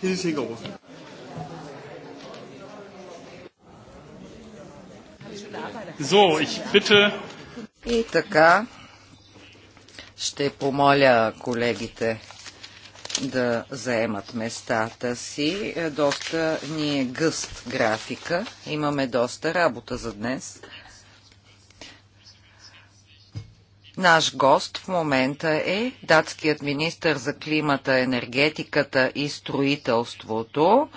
Det ich bitte... И така, ще помоля колегите да заемат местата си. Е, доста ни е гъст графика. Имаме доста работа за днес. Наш гост в момента е датският министр за климата, енергетиката и строителството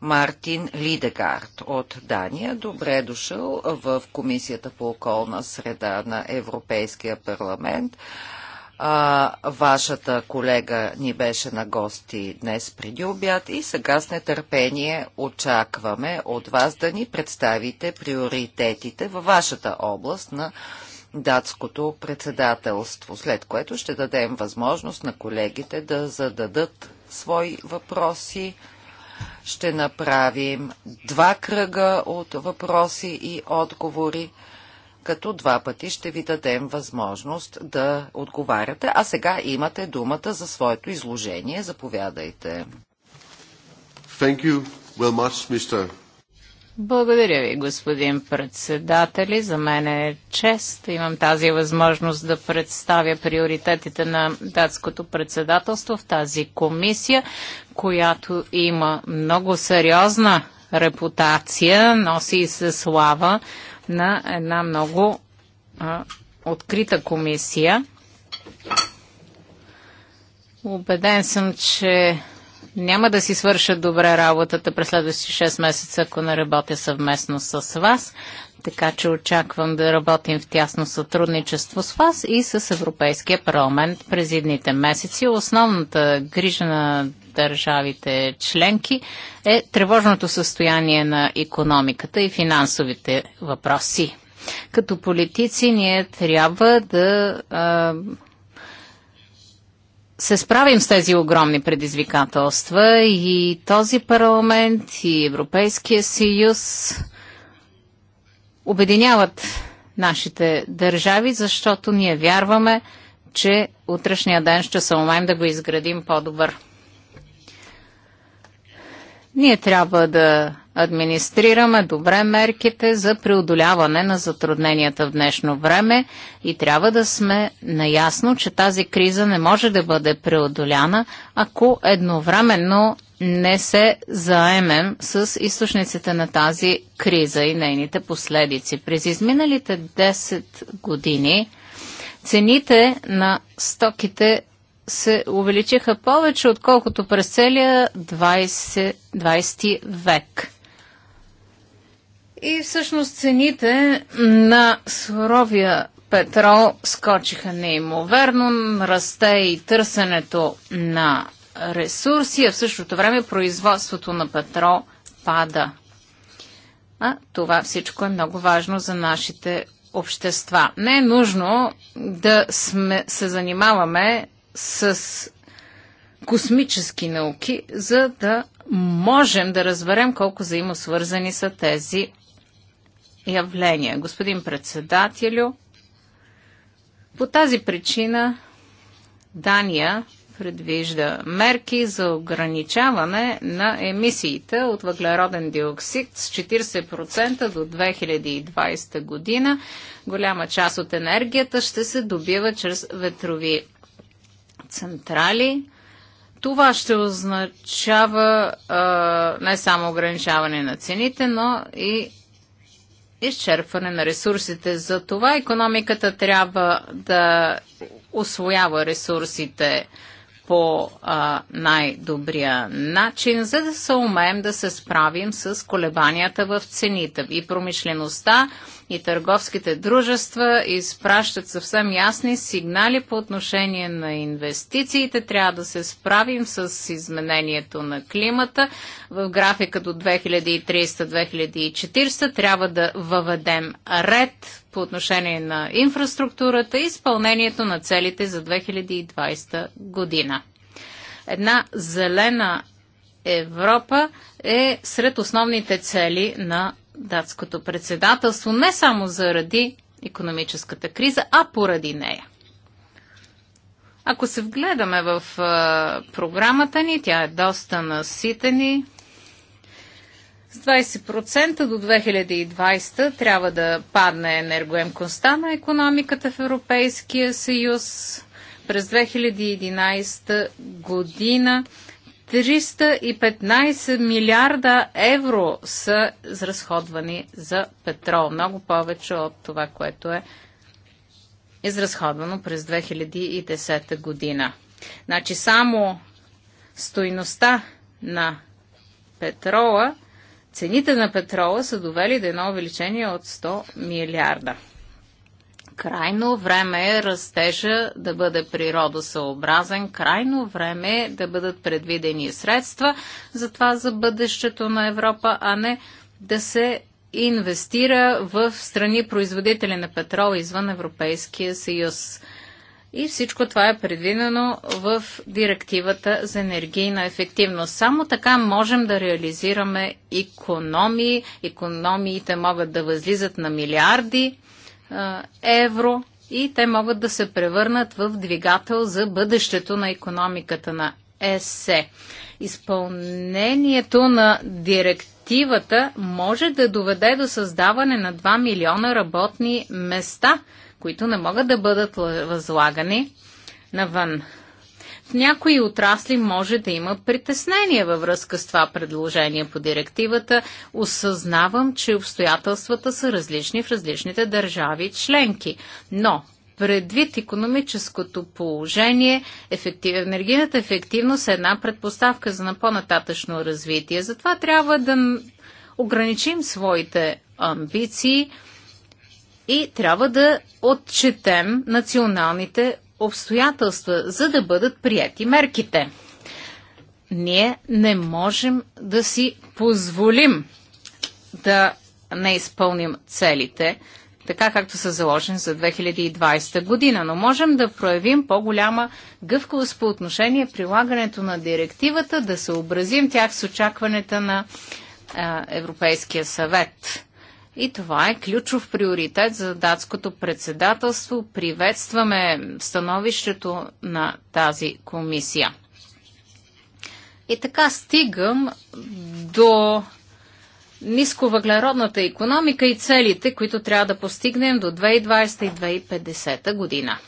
Мартин Лидегард от Дания. Добре е дошъл в Комисията по околна среда на Европейския парламент. А, вашата колега ни беше на гости днес преди обяд и сега с нетърпение очакваме от вас да ни представите приоритетите във вашата област на датското председателство, след което ще дадем възможност на колегите да зададат свои въпроси. Ще направим два кръга от въпроси и отговори, като два пъти ще ви дадем възможност да отговаряте. А сега имате думата за своето изложение. Заповядайте. Thank you well much, Mr. Благодаря ви, господин председатели. За мен е чест. Имам тази възможност да представя приоритетите на датското председателство в тази комисия, която има много сериозна репутация, носи и се слава на една много а, открита комисия. Убеден съм, че няма да си свърша добре работата през следващите 6 месеца, ако не работя съвместно с вас. Така че очаквам да работим в тясно сътрудничество с вас и с Европейския парламент през едните месеци. Основната грижа на държавите членки е тревожното състояние на економиката и финансовите въпроси. Като политици ние трябва да а, се справим с тези огромни предизвикателства и този парламент и Европейския съюз обединяват нашите държави, защото ние вярваме, че утрешния ден ще се умеем да го изградим по-добър. Ние трябва да администрираме добре мерките за преодоляване на затрудненията в днешно време и трябва да сме наясно, че тази криза не може да бъде преодоляна, ако едновременно не се заемем с източниците на тази криза и нейните последици. През изминалите 10 години цените на стоките се увеличиха повече, отколкото през целия 20, 20 век. И всъщност цените на суровия петрол скочиха неимоверно, расте и търсенето на ресурси, а в същото време производството на петрол пада. А това всичко е много важно за нашите общества. Не е нужно да сме, се занимаваме с космически науки, за да можем да разберем колко взаимосвързани са тези явление. Господин председателю, по тази причина Дания предвижда мерки за ограничаване на емисиите от въглероден диоксид с 40% до 2020 година. Голяма част от енергията ще се добива чрез ветрови централи. Това ще означава а, не само ограничаване на цените, но и изчерпване на ресурсите. За това економиката трябва да освоява ресурсите по най-добрия начин, за да се умеем да се справим с колебанията в цените. И промишлеността и търговските дружества изпращат съвсем ясни сигнали по отношение на инвестициите. Трябва да се справим с изменението на климата. В графика до 2030-2040 трябва да въведем ред по отношение на инфраструктурата и изпълнението на целите за 2020 година. Една зелена Европа е сред основните цели на датското председателство не само заради економическата криза, а поради нея. Ако се вгледаме в програмата ни, тя е доста наситени. С 20% до 2020 трябва да падне енергоемкостта на економиката в Европейския съюз. През 2011 година 315 милиарда евро са изразходвани за петрол. Много повече от това, което е изразходвано през 2010 година. Значи само стойността на петрола, цените на петрола са довели до едно увеличение от 100 милиарда. Крайно време е растежа да бъде природосъобразен, крайно време е да бъдат предвидени средства за това за бъдещето на Европа, а не да се инвестира в страни производители на петрол извън Европейския съюз. И всичко това е предвидено в директивата за енергийна ефективност. Само така можем да реализираме економии. Економиите могат да възлизат на милиарди евро и те могат да се превърнат в двигател за бъдещето на економиката на ЕСЕ. Изпълнението на директивата може да доведе до създаване на 2 милиона работни места, които не могат да бъдат възлагани навън някои отрасли може да има притеснение във връзка с това предложение по директивата. Осъзнавам, че обстоятелствата са различни в различните държави членки. Но предвид економическото положение, ефектив, енергийната ефективност е една предпоставка за на по-нататъчно развитие. Затова трябва да ограничим своите амбиции и трябва да отчетем националните обстоятелства, за да бъдат прияти мерките. Ние не можем да си позволим да не изпълним целите, така както са заложени за 2020 година, но можем да проявим по-голяма гъвкавост по отношение прилагането на директивата, да съобразим тях с очакванията на Европейския съвет. И това е ключов приоритет за датското председателство. Приветстваме становището на тази комисия. И така стигам до нисковъглеродната економика и целите, които трябва да постигнем до 2020 и 2050 година.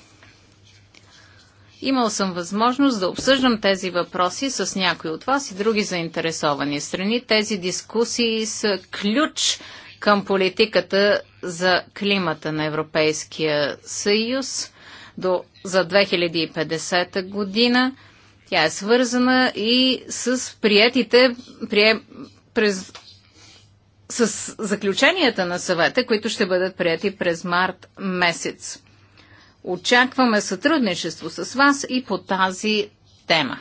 Имал съм възможност да обсъждам тези въпроси с някои от вас и други заинтересовани страни. Тези дискусии са ключ към политиката за климата на Европейския съюз до, за 2050 година. Тя е свързана и с приятите прие, през, с заключенията на съвета, които ще бъдат прияти през март месец. Очакваме сътрудничество с вас и по тази тема.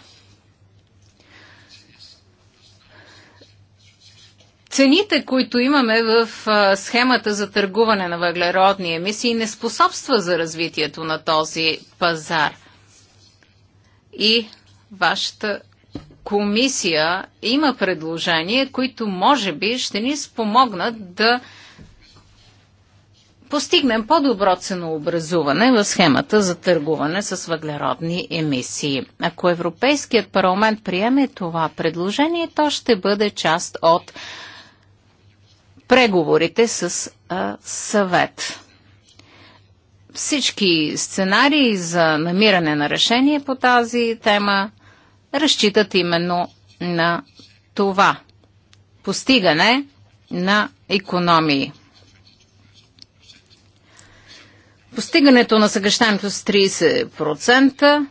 Цените, които имаме в схемата за търгуване на въглеродни емисии, не способства за развитието на този пазар. И вашата комисия има предложения, които може би ще ни спомогнат да постигнем по-добро ценообразуване в схемата за търгуване с въглеродни емисии. Ако Европейският парламент приеме това предложение, то ще бъде част от преговорите с а, съвет. Всички сценарии за намиране на решение по тази тема разчитат именно на това постигане на економии. Постигането на съгрещането с 30%,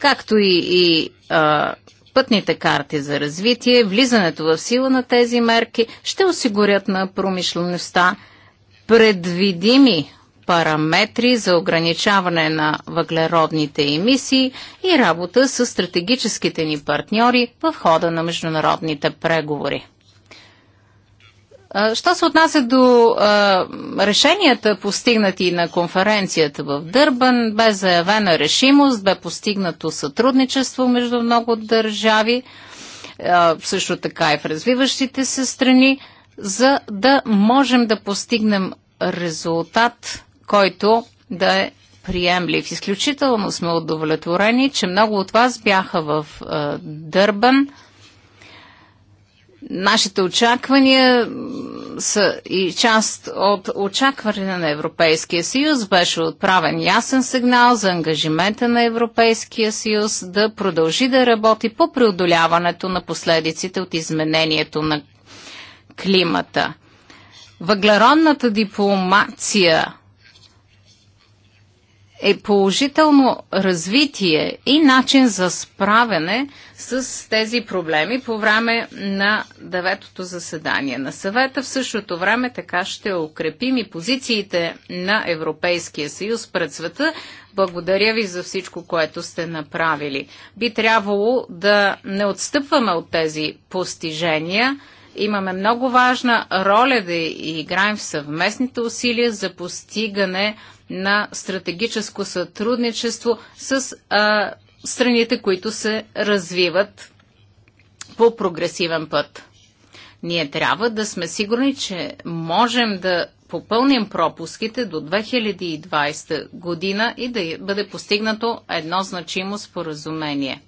както и, и а, пътните карти за развитие, влизането в сила на тези мерки ще осигурят на промишлеността предвидими параметри за ограничаване на въглеродните емисии и работа с стратегическите ни партньори в хода на международните преговори. Що се отнася до а, решенията, постигнати на конференцията в Дърбан, бе заявена решимост, бе постигнато сътрудничество между много държави, а, също така и в развиващите се страни, за да можем да постигнем резултат, който да е приемлив. Изключително сме удовлетворени, че много от вас бяха в а, Дърбан. Нашите очаквания са и част от очакване на Европейския съюз. Беше отправен ясен сигнал за ангажимента на Европейския съюз да продължи да работи по преодоляването на последиците от изменението на климата. Въглеродната дипломация е положително развитие и начин за справяне с тези проблеми по време на деветото заседание на съвета. В същото време така ще укрепим и позициите на Европейския съюз пред света. Благодаря ви за всичко, което сте направили. Би трябвало да не отстъпваме от тези постижения имаме много важна роля да играем в съвместните усилия за постигане на стратегическо сътрудничество с а, страните, които се развиват по прогресивен път. Ние трябва да сме сигурни, че можем да попълним пропуските до 2020 година и да бъде постигнато едно значимо споразумение.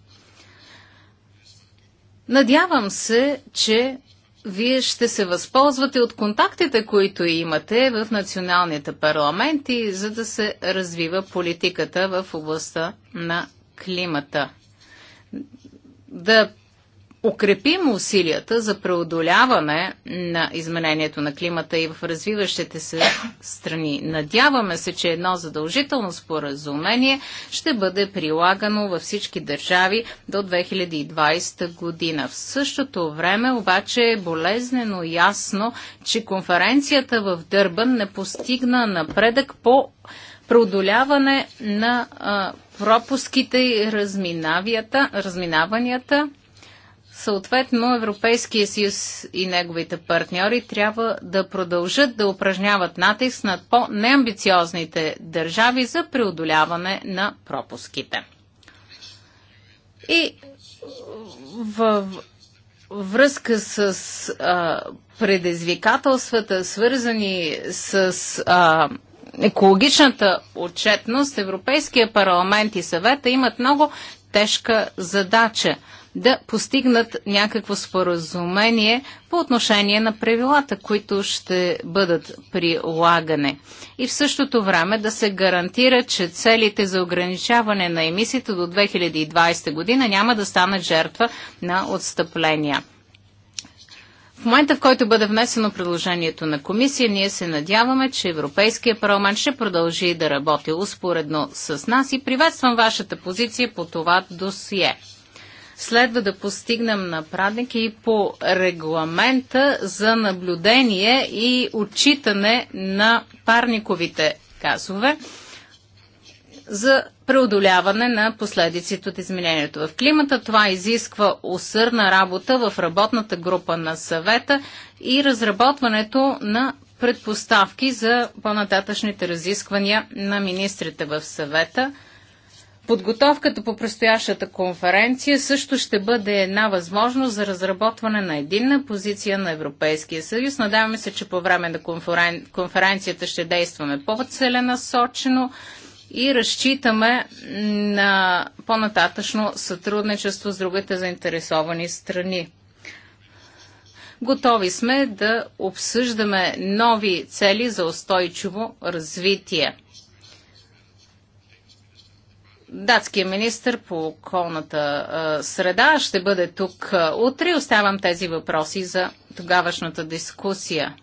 Надявам се, че вие ще се възползвате от контактите, които имате в националните парламенти, за да се развива политиката в областта на климата. Да укрепим усилията за преодоляване на изменението на климата и в развиващите се страни. Надяваме се, че едно задължително споразумение ще бъде прилагано във всички държави до 2020 година. В същото време обаче е болезнено ясно, че конференцията в Дърбан не постигна напредък по преодоляване на а, пропуските и разминаванията Съответно, Европейския съюз и неговите партньори трябва да продължат да упражняват натиск над по-неамбициозните държави за преодоляване на пропуските. И във връзка с а, предизвикателствата, свързани с а, екологичната отчетност, Европейския парламент и съвета имат много тежка задача да постигнат някакво споразумение по отношение на правилата, които ще бъдат прилагане. И в същото време да се гарантира, че целите за ограничаване на емисиите до 2020 година няма да станат жертва на отстъпления. В момента, в който бъде внесено предложението на комисия, ние се надяваме, че Европейския парламент ще продължи да работи успоредно с нас и приветствам вашата позиция по това досие следва да постигнем напредък и по регламента за наблюдение и отчитане на парниковите газове за преодоляване на последиците от изменението в климата. Това изисква усърна работа в работната група на съвета и разработването на предпоставки за по-нататъчните разисквания на министрите в съвета – Подготовката по предстоящата конференция също ще бъде една възможност за разработване на единна позиция на Европейския съюз. Надяваме се, че по време на конферен... конференцията ще действаме по-целенасочено и разчитаме на по-нататъчно сътрудничество с другите заинтересовани страни. Готови сме да обсъждаме нови цели за устойчиво развитие датския министр по околната среда ще бъде тук утре. Оставам тези въпроси за тогавашната дискусия.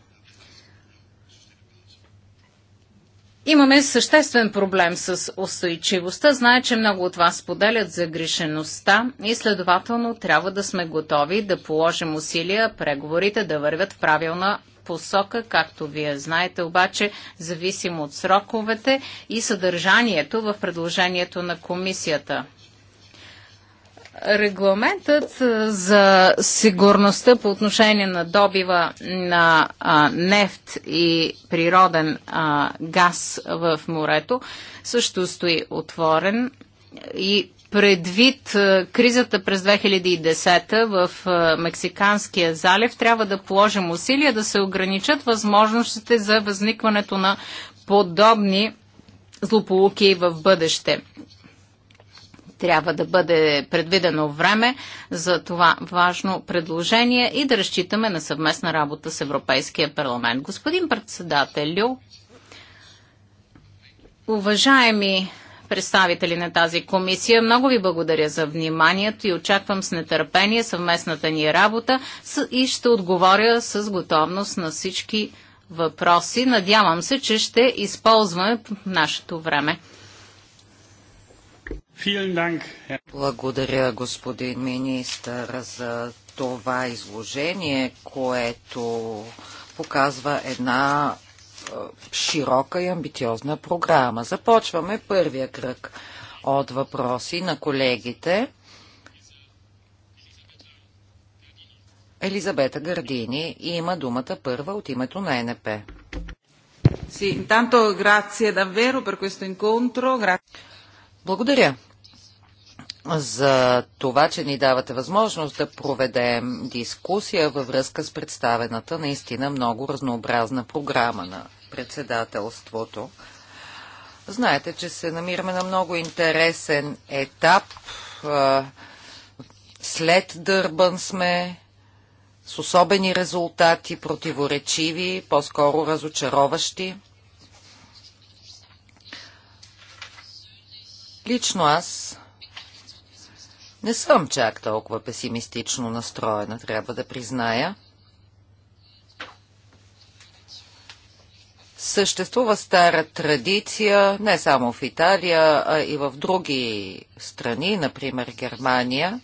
Имаме съществен проблем с устойчивостта. Знае, че много от вас поделят загрешеността и следователно трябва да сме готови да положим усилия преговорите да вървят в правилна посока, както вие знаете, обаче зависимо от сроковете и съдържанието в предложението на комисията. Регламентът за сигурността по отношение на добива на а, нефт и природен а, газ в морето също стои отворен и предвид е, кризата през 2010 в е, Мексиканския залив, трябва да положим усилия да се ограничат възможностите за възникването на подобни злополуки в бъдеще. Трябва да бъде предвидено време за това важно предложение и да разчитаме на съвместна работа с Европейския парламент. Господин председателю, уважаеми представители на тази комисия. Много ви благодаря за вниманието и очаквам с нетърпение съвместната ни работа и ще отговоря с готовност на всички въпроси. Надявам се, че ще използваме нашето време. Благодаря, господин министър, за това изложение, което показва една широка и амбициозна програма. Започваме първия кръг от въпроси на колегите. Елизабета Гардини има думата първа от името на НП. Благодаря за това, че ни давате възможност да проведем дискусия във връзка с представената наистина много разнообразна програма на председателството. Знаете, че се намираме на много интересен етап. След Дърбан сме с особени резултати, противоречиви, по-скоро разочароващи. Лично аз не съм чак толкова песимистично настроена, трябва да призная. Съществува стара традиция, не само в Италия, а и в други страни, например Германия,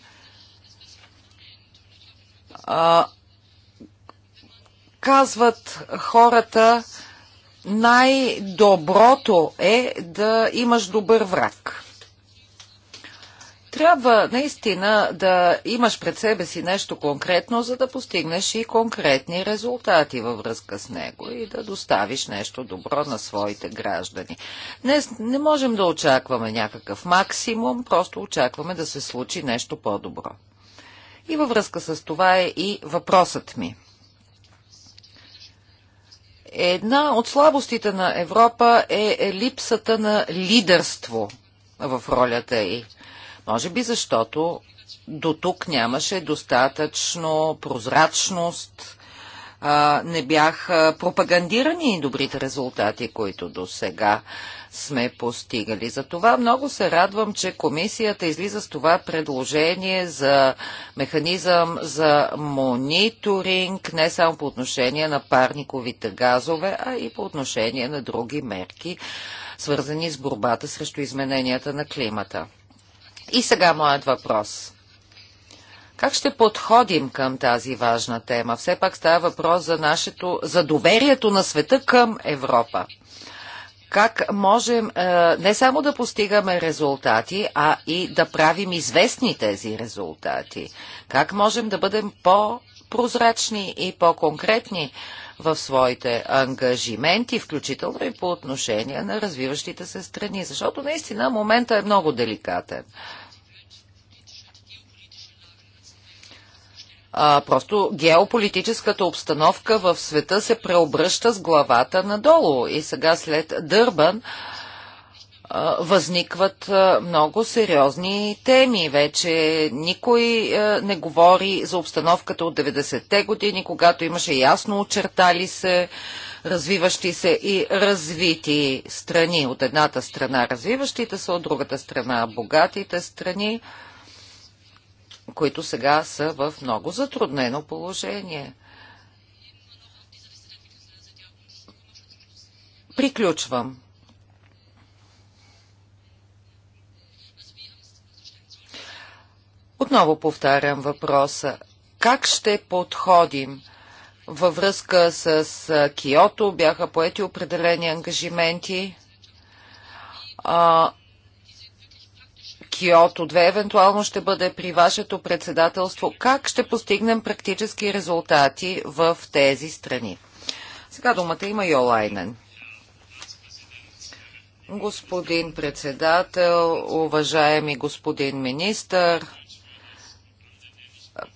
а, казват хората, най-доброто е да имаш добър враг. Трябва наистина да имаш пред себе си нещо конкретно, за да постигнеш и конкретни резултати във връзка с него и да доставиш нещо добро на своите граждани. Днес не можем да очакваме някакъв максимум, просто очакваме да се случи нещо по-добро. И във връзка с това е и въпросът ми. Една от слабостите на Европа е липсата на лидерство в ролята й. Може би защото до тук нямаше достатъчно прозрачност, не бяха пропагандирани добрите резултати, които до сега сме постигали. Затова много се радвам, че комисията излиза с това предложение за механизъм за мониторинг, не само по отношение на парниковите газове, а и по отношение на други мерки, свързани с борбата срещу измененията на климата. И сега моят въпрос. Как ще подходим към тази важна тема? Все пак става въпрос за, нашето, за доверието на света към Европа. Как можем е, не само да постигаме резултати, а и да правим известни тези резултати? Как можем да бъдем по-прозрачни и по-конкретни в своите ангажименти, включително и по отношение на развиващите се страни? Защото наистина момента е много деликатен. А, просто геополитическата обстановка в света се преобръща с главата надолу. И сега след Дърбан възникват много сериозни теми. Вече никой не говори за обстановката от 90-те години, когато имаше ясно очертали се развиващи се и развити страни. От едната страна развиващите се, от другата страна богатите страни които сега са в много затруднено положение. Приключвам. Отново повтарям въпроса. Как ще подходим? Във връзка с Киото бяха поети определени ангажименти. Киото 2 евентуално ще бъде при вашето председателство. Как ще постигнем практически резултати в тези страни? Сега думата има Йолайнен. Господин председател, уважаеми господин министър,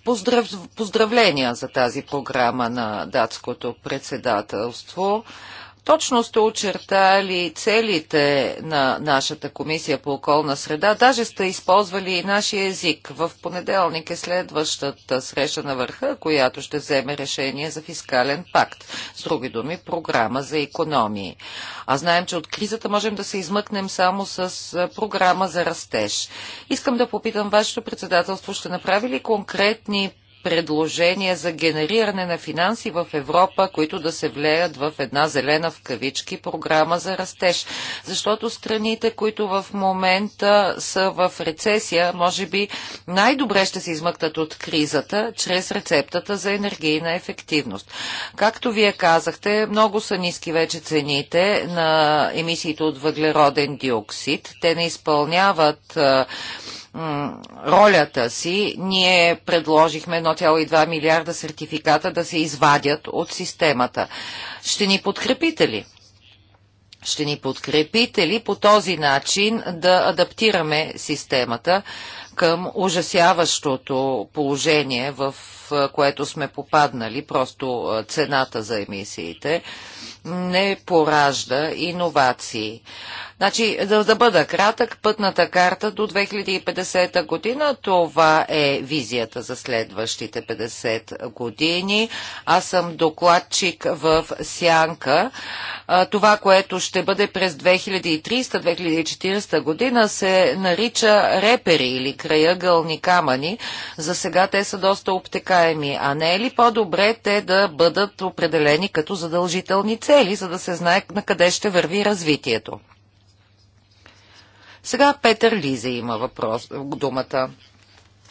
поздрав... поздравления за тази програма на датското председателство. Точно сте очертали целите на нашата комисия по околна среда. Даже сте използвали и нашия език. В понеделник е следващата среща на върха, която ще вземе решение за фискален пакт. С други думи, програма за економии. А знаем, че от кризата можем да се измъкнем само с програма за растеж. Искам да попитам вашето председателство, ще направи ли конкретни предложения за генериране на финанси в Европа, които да се влеят в една зелена в кавички програма за растеж. Защото страните, които в момента са в рецесия, може би най-добре ще се измъкнат от кризата чрез рецептата за енергийна ефективност. Както вие казахте, много са ниски вече цените на емисиите от въглероден диоксид. Те не изпълняват ролята си, ние предложихме 1,2 милиарда сертификата да се извадят от системата. Ще ни подкрепите ли? Ще ни подкрепите ли по този начин да адаптираме системата към ужасяващото положение, в което сме попаднали, просто цената за емисиите, не поражда иновации. Значи, да, да бъда кратък, пътната карта до 2050 година, това е визията за следващите 50 години. Аз съм докладчик в Сянка. Това, което ще бъде през 2300-2040 година, се нарича репери или краягълни камъни. За сега те са доста обтекаеми. А не е ли по-добре те да бъдат определени като задължителни цели, за да се знае на къде ще върви развитието? Сега Петър Лиза има въпрос, думата.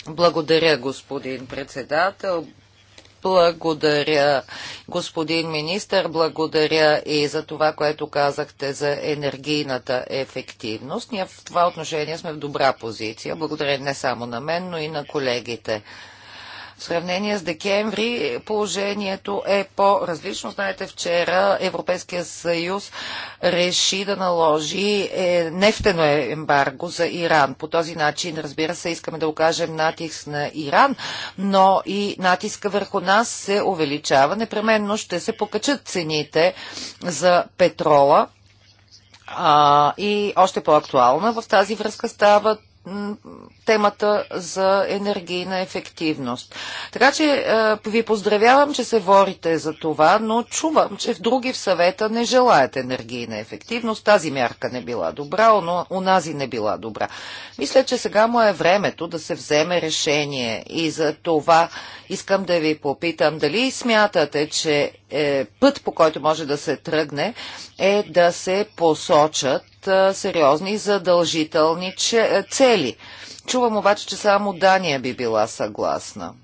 Благодаря, господин председател. Благодаря, господин министър. Благодаря и за това, което казахте за енергийната ефективност. Ние в това отношение сме в добра позиция. Благодаря не само на мен, но и на колегите. В сравнение с декември положението е по-различно. Знаете, вчера Европейския съюз реши да наложи е, нефтено ембарго за Иран. По този начин, разбира се, искаме да окажем натиск на Иран, но и натиска върху нас се увеличава. Непременно ще се покачат цените за петрола. А, и още по-актуална в тази връзка стават темата за енергийна ефективност. Така че е, ви поздравявам, че се ворите за това, но чувам, че в други в съвета не желаят енергийна ефективност. Тази мярка не била добра, но унази не била добра. Мисля, че сега му е времето да се вземе решение и за това искам да ви попитам дали смятате, че е, път по който може да се тръгне е да се посочат сериозни задължителни цели. Чувам обаче, че само Дания би била съгласна.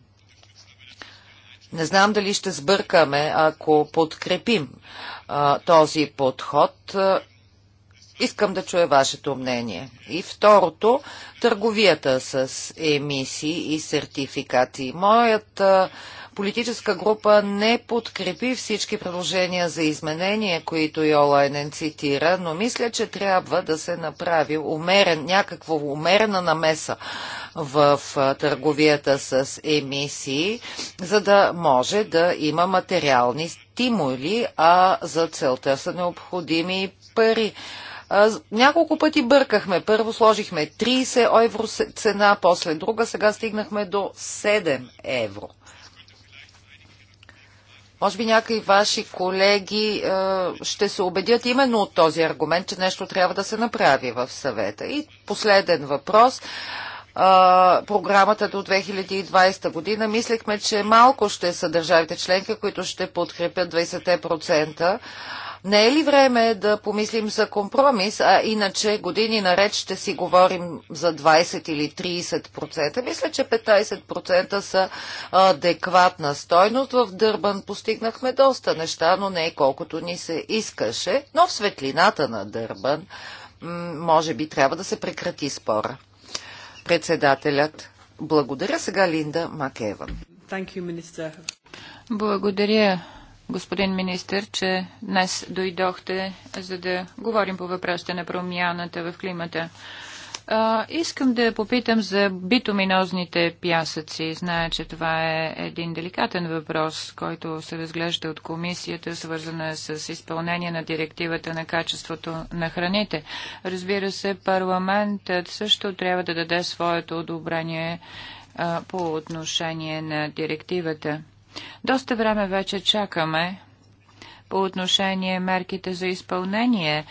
Не знам дали ще сбъркаме, ако подкрепим а, този подход. Искам да чуя вашето мнение. И второто, търговията с емисии и сертификати. Моят а, политическа група не подкрепи всички предложения за изменения, които Йолайнен цитира, но мисля, че трябва да се направи умерен, някаква умерена намеса в търговията с емисии, за да може да има материални стимули, а за целта са необходими пари. Няколко пъти бъркахме. Първо сложихме 30 евро цена, после друга, сега стигнахме до 7 евро. Може би някои ваши колеги е, ще се убедят именно от този аргумент, че нещо трябва да се направи в съвета. И последен въпрос. Е, програмата до 2020 година. Мислехме, че малко ще са държавите членки, които ще подкрепят 20%. Не е ли време да помислим за компромис, а иначе години наред ще си говорим за 20 или 30%? Мисля, че 15% са адекватна стойност. В Дърбан постигнахме доста неща, но не е колкото ни се искаше. Но в светлината на Дърбан може би трябва да се прекрати спора. Председателят. Благодаря сега Линда Макеван. Благодаря, господин министр, че днес дойдохте, за да говорим по въпросите на промяната в климата. А, искам да попитам за битоминозните пясъци. Зная, че това е един деликатен въпрос, който се разглежда от комисията, свързана с изпълнение на директивата на качеството на храните. Разбира се, парламентът също трябва да даде своето одобрение а, по отношение на директивата. Доста време вече чакаме по отношение мерките за изпълнение.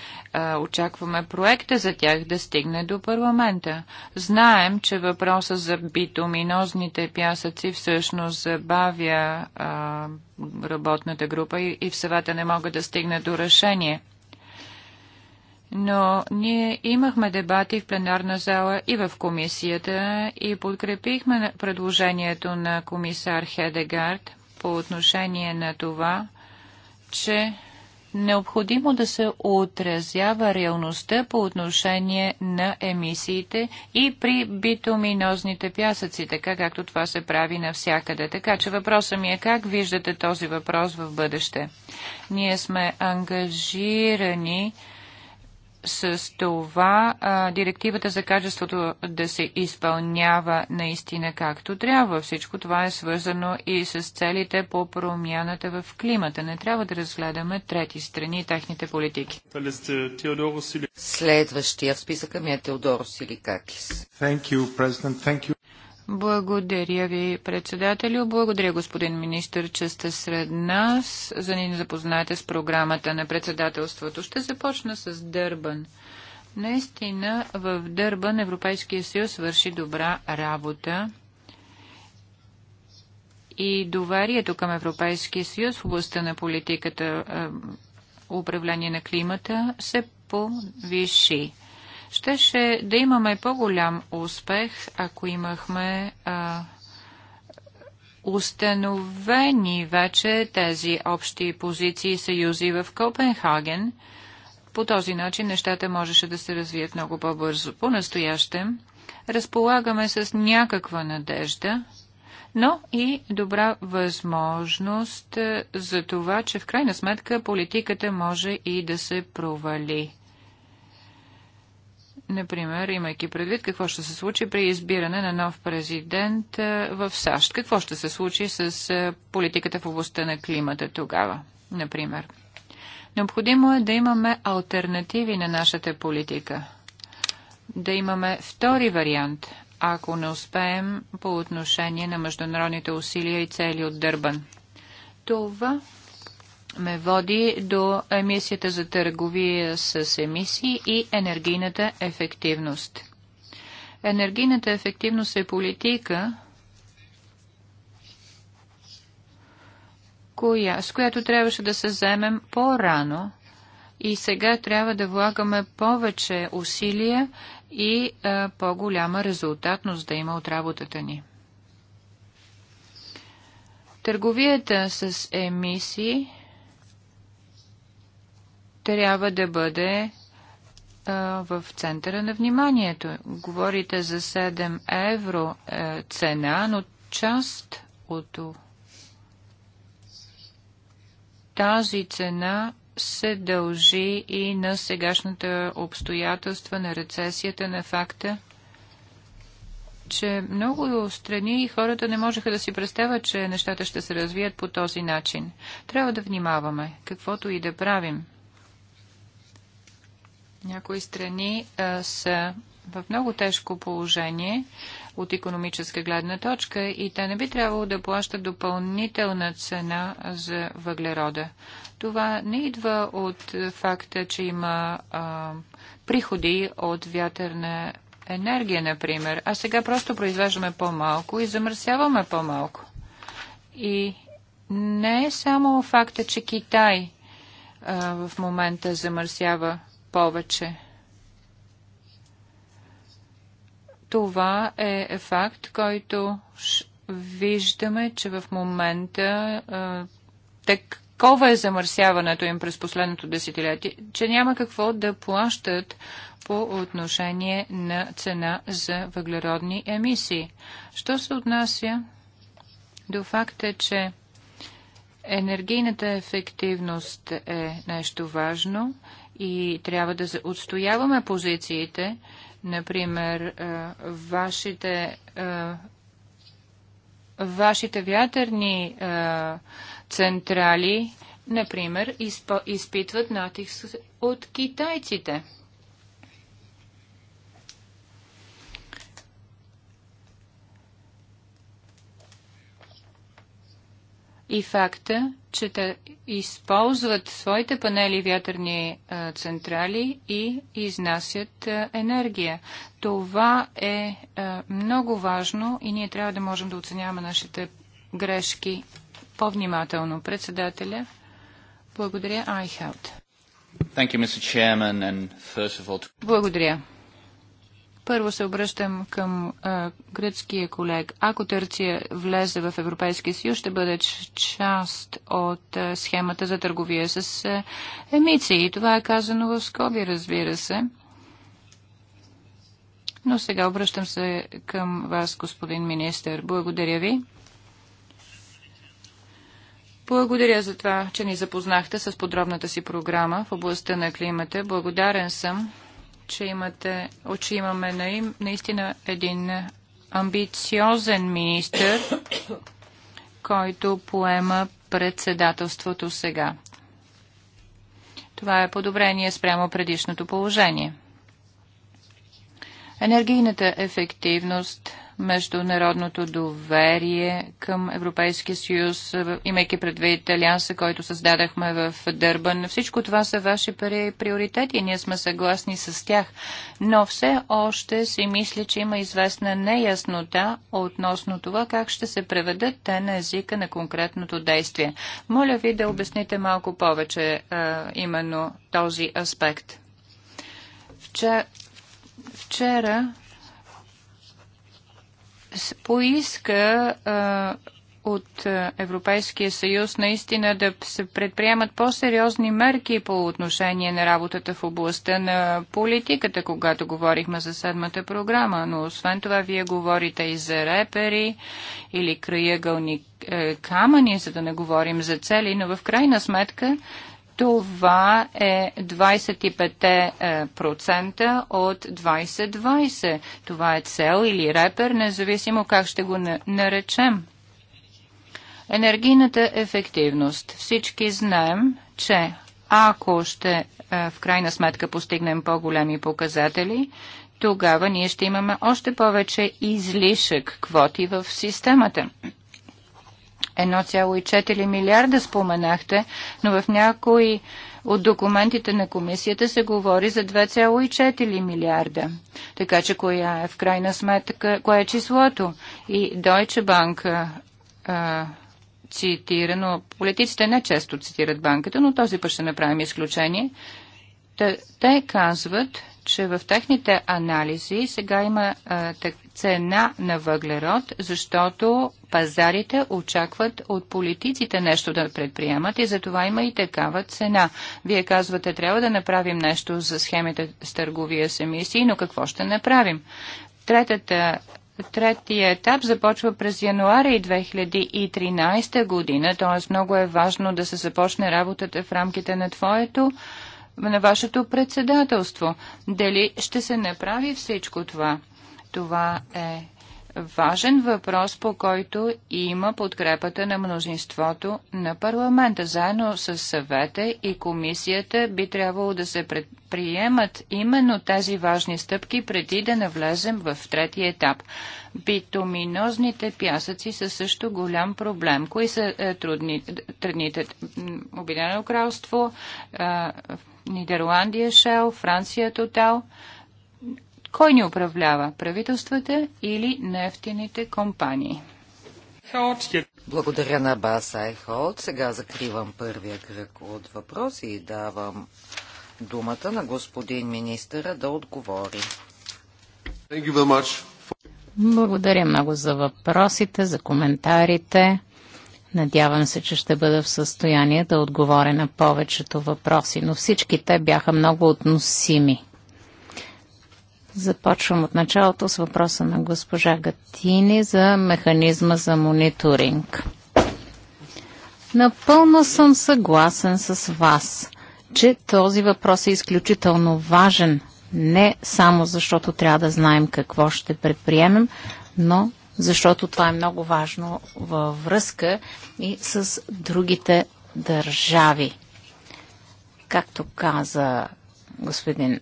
Очакваме проекта за тях да стигне до парламента. Знаем, че въпроса за битуминозните пясъци всъщност забавя работната група и, и в съвета не могат да стигне до решение но ние имахме дебати в пленарна зала и в комисията и подкрепихме предложението на комисар Хедегард по отношение на това, че необходимо да се отразява реалността по отношение на емисиите и при битуминозните пясъци, така както това се прави навсякъде. Така че въпросът ми е как виждате този въпрос в бъдеще. Ние сме ангажирани с това а, директивата за качеството да се изпълнява наистина както трябва. Всичко това е свързано и с целите по промяната в климата. Не трябва да разгледаме трети страни и техните политики. Следващия в списъка ми е Теодоро Силикакис. Thank you, President. Thank you. Благодаря ви, председателю. Благодаря, господин министр, че сте сред нас, за да ни запознаете с програмата на председателството. Ще започна с Дърбан. Наистина, в Дърбан Европейския съюз върши добра работа и доверието към Европейския съюз в областта на политиката е, управление на климата се повиши. Щеше да имаме по-голям успех, ако имахме а, установени вече тези общи позиции и съюзи в Копенхаген. По този начин нещата можеше да се развият много по-бързо. По-настоящем разполагаме с някаква надежда, но и добра възможност за това, че в крайна сметка политиката може и да се провали. Например, имайки предвид какво ще се случи при избиране на нов президент е, в САЩ. Какво ще се случи с е, политиката в областта на климата тогава, например. Необходимо е да имаме альтернативи на нашата политика. Да имаме втори вариант, ако не успеем по отношение на международните усилия и цели от Дърбан. Това ме води до емисията за търговия с емисии и енергийната ефективност. Енергийната ефективност е политика, коя, с която трябваше да се вземем по-рано и сега трябва да влагаме повече усилия и по-голяма резултатност да има от работата ни. Търговията с емисии трябва да бъде в центъра на вниманието. Говорите за 7 евро е, цена, но част от тази цена се дължи и на сегашната обстоятелства на рецесията, на факта, че много страни и хората не можеха да си представят, че нещата ще се развият по този начин. Трябва да внимаваме, каквото и да правим – някои страни а, са в много тежко положение от економическа гледна точка и те не би трябвало да плащат допълнителна цена за въглерода. Това не идва от факта, че има а, приходи от вятърна енергия, например, а сега просто произвеждаме по-малко и замърсяваме по-малко. И не е само факта, че Китай а, в момента замърсява повече. Това е факт, който виждаме, че в момента такова е замърсяването им през последното десетилетие, че няма какво да плащат по отношение на цена за въглеродни емисии. Що се отнася до факта, че енергийната ефективност е нещо важно и трябва да отстояваме позициите. Например, е, вашите, е, вашите вятърни е, централи, например, изпитват натиск от китайците. и факта, че те използват своите панели вятърни централи и изнасят енергия. Това е много важно и ние трябва да можем да оценяваме нашите грешки по-внимателно. Председателя, благодаря. Айхаут. All... Благодаря. Първо се обръщам към а, гръцкия колег. Ако Търция влезе в Европейския съюз, ще бъде част от а, схемата за търговия с а, емиции. И това е казано в скоби, разбира се. Но сега обръщам се към вас, господин министр. Благодаря ви. Благодаря за това, че ни запознахте с подробната си програма в областта на климата. Благодарен съм че, имате, че имаме им, наистина един амбициозен министр, който поема председателството сега. Това е подобрение спрямо предишното положение. Енергийната ефективност – международното доверие към Европейския съюз, е, имайки предвид Алианса, който създадахме в Дърбан. Всичко това са ваши приоритети и ние сме съгласни с тях. Но все още си мисля, че има известна неяснота относно това как ще се преведат те на езика на конкретното действие. Моля ви да обясните малко повече а, е, именно този аспект. Вчера, вчера поиска а, от Европейския съюз наистина да се предприемат по-сериозни мерки по отношение на работата в областта на политиката, когато говорихме за седмата програма. Но освен това, вие говорите и за репери или краягълни е, камъни, за да не говорим за цели, но в крайна сметка това е 25% от 2020. Това е цел или репер, независимо как ще го наречем. Енергийната ефективност. Всички знаем, че ако ще е, в крайна сметка постигнем по-големи показатели, тогава ние ще имаме още повече излишък квоти в системата. 1,4 милиарда споменахте, но в някои от документите на комисията се говори за 2,4 милиарда. Така че коя е в крайна сметка, кое е числото? И Deutsche Bank а, цитира, но политиците не често цитират банката, но този път ще направим изключение. Те, те казват, че в техните анализи сега има а, цена на въглерод, защото пазарите очакват от политиците нещо да предприемат и затова има и такава цена. Вие казвате, трябва да направим нещо за схемите с търговия с емисии, но какво ще направим? Третата Третия етап започва през януари 2013 година, т.е. много е важно да се започне работата в рамките на твоето на вашето председателство. Дали ще се направи всичко това? Това е важен въпрос, по който има подкрепата на мнозинството на парламента. Заедно с съвета и комисията би трябвало да се предприемат именно тези важни стъпки преди да навлезем в третия етап. Битоминозните пясъци са също голям проблем. Кои са е, трудни, трудните? Обединено кралство, Нидерландия Шел, Франция Тотал. Кой ни управлява? Правителствата или нефтените компании? Благодаря на Бас Айхолд. Сега закривам първия кръг от въпроси и давам думата на господин министъра да отговори. Благодаря много за въпросите, за коментарите. Надявам се, че ще бъда в състояние да отговоря на повечето въпроси, но всички те бяха много относими. Започвам от началото с въпроса на госпожа Гатини за механизма за мониторинг. Напълно съм съгласен с вас, че този въпрос е изключително важен, не само защото трябва да знаем какво ще предприемем, но защото това е много важно във връзка и с другите държави. Както каза господин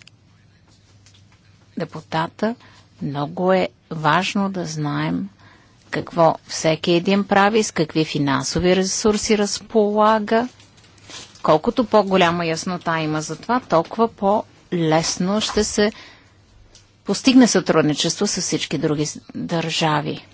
депутата, много е важно да знаем какво всеки един прави, с какви финансови ресурси разполага. Колкото по-голяма яснота има за това, толкова по-лесно ще се постигне сътрудничество с всички други държави.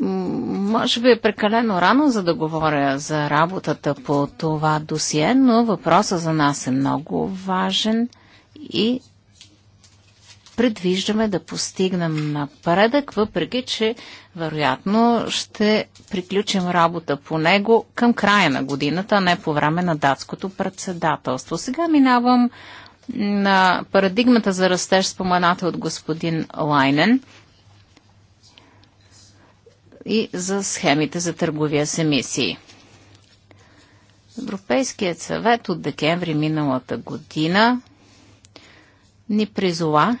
Може би е прекалено рано, за да говоря за работата по това досие, но въпросът за нас е много важен и предвиждаме да постигнем напредък, въпреки че вероятно ще приключим работа по него към края на годината, а не по време на датското председателство. Сега минавам на парадигмата за растеж, спомената от господин Лайнен и за схемите за търговия с емисии. Европейският съвет от декември миналата година ни призова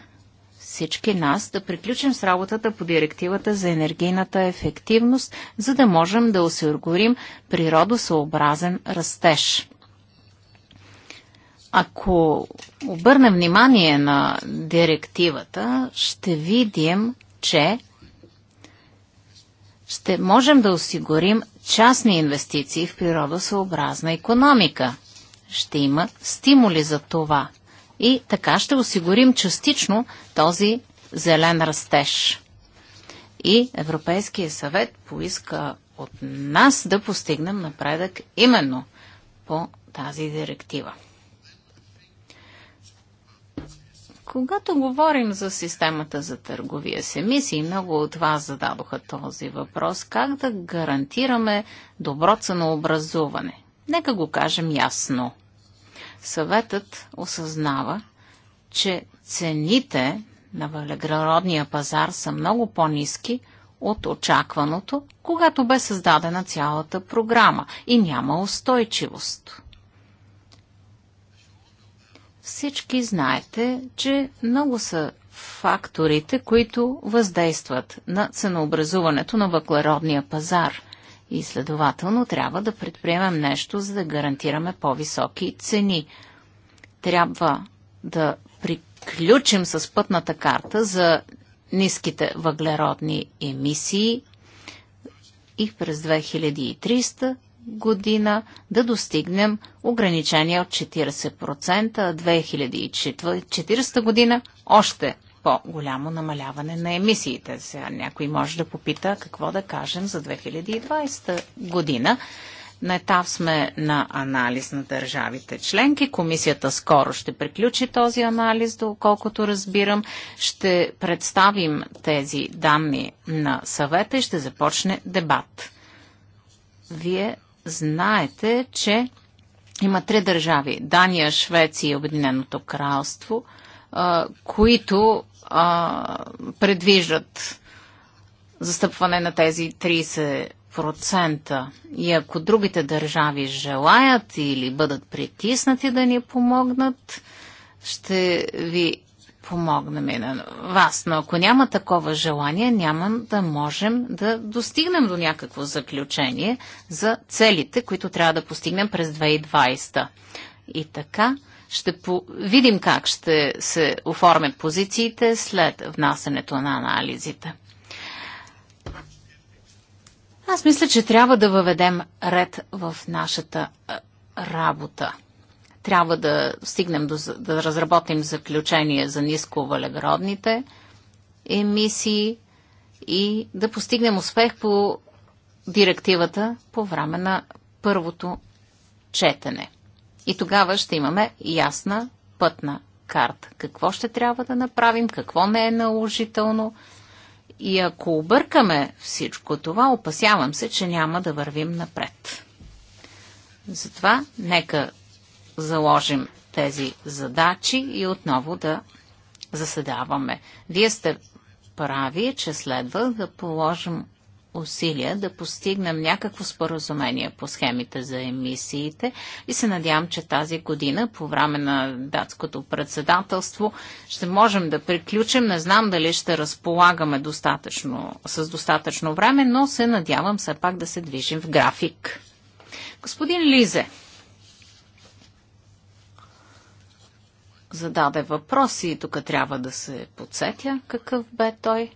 всички нас да приключим с работата по директивата за енергийната ефективност, за да можем да осигурим природосъобразен растеж. Ако обърнем внимание на директивата, ще видим, че ще можем да осигурим частни инвестиции в природосъобразна економика. Ще има стимули за това. И така ще осигурим частично този зелен растеж. И Европейския съвет поиска от нас да постигнем напредък именно по тази директива. Когато говорим за системата за търговия с емисии, много от вас зададоха този въпрос, как да гарантираме добро ценообразуване? Нека го кажем ясно. Съветът осъзнава, че цените на въглеродния пазар са много по-низки от очакваното, когато бе създадена цялата програма и няма устойчивост. Всички знаете, че много са факторите, които въздействат на ценообразуването на въглеродния пазар. И следователно трябва да предприемем нещо, за да гарантираме по-високи цени. Трябва да приключим с пътната карта за ниските въглеродни емисии и през 2300 година да достигнем ограничения от 40%, а 2040 година още по-голямо намаляване на емисиите. Сега някой може да попита какво да кажем за 2020 година. На етап сме на анализ на държавите членки. Комисията скоро ще приключи този анализ, доколкото разбирам. Ще представим тези данни на съвета и ще започне дебат. Вие знаете, че има три държави Дания, Швеция и Обединеното кралство, които предвиждат застъпване на тези 30%. И ако другите държави желаят или бъдат притиснати да ни помогнат, ще ви помогнем на вас. Но ако няма такова желание, няма да можем да достигнем до някакво заключение за целите, които трябва да постигнем през 2020. И така ще по... видим как ще се оформят позициите след внасенето на анализите. Аз мисля, че трябва да въведем ред в нашата работа трябва да стигнем до, да разработим заключение за ниско въглеродните емисии и да постигнем успех по директивата по време на първото четене. И тогава ще имаме ясна пътна карта. Какво ще трябва да направим, какво не е наложително. И ако объркаме всичко това, опасявам се, че няма да вървим напред. Затова нека заложим тези задачи и отново да заседаваме. Вие сте прави, че следва да положим усилия да постигнем някакво споразумение по схемите за емисиите и се надявам, че тази година по време на датското председателство ще можем да приключим. Не знам дали ще разполагаме достатъчно, с достатъчно време, но се надявам все пак да се движим в график. Господин Лизе, зададе въпроси и тук трябва да се подсетя какъв бе той.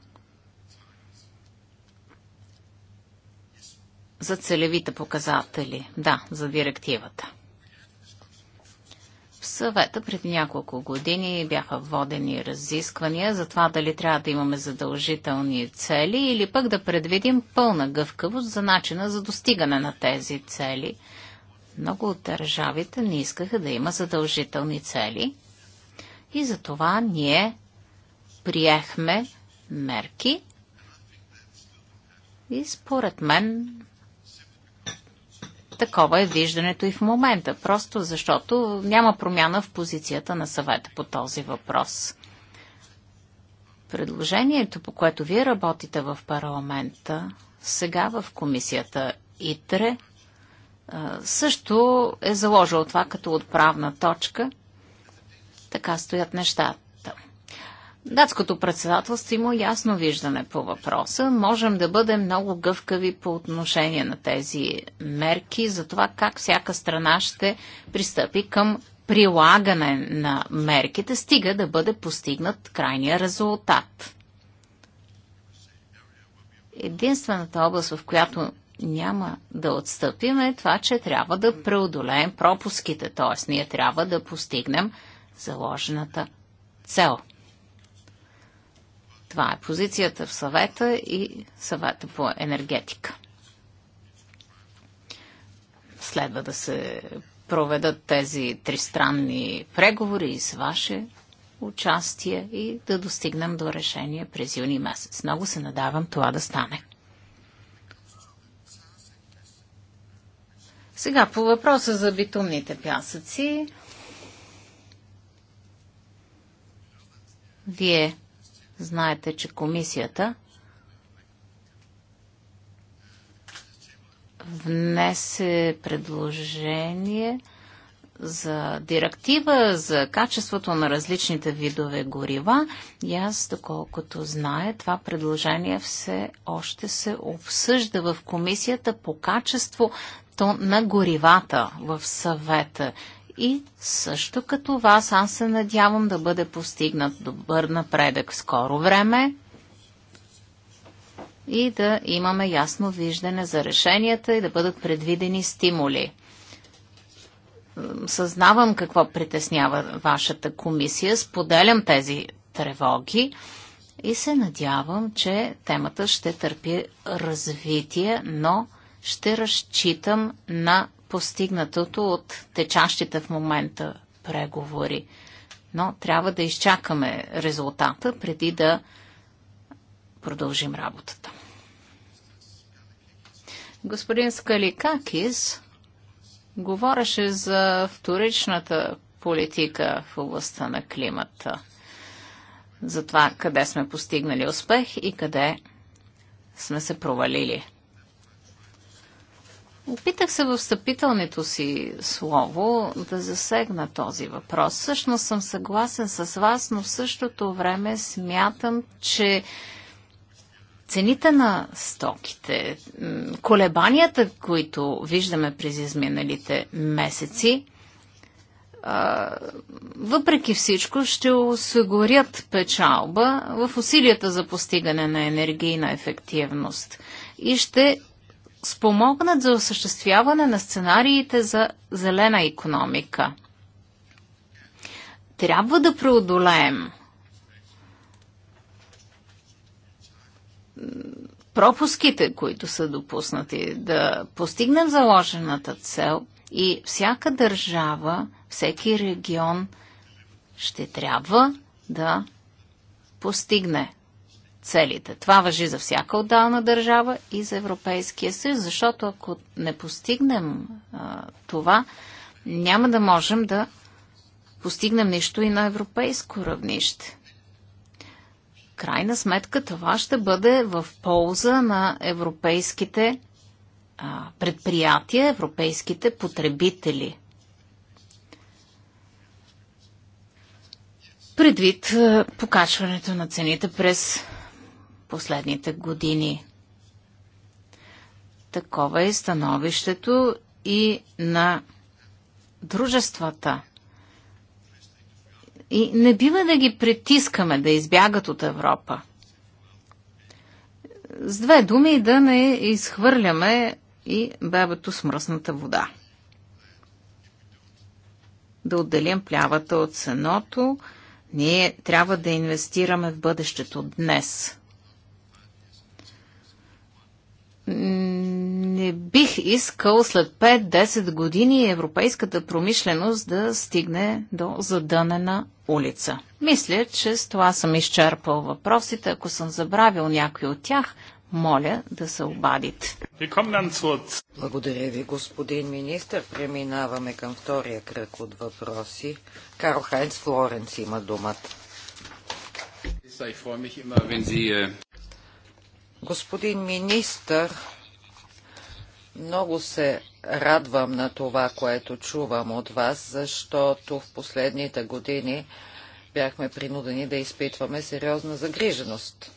За целевите показатели, да, за директивата. В съвета преди няколко години бяха водени разисквания за това дали трябва да имаме задължителни цели или пък да предвидим пълна гъвкавост за начина за достигане на тези цели. Много от държавите не искаха да има задължителни цели – и за това ние приехме мерки и според мен такова е виждането и в момента, просто защото няма промяна в позицията на съвета по този въпрос. Предложението, по което вие работите в парламента, сега в комисията ИТРЕ, също е заложил това като отправна точка така стоят нещата. Датското председателство има ясно виждане по въпроса. Можем да бъдем много гъвкави по отношение на тези мерки за това как всяка страна ще пристъпи към прилагане на мерките, стига да бъде постигнат крайния резултат. Единствената област, в която няма да отстъпим е това, че трябва да преодолеем пропуските, т.е. ние трябва да постигнем заложената цел. Това е позицията в съвета и съвета по енергетика. Следва да се проведат тези тристранни преговори и с ваше участие и да достигнем до решение през юни месец. Много се надавам това да стане. Сега по въпроса за битумните пясъци. Вие знаете, че комисията внесе предложение за директива за качеството на различните видове горива и аз, доколкото знае, това предложение все още се обсъжда в комисията по качеството на горивата в съвета и също като вас, аз се надявам да бъде постигнат добър напредък в скоро време и да имаме ясно виждане за решенията и да бъдат предвидени стимули. Съзнавам какво притеснява вашата комисия, споделям тези тревоги и се надявам, че темата ще търпи развитие, но ще разчитам на постигнатото от течащите в момента преговори. Но трябва да изчакаме резултата преди да продължим работата. Господин Скаликакис говореше за вторичната политика в областта на климата, за това къде сме постигнали успех и къде сме се провалили. Опитах се в встъпителното си слово да засегна този въпрос. Всъщност съм съгласен с вас, но в същото време смятам, че цените на стоките, колебанията, които виждаме през изминалите месеци, въпреки всичко ще осигурят печалба в усилията за постигане на енергийна ефективност и ще спомогнат за осъществяване на сценариите за зелена економика. Трябва да преодолеем пропуските, които са допуснати, да постигнем заложената цел и всяка държава, всеки регион ще трябва да постигне целите. Това въжи за всяка отдална държава и за Европейския съюз, защото ако не постигнем а, това, няма да можем да постигнем нищо и на европейско равнище. Крайна сметка това ще бъде в полза на европейските а, предприятия, европейските потребители. Предвид а, покачването на цените през последните години. Такова е становището и на дружествата. И не бива да ги притискаме да избягат от Европа. С две думи да не изхвърляме и бебето с мръсната вода. Да отделим плявата от сеното, ние трябва да инвестираме в бъдещето днес не бих искал след 5-10 години европейската промишленост да стигне до задънена улица. Мисля, че с това съм изчерпал въпросите. Ако съм забравил някой от тях, моля да се обадите. Благодаря ви, господин министр. Преминаваме към втория кръг от въпроси. Карл Хайнц Флоренц има думата. Господин министър, много се радвам на това, което чувам от вас, защото в последните години бяхме принудени да изпитваме сериозна загриженост.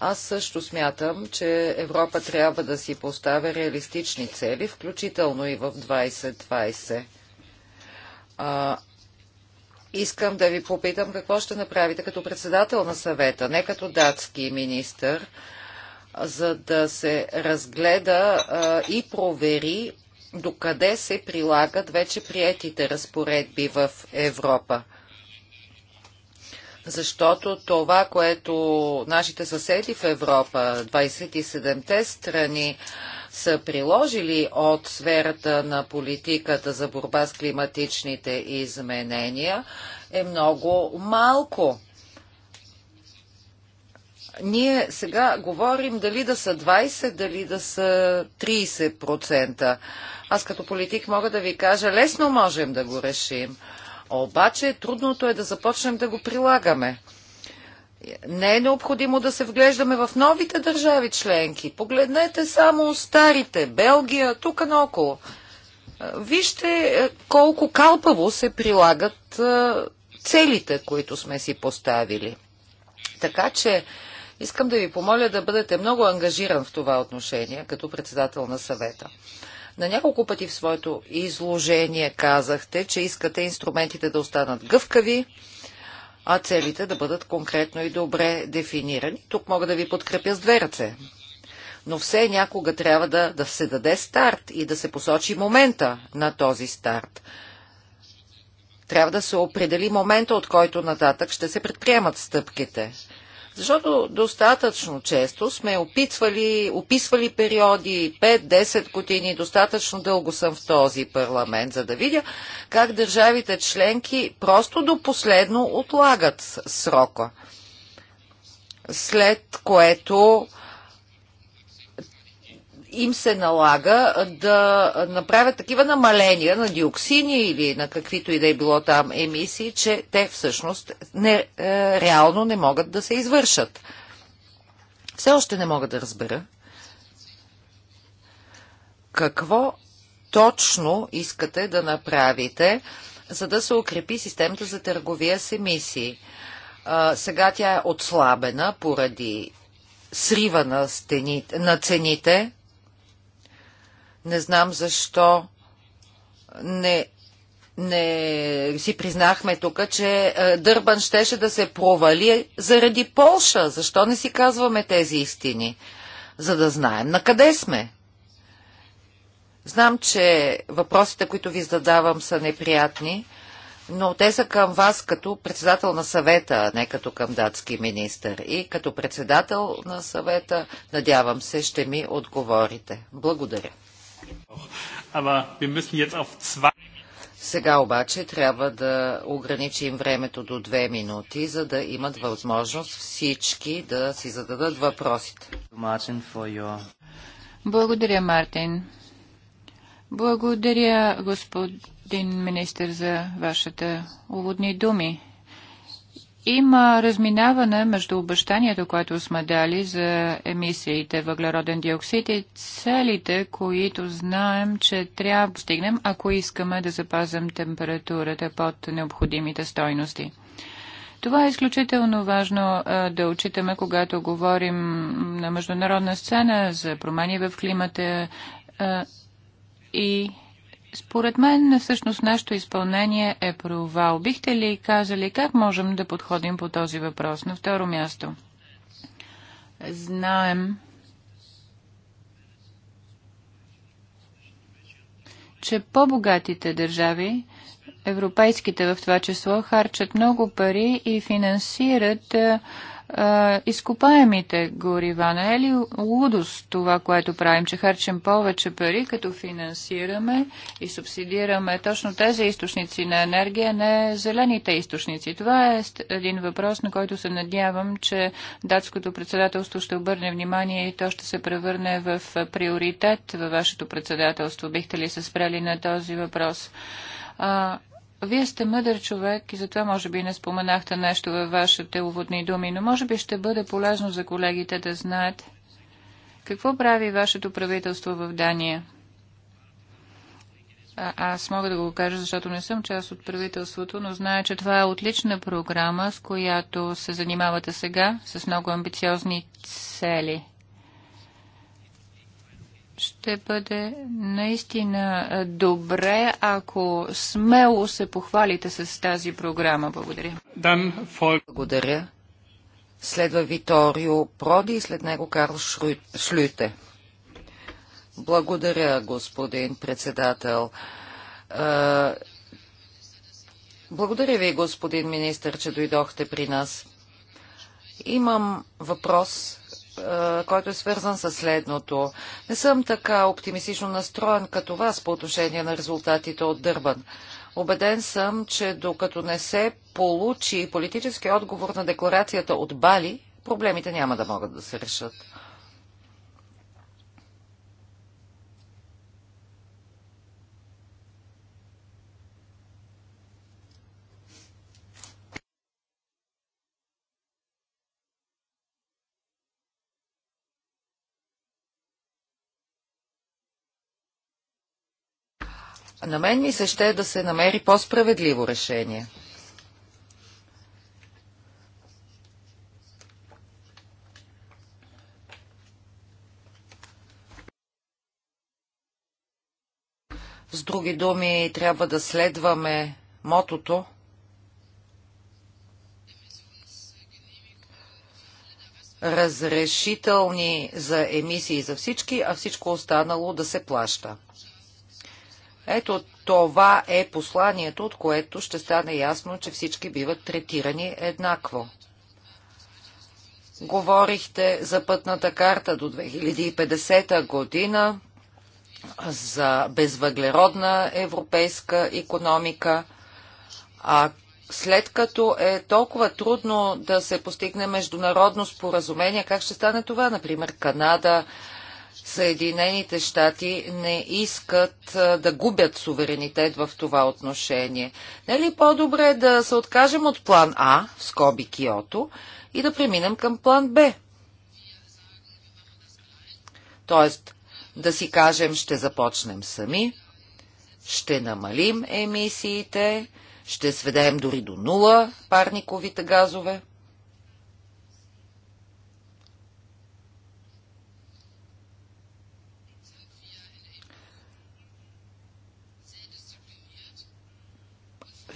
Аз също смятам, че Европа трябва да си поставя реалистични цели, включително и в 2020. А, Искам да ви попитам какво ще направите като председател на съвета, не като датски министр, за да се разгледа а, и провери докъде се прилагат вече приетите разпоредби в Европа. Защото това, което нашите съседи в Европа, 27-те страни, са приложили от сферата на политиката за борба с климатичните изменения, е много малко. Ние сега говорим дали да са 20, дали да са 30%. Аз като политик мога да ви кажа, лесно можем да го решим. Обаче трудното е да започнем да го прилагаме. Не е необходимо да се вглеждаме в новите държави членки. Погледнете само старите. Белгия, тук наоколо. Е, вижте е, колко калпаво се прилагат е, целите, които сме си поставили. Така че искам да ви помоля да бъдете много ангажиран в това отношение, като председател на съвета. На няколко пъти в своето изложение казахте, че искате инструментите да останат гъвкави, а целите да бъдат конкретно и добре дефинирани. Тук мога да ви подкрепя с две ръце. Но все някога трябва да, да се даде старт и да се посочи момента на този старт. Трябва да се определи момента, от който нататък ще се предприемат стъпките. Защото достатъчно често сме опитвали, описвали периоди 5-10 години, достатъчно дълго съм в този парламент, за да видя как държавите членки просто до последно отлагат срока. След което им се налага да направят такива намаления на диоксини или на каквито и да е било там емисии, че те всъщност не, е, реално не могат да се извършат. Все още не мога да разбера какво точно искате да направите, за да се укрепи системата за търговия с емисии. А, сега тя е отслабена поради срива на, стените, на цените не знам защо не не си признахме тук, че е, Дърбан щеше да се провали заради Полша. Защо не си казваме тези истини? За да знаем на къде сме. Знам, че въпросите, които ви задавам, са неприятни, но те са към вас като председател на съвета, не като към датски министр. И като председател на съвета, надявам се, ще ми отговорите. Благодаря. Сега обаче трябва да ограничим времето до две минути, за да имат възможност всички да си зададат въпросите. Благодаря, Мартин. Благодаря, господин министр, за вашата уводни думи. Има разминаване между обещанието, което сме дали за емисиите въглероден диоксид и целите, които знаем, че трябва да стигнем, ако искаме да запазим температурата под необходимите стойности. Това е изключително важно да отчитаме, когато говорим на международна сцена за промени в климата и според мен, всъщност, нашето изпълнение е провал. Бихте ли казали как можем да подходим по този въпрос? На второ място. Знаем, че по-богатите държави, европейските в това число, харчат много пари и финансират изкопаемите горива. Не е ли лудост това, което правим, че харчим повече пари, като финансираме и субсидираме точно тези източници на енергия, не зелените източници? Това е един въпрос, на който се надявам, че датското председателство ще обърне внимание и то ще се превърне в приоритет във вашето председателство. Бихте ли се спрели на този въпрос? А, вие сте мъдър човек и затова може би не споменахте нещо във вашите уводни думи, но може би ще бъде полезно за колегите да знаят какво прави вашето правителство в Дания. А, аз мога да го кажа, защото не съм част от правителството, но зная, че това е отлична програма, с която се занимавате сега, с много амбициозни цели ще бъде наистина добре, ако смело се похвалите с тази програма. Благодаря. Благодаря. Следва Виторио Проди и след него Карл Шлюте. Благодаря, господин председател. Благодаря ви, господин министр, че дойдохте при нас. Имам въпрос е, който е свързан с следното. Не съм така оптимистично настроен като вас по отношение на резултатите от Дърбан. Обеден съм, че докато не се получи политически отговор на декларацията от Бали, проблемите няма да могат да се решат. На мен ми се ще да се намери по-справедливо решение. С други думи, трябва да следваме мотото разрешителни за емисии за всички, а всичко останало да се плаща. Ето това е посланието, от което ще стане ясно, че всички биват третирани еднакво. Говорихте за пътната карта до 2050 година, за безвъглеродна европейска економика. А след като е толкова трудно да се постигне международно споразумение, как ще стане това? Например, Канада, Съединените щати не искат да губят суверенитет в това отношение. Не е ли по-добре да се откажем от план А, в скоби Киото, и да преминем към план Б? Тоест, да си кажем, ще започнем сами, ще намалим емисиите, ще сведем дори до нула парниковите газове.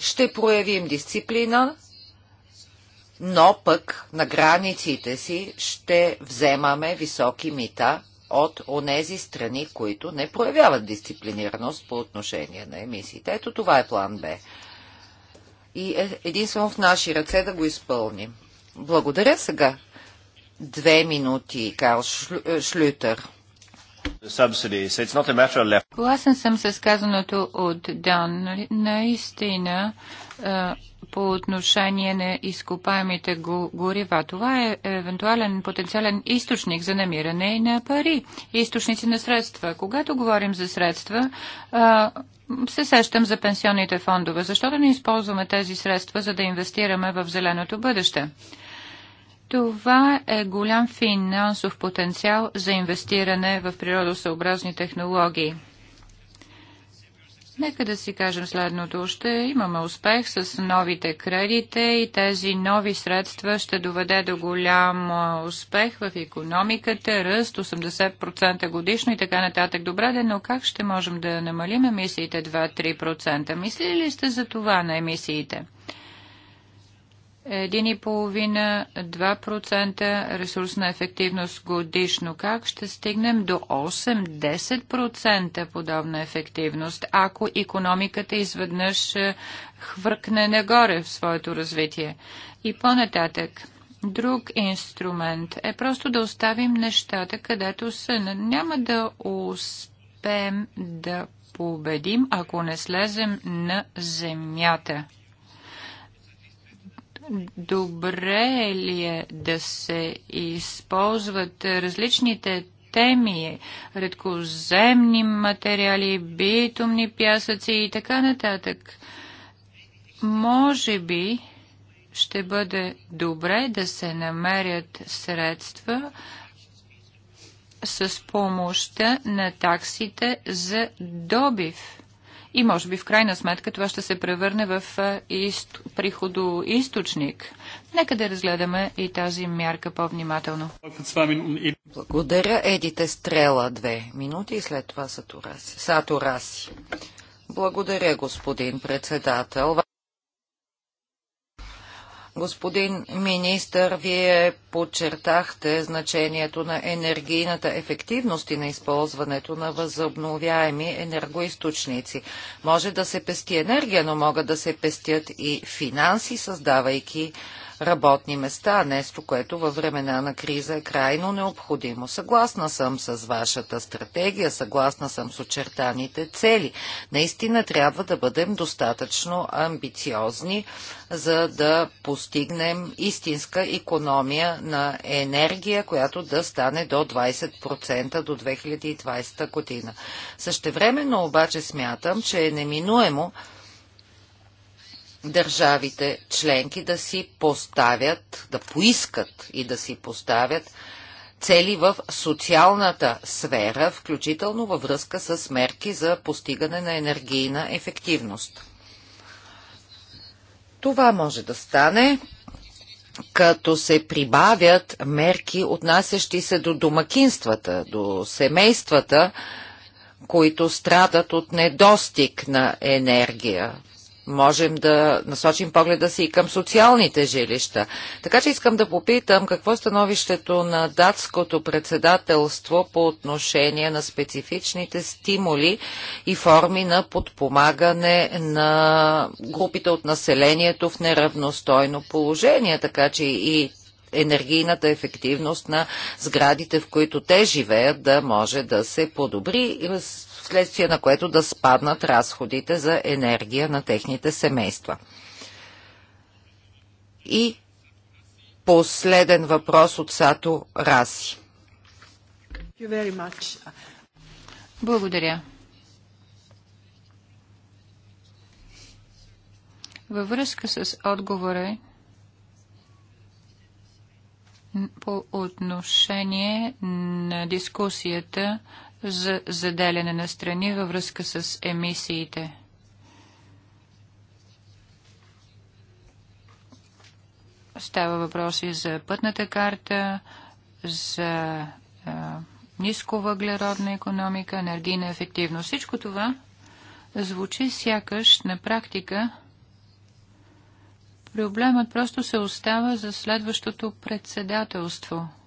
ще проявим дисциплина, но пък на границите си ще вземаме високи мита от онези страни, които не проявяват дисциплинираност по отношение на емисиите. Ето това е план Б. И е единствено в наши ръце да го изпълним. Благодаря сега. Две минути, Карл е, Шлютер. Гласен съм с казаното от Дан. Нали, наистина, по отношение на изкопаемите горива. Това е евентуален потенциален източник за намиране на пари, източници на средства. Когато говорим за средства, се сещам за пенсионните фондове. Защо да не използваме тези средства, за да инвестираме в зеленото бъдеще? Това е голям финансов потенциал за инвестиране в природосъобразни технологии. Нека да си кажем следното. Ще имаме успех с новите кредите и тези нови средства ще доведе до голям успех в економиката, ръст 80% годишно и така нататък. Добре, де, но как ще можем да намалим емисиите 2-3%? Мислили ли сте за това на емисиите? 1,5-2% ресурсна ефективност годишно. Как ще стигнем до 8-10% подобна ефективност, ако економиката изведнъж е, хвъркне нагоре в своето развитие? И по-нататък. Друг инструмент е просто да оставим нещата където са. Няма да успеем да победим, ако не слезем на земята добре ли е да се използват различните теми, редкоземни материали, битумни пясъци и така нататък. Може би ще бъде добре да се намерят средства с помощта на таксите за добив и може би в крайна сметка това ще се превърне в ист... приходоисточник. Нека да разгледаме и тази мярка по-внимателно. Благодаря. Едите стрела две минути и след това са Тураси. Благодаря, господин председател. Господин министър, вие подчертахте значението на енергийната ефективност и на използването на възобновяеми енергоисточници. Може да се пести енергия, но могат да се пестят и финанси, създавайки работни места, нещо, което във времена на криза е крайно необходимо. Съгласна съм с вашата стратегия, съгласна съм с очертаните цели. Наистина трябва да бъдем достатъчно амбициозни, за да постигнем истинска економия на енергия, която да стане до 20% до 2020 година. Същевременно обаче смятам, че е неминуемо държавите членки да си поставят, да поискат и да си поставят цели в социалната сфера, включително във връзка с мерки за постигане на енергийна ефективност. Това може да стане като се прибавят мерки, отнасящи се до домакинствата, до семействата, които страдат от недостиг на енергия можем да насочим погледа си и към социалните жилища. Така че искам да попитам какво е становището на датското председателство по отношение на специфичните стимули и форми на подпомагане на групите от населението в неравностойно положение, така че и енергийната ефективност на сградите, в които те живеят, да може да се подобри вследствие на което да спаднат разходите за енергия на техните семейства. И последен въпрос от Сато Раси. Благодаря. Във връзка с отговора по отношение на дискусията за заделяне на страни във връзка с емисиите. Става въпроси за пътната карта, за а, нисковъглеродна економика, енергийна ефективност. Всичко това звучи сякаш на практика проблемът просто се остава за следващото председателство –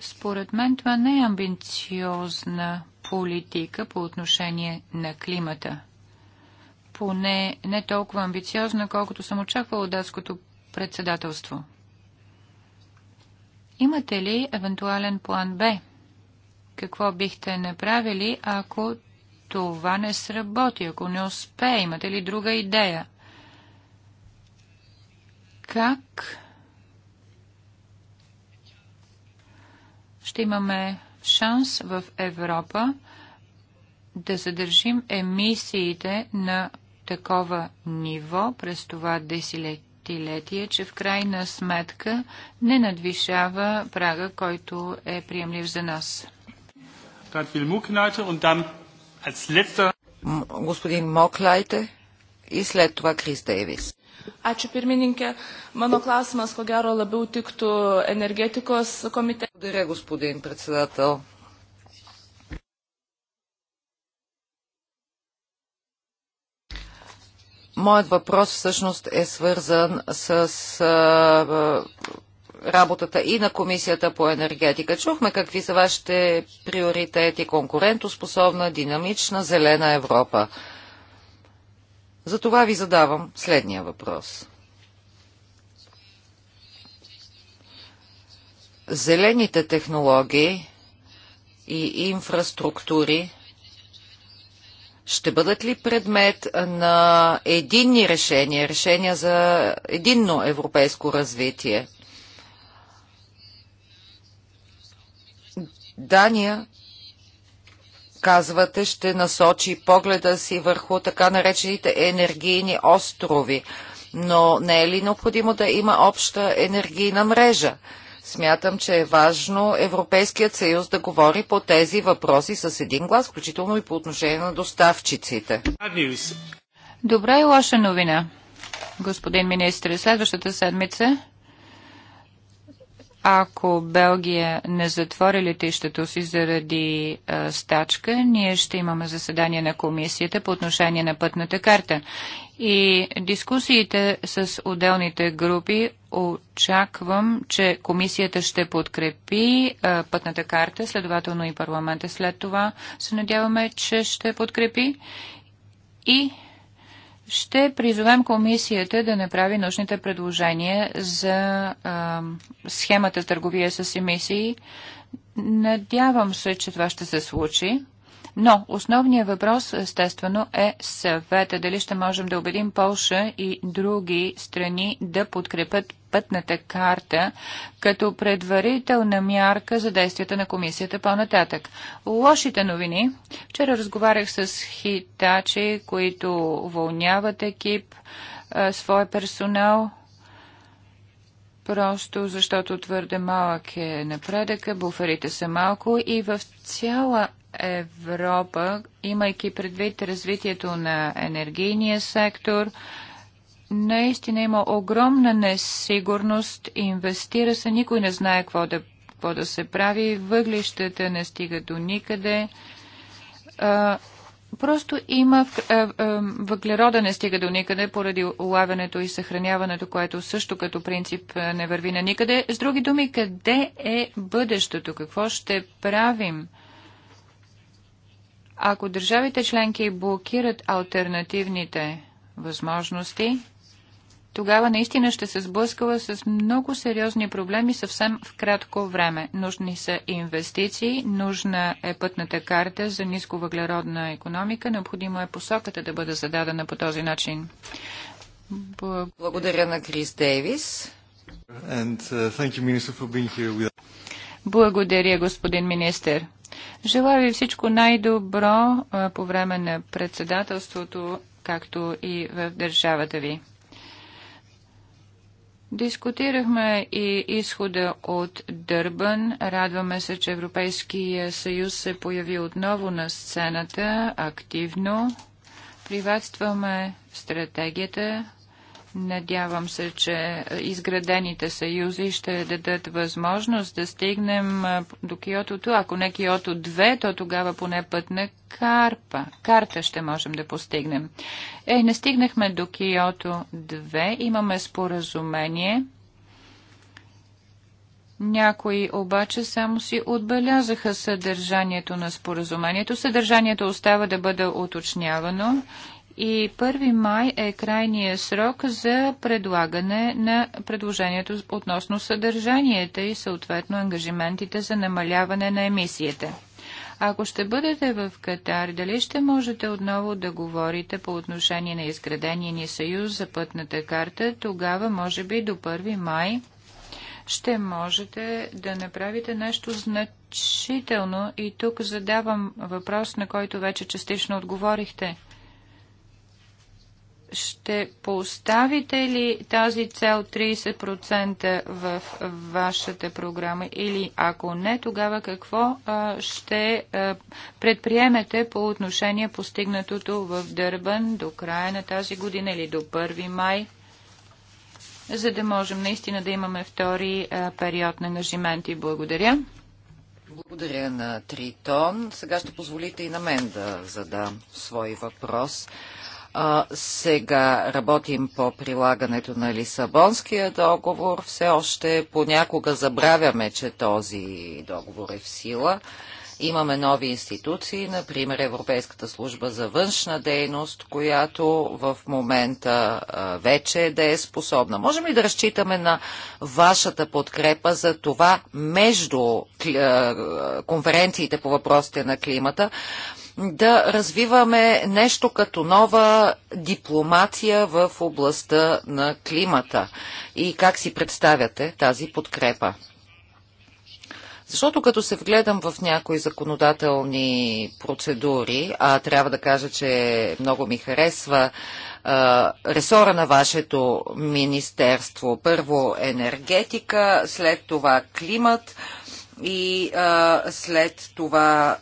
според мен това не е амбициозна политика по отношение на климата. Поне не толкова амбициозна, колкото съм очаквала от датското председателство. Имате ли евентуален план Б? Какво бихте направили, ако това не сработи, ако не успее? Имате ли друга идея? Как ще имаме шанс в Европа да задържим емисиите на такова ниво през това десетилетие, че в крайна сметка не надвишава прага, който е приемлив за нас. Господин Моклайте и след това Крис Дейвис. Ačiū pirmininkė. Mano klausimas, ko gero, labiau tiktų energetikos komitetui. Благодаря, gospodin председател. Моят въпрос всъщност е свързан с а, работата и на Комисията по енергетика. Чухме какви са вашите приоритети – конкурентоспособна, динамична, зелена Европа. Затова ви задавам следния въпрос. Зелените технологии и инфраструктури ще бъдат ли предмет на единни решения, решения за единно европейско развитие? Дания казвате, ще насочи погледа си върху така наречените енергийни острови. Но не е ли необходимо да има обща енергийна мрежа? Смятам, че е важно Европейският съюз да говори по тези въпроси с един глас, включително и по отношение на доставчиците. Добра и лоша новина, господин министр. Следващата седмица ако Белгия не затвори летището си заради а, стачка, ние ще имаме заседание на комисията по отношение на пътната карта. И дискусиите с отделните групи очаквам, че комисията ще подкрепи а, пътната карта, следователно и парламента след това се надяваме, че ще подкрепи. И ще призовем комисията да направи нужните предложения за а, схемата търговия с емисии. Надявам се, че това ще се случи. Но основният въпрос, естествено, е съвета. Дали ще можем да убедим Полша и други страни да подкрепят пътната карта като предварителна мярка за действията на комисията по-нататък. Лошите новини. Вчера разговарях с хитачи, които вълняват екип, своя персонал просто защото твърде малък е напредъка, буферите са малко и в цяла Европа, имайки предвид развитието на енергийния сектор, наистина има огромна несигурност, инвестира се, никой не знае какво да, какво да се прави, въглищата не стига до никъде. А, просто има въглерода не стига до никъде поради улавянето и съхраняването, което също като принцип не върви на никъде. С други думи, къде е бъдещето? Какво ще правим? Ако държавите членки блокират альтернативните възможности, тогава наистина ще се сблъскала с много сериозни проблеми съвсем в кратко време. Нужни са инвестиции, нужна е пътната карта за нисковъглеродна економика, необходимо е посоката да бъде зададена по този начин. Благодаря на Крис Дейвис. And, uh, you, Minister, with... Благодаря, господин министр. Желая ви всичко най-добро по време на председателството, както и в държавата ви. Дискутирахме и изхода от Дърбан. Радваме се, че Европейския съюз се появи отново на сцената активно. Приветстваме стратегията Надявам се, че изградените съюзи ще дадат възможност да стигнем до Киотото. Ако не Киото 2, то тогава поне път на карпа. Карта ще можем да постигнем. Е, не стигнахме до Киото 2. Имаме споразумение. Някои обаче само си отбелязаха съдържанието на споразумението. Съдържанието остава да бъде уточнявано и 1 май е крайния срок за предлагане на предложението относно съдържанията и съответно ангажиментите за намаляване на емисиите. Ако ще бъдете в Катар, дали ще можете отново да говорите по отношение на изградения ни съюз за пътната карта, тогава може би до 1 май ще можете да направите нещо значително и тук задавам въпрос, на който вече частично отговорихте – ще поставите ли тази цел 30% в вашата програма или ако не, тогава какво ще предприемете по отношение постигнатото в Дърбан до края на тази година или до 1 май, за да можем наистина да имаме втори период на нажименти. Благодаря. Благодаря на Тритон. Сега ще позволите и на мен да задам свой въпрос сега работим по прилагането на Лисабонския договор. Все още понякога забравяме, че този договор е в сила. Имаме нови институции, например Европейската служба за външна дейност, която в момента вече е способна. Можем ли да разчитаме на вашата подкрепа за това между конференциите по въпросите на климата да развиваме нещо като нова дипломация в областта на климата. И как си представяте тази подкрепа? Защото като се вгледам в някои законодателни процедури, а трябва да кажа, че много ми харесва а, ресора на вашето министерство. Първо енергетика, след това климат и а, след това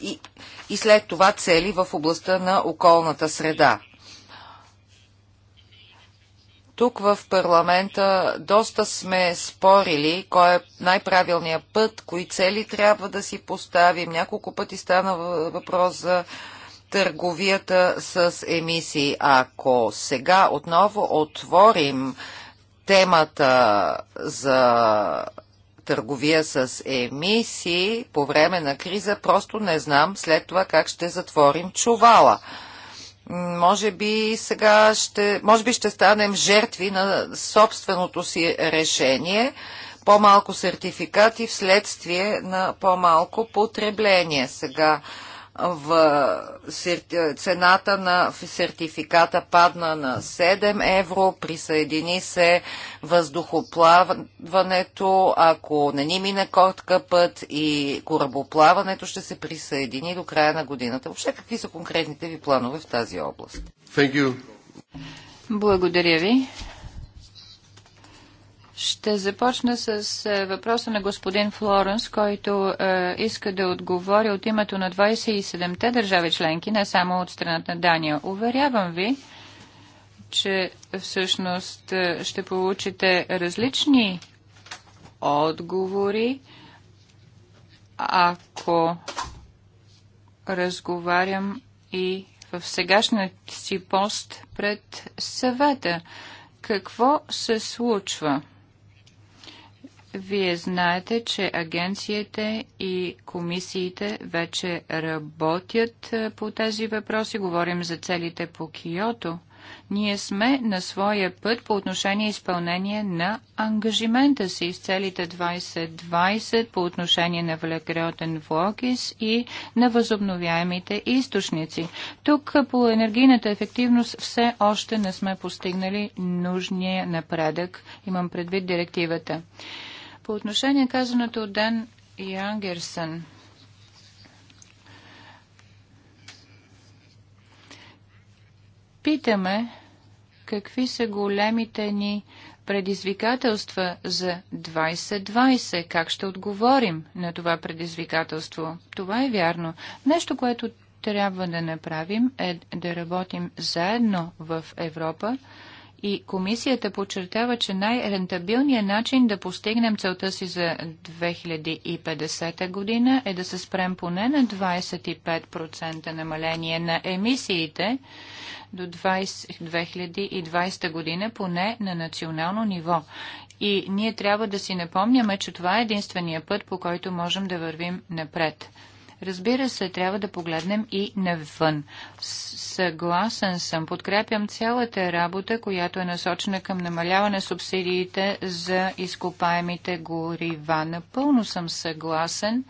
и, и след това цели в областта на околната среда. Тук в парламента доста сме спорили кой е най-правилният път, кои цели трябва да си поставим. Няколко пъти стана въпрос за търговията с емисии. Ако сега отново отворим темата за търговия с емисии по време на криза, просто не знам след това как ще затворим чувала. Може би сега ще, може би ще станем жертви на собственото си решение, по-малко сертификати вследствие на по-малко потребление. Сега в е, цената на сертификата падна на 7 евро, присъедини се въздухоплаването, ако не ни мине котка път и корабоплаването ще се присъедини до края на годината. Въобще какви са конкретните ви планове в тази област? Благодаря ви. Ще започна с е, въпроса на господин Флоренс, който е, иска да отговори от името на 27-те държави членки, не само от страната на Дания. Уверявам ви, че всъщност е, ще получите различни отговори, ако разговарям и в сегашния си пост пред съвета. Какво се случва? Вие знаете, че агенциите и комисиите вече работят е, по тези въпроси. Говорим за целите по Киото. Ние сме на своя път по отношение изпълнение на ангажимента си с целите 2020 по отношение на въглероден влогис и на възобновяемите източници. Тук е, по енергийната ефективност все още не сме постигнали нужния напредък, имам предвид директивата. По отношение казаното от Дан Янгерсън, питаме какви са големите ни предизвикателства за 2020, как ще отговорим на това предизвикателство. Това е вярно. Нещо, което трябва да направим е да работим заедно в Европа, и комисията подчертава, че най-рентабилният начин да постигнем целта си за 2050 година е да се спрем поне на 25% намаление на емисиите до 2020 година, поне на национално ниво. И ние трябва да си напомняме, че това е единствения път, по който можем да вървим напред. Разбира се, трябва да погледнем и навън. Съгласен съм, подкрепям цялата работа, която е насочена към намаляване субсидиите за изкопаемите горива. Напълно съм съгласен.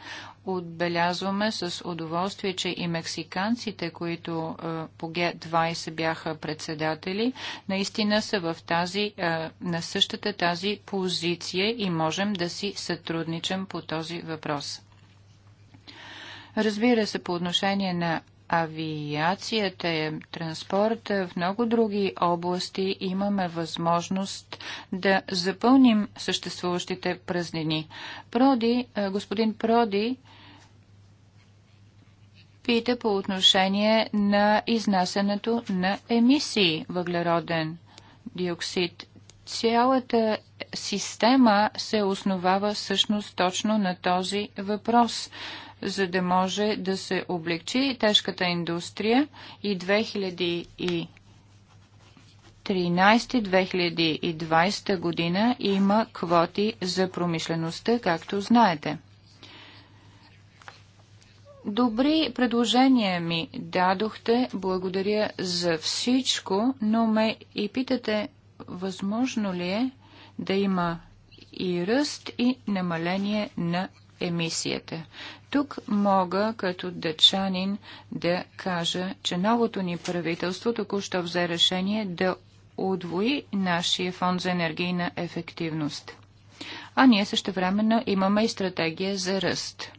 Отбелязваме с удоволствие, че и мексиканците, които е, по Г20 бяха председатели, наистина са в тази, е, на същата тази позиция и можем да си сътрудничам по този въпрос. Разбира се, по отношение на авиацията, транспорта, в много други области имаме възможност да запълним съществуващите празнини. Проди, господин Проди, пита по отношение на изнасянето на емисии въглероден диоксид. Цялата система се основава всъщност точно на този въпрос за да може да се облегчи тежката индустрия и 2013 2020 година има квоти за промишлеността, както знаете. Добри предложения ми дадохте, благодаря за всичко, но ме и питате, възможно ли е да има и ръст и намаление на емисията. Тук мога като дъчанин да кажа, че новото ни правителство току-що взе решение да удвои нашия фонд за енергийна ефективност. А ние също времено имаме и стратегия за ръст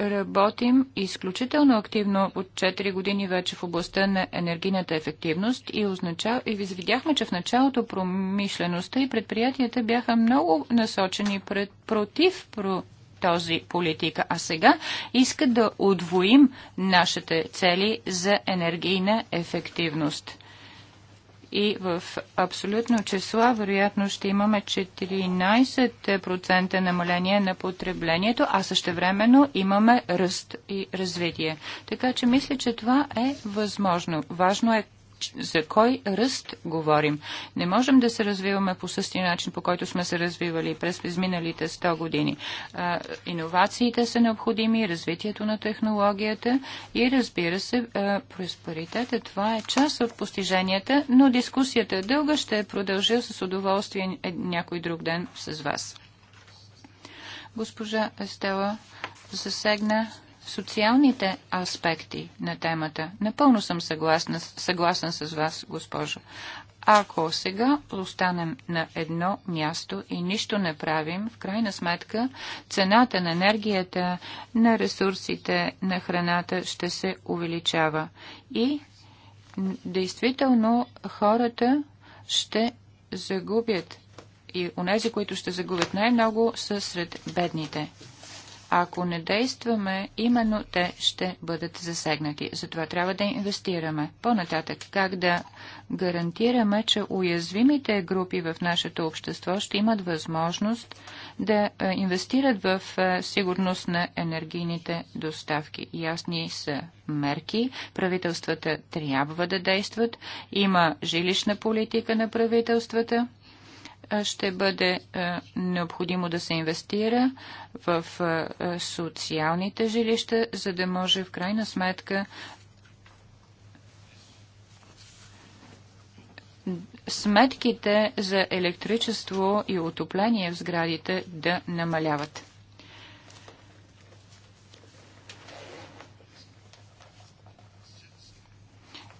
работим изключително активно от 4 години вече в областта на енергийната ефективност и, означав... и видяхме, че в началото промишлеността и предприятията бяха много насочени пред... против про този политика. А сега искат да удвоим нашите цели за енергийна ефективност и в абсолютно числа вероятно ще имаме 14% намаление на потреблението, а същевременно имаме ръст и развитие. Така че мисля, че това е възможно. Важно е за кой ръст говорим? Не можем да се развиваме по същия начин, по който сме се развивали през изминалите 100 години. А, иновациите са необходими, развитието на технологията и разбира се, а, просперитета. Това е част от постиженията, но дискусията е дълга. Ще продължа с удоволствие някой друг ден с вас. Госпожа Естела засегна социалните аспекти на темата. Напълно съм съгласна, съгласна с вас, госпожо. Ако сега останем на едно място и нищо не правим, в крайна сметка цената на енергията, на ресурсите, на храната ще се увеличава. И действително хората ще загубят. И онези, които ще загубят най-много, са сред бедните. Ако не действаме, именно те ще бъдат засегнати. Затова трябва да инвестираме. По-нататък, как да гарантираме, че уязвимите групи в нашето общество ще имат възможност да е, инвестират в е, сигурност на енергийните доставки. Ясни са мерки. Правителствата трябва да действат. Има жилищна политика на правителствата ще бъде е, необходимо да се инвестира в е, е, социалните жилища, за да може в крайна сметка сметките за електричество и отопление в сградите да намаляват.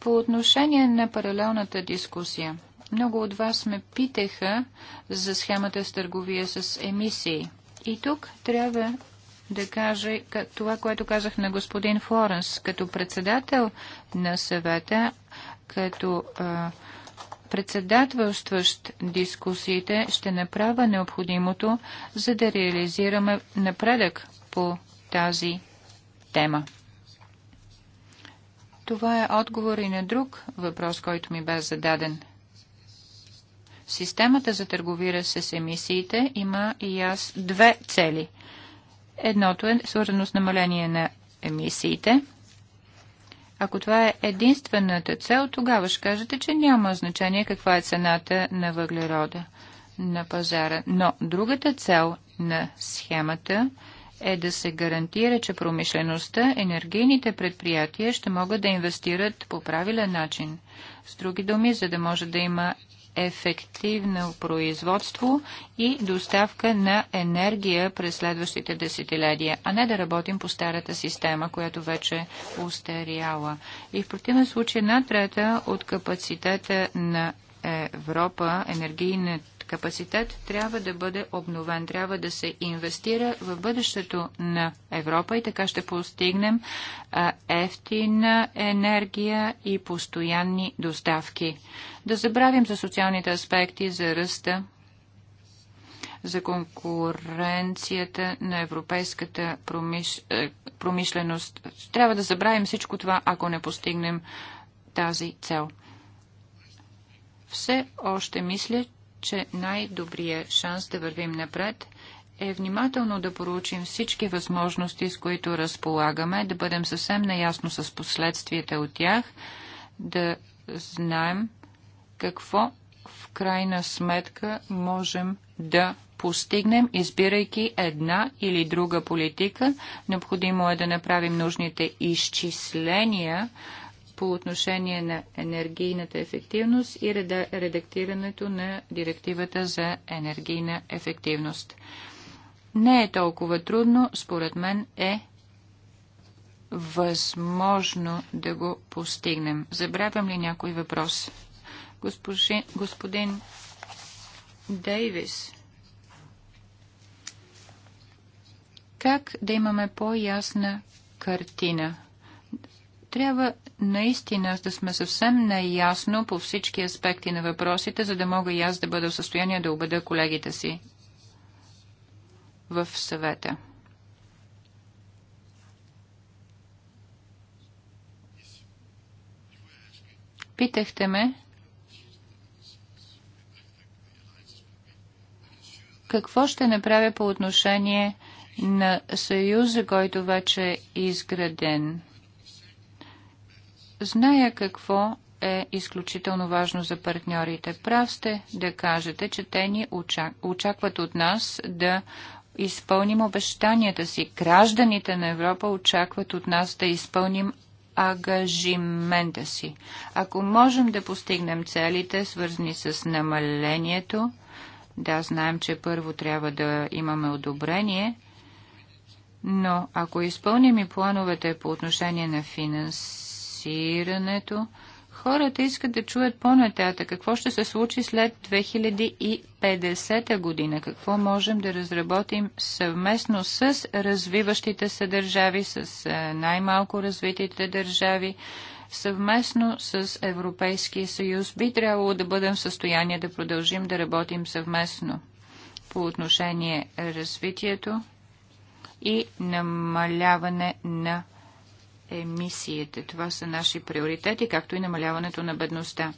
По отношение на паралелната дискусия – много от вас ме питаха за схемата с търговия с емисии. И тук трябва да кажа това, което казах на господин Флоренс. Като председател на съвета, като председателстващ дискусиите, ще направя необходимото, за да реализираме напредък по тази тема. Това е отговор и на друг въпрос, който ми бе зададен системата за търговира с емисиите има и аз две цели. Едното е свързано с намаление на емисиите. Ако това е единствената цел, тогава ще кажете, че няма значение каква е цената на въглерода на пазара. Но другата цел на схемата е да се гарантира, че промишлеността, енергийните предприятия ще могат да инвестират по правилен начин. С други думи, за да може да има ефективно производство и доставка на енергия през следващите десетилетия, а не да работим по старата система, която вече устаряла. И в противен случай една трета от капацитета на Европа, енергийната капацитет трябва да бъде обновен, трябва да се инвестира в бъдещето на Европа и така ще постигнем ефтина енергия и постоянни доставки. Да забравим за социалните аспекти, за ръста, за конкуренцията на европейската промиш... Е, промишленост. Трябва да забравим всичко това, ако не постигнем тази цел. Все още мисля, че най-добрият шанс да вървим напред е внимателно да проучим всички възможности, с които разполагаме, да бъдем съвсем наясно с последствията от тях, да знаем какво в крайна сметка можем да постигнем, избирайки една или друга политика. Необходимо е да направим нужните изчисления по отношение на енергийната ефективност и редактирането на директивата за енергийна ефективност. Не е толкова трудно, според мен е възможно да го постигнем. Забравям ли някой въпрос? Госпожи, господин Дейвис, как да имаме по-ясна картина? Трябва наистина да сме съвсем наясно по всички аспекти на въпросите, за да мога и аз да бъда в състояние да убеда колегите си в съвета. Питахте ме какво ще направя по отношение на съюза, който вече е изграден. Зная какво е изключително важно за партньорите. Прав сте да кажете, че те ни очакват от нас да изпълним обещанията си. Гражданите на Европа очакват от нас да изпълним агажимента си. Ако можем да постигнем целите, свързани с намалението, да, знаем, че първо трябва да имаме одобрение, но ако изпълним и плановете по отношение на финансирането, финансирането. Хората искат да чуят по-нататък какво ще се случи след 2050 година, какво можем да разработим съвместно с развиващите се държави, с е, най-малко развитите държави, съвместно с Европейския съюз. Би трябвало да бъдем в състояние да продължим да работим съвместно по отношение развитието и намаляване на емисиите. Това са наши приоритети, както и намаляването на бедността.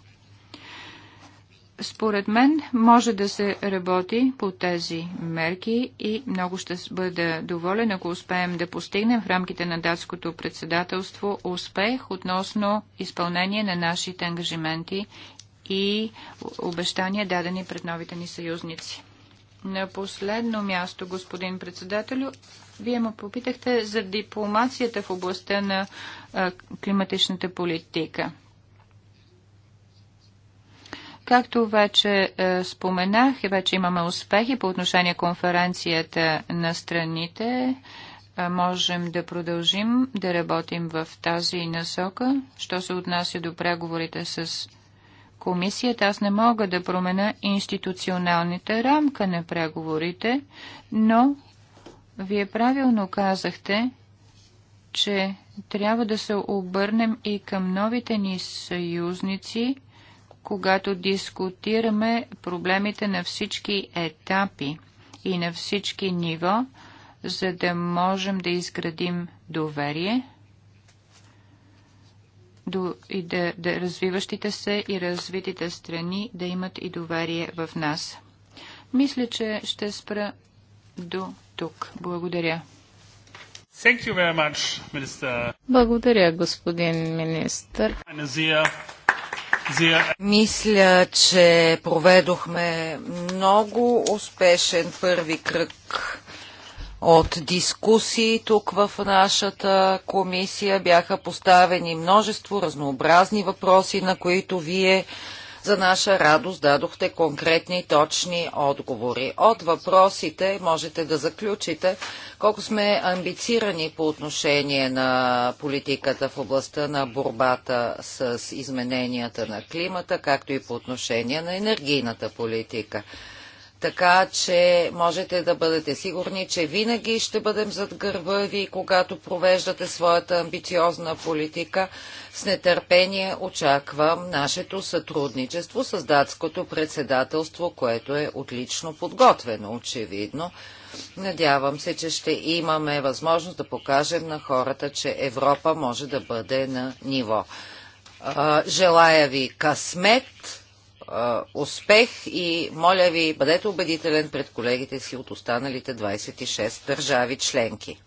Според мен може да се работи по тези мерки и много ще бъда доволен, ако успеем да постигнем в рамките на датското председателство успех относно изпълнение на нашите ангажименти и обещания дадени пред новите ни съюзници. На последно място, господин председателю, вие ме попитахте за дипломацията в областта на климатичната политика. Както вече споменах споменах, вече имаме успехи по отношение конференцията на страните. можем да продължим да работим в тази насока. Що се отнася до преговорите с комисията, аз не мога да променя институционалната рамка на преговорите, но вие правилно казахте, че трябва да се обърнем и към новите ни съюзници, когато дискутираме проблемите на всички етапи и на всички нива, за да можем да изградим доверие до, и да, да развиващите се и развитите страни да имат и доверие в нас. Мисля, че ще спра до тук. Благодаря. Thank you very much, minister. Благодаря, господин министр. Мисля, че проведохме много успешен първи кръг от дискусии тук в нашата комисия. Бяха поставени множество разнообразни въпроси, на които вие за наша радост дадохте конкретни и точни отговори. От въпросите можете да заключите колко сме амбицирани по отношение на политиката в областта на борбата с измененията на климата, както и по отношение на енергийната политика. Така че можете да бъдете сигурни, че винаги ще бъдем зад гърба ви, когато провеждате своята амбициозна политика. С нетърпение очаквам нашето сътрудничество с датското председателство, което е отлично подготвено, очевидно. Надявам се, че ще имаме възможност да покажем на хората, че Европа може да бъде на ниво. Желая ви късмет! успех и моля ви, бъдете убедителен пред колегите си от останалите 26 държави членки.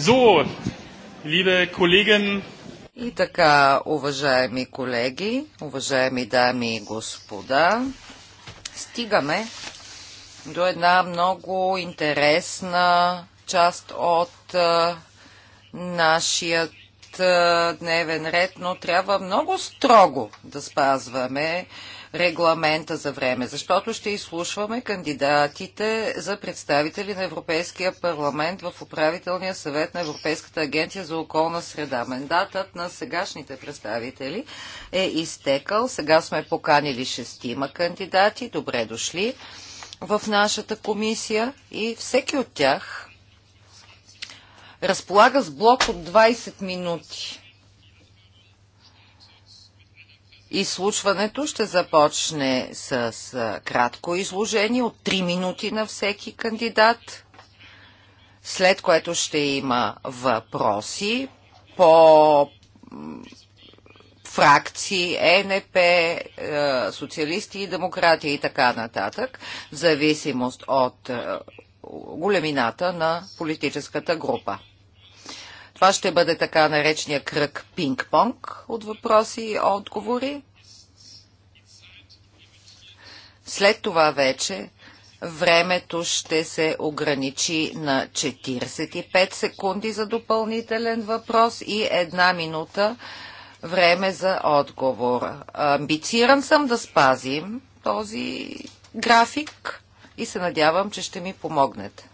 So, liebe Kollegen. И така, уважаеми колеги, уважаеми дами и господа, стигаме до една много интересна част от а, нашият дневен ред, но трябва много строго да спазваме а, регламента за време, защото ще изслушваме кандидатите за представители на Европейския парламент в управителния съвет на Европейската агенция за околна среда. Мендатът на сегашните представители е изтекал. Сега сме поканили шестима кандидати. Добре дошли в нашата комисия и всеки от тях разполага с блок от 20 минути Изслушването ще започне с кратко изложение от 3 минути на всеки кандидат, след което ще има въпроси по фракции, ЕНП, е, социалисти и демократи и така нататък, в зависимост от е, големината на политическата група. Това ще бъде така наречния кръг пинг-понг от въпроси и отговори. След това вече времето ще се ограничи на 45 секунди за допълнителен въпрос и една минута време за отговор. Амбициран съм да спазим този график и се надявам, че ще ми помогнете.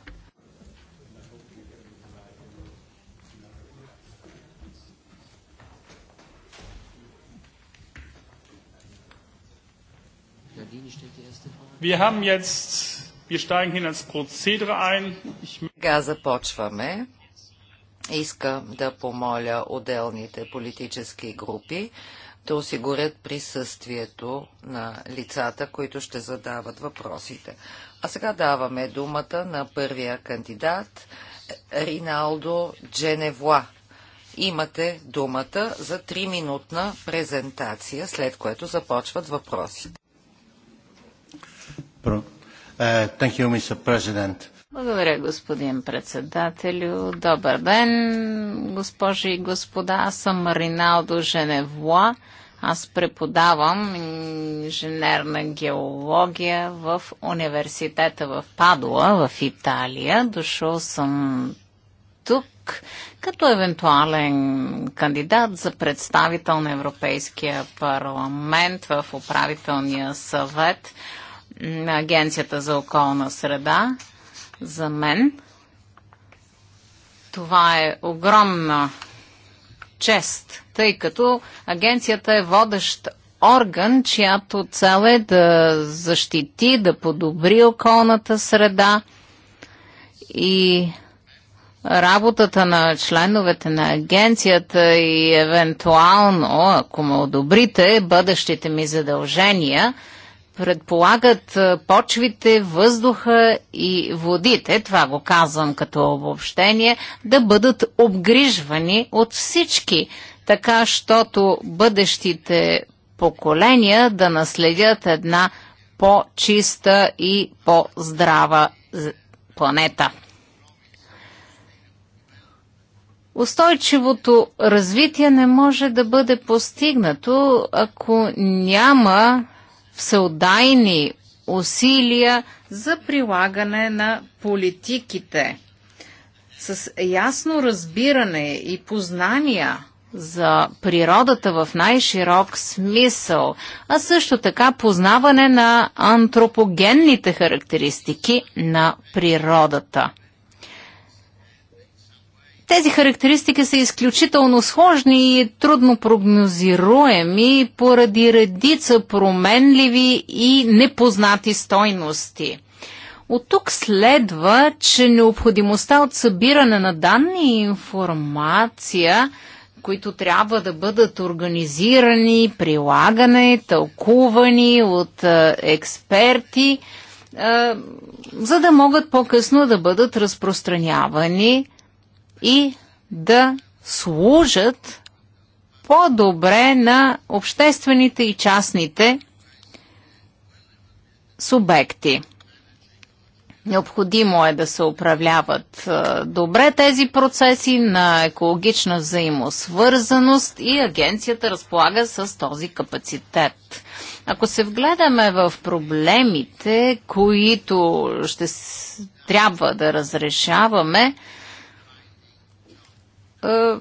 Wir haben jetzt, wir steigen hin als Prozedere ein. Ich... Сега започваме. Искам да помоля отделните политически групи да осигурят присъствието на лицата, които ще задават въпросите. А сега даваме думата на първия кандидат Риналдо Дженевла. Имате думата за 3-минутна презентация, след което започват въпросите. Uh, Благодаря, господин председателю. Добър ден, госпожи и господа. Аз съм Риналдо Женевуа. Аз преподавам инженерна геология в университета в Падуа, в Италия. Дошъл съм тук като евентуален кандидат за представител на Европейския парламент в управителния съвет на Агенцията за околна среда. За мен това е огромна чест, тъй като агенцията е водещ орган, чиято цел е да защити, да подобри околната среда и работата на членовете на агенцията и евентуално, ако ме одобрите, бъдещите ми задължения – предполагат е, почвите, въздуха и водите, това го казвам като обобщение, да бъдат обгрижвани от всички, така щото бъдещите поколения да наследят една по-чиста и по-здрава планета. Устойчивото развитие не може да бъде постигнато, ако няма всеотдайни усилия за прилагане на политиките с ясно разбиране и познания за природата в най-широк смисъл, а също така познаване на антропогенните характеристики на природата – тези характеристики са изключително сложни и трудно прогнозируеми поради редица променливи и непознати стойности. От тук следва, че необходимостта от събиране на данни и информация, които трябва да бъдат организирани, прилагани, тълкувани от експерти, за да могат по-късно да бъдат разпространявани и да служат по-добре на обществените и частните субекти. Необходимо е да се управляват е, добре тези процеси на екологична взаимосвързаност и агенцията разполага с този капацитет. Ако се вгледаме в проблемите, които ще трябва да разрешаваме, е,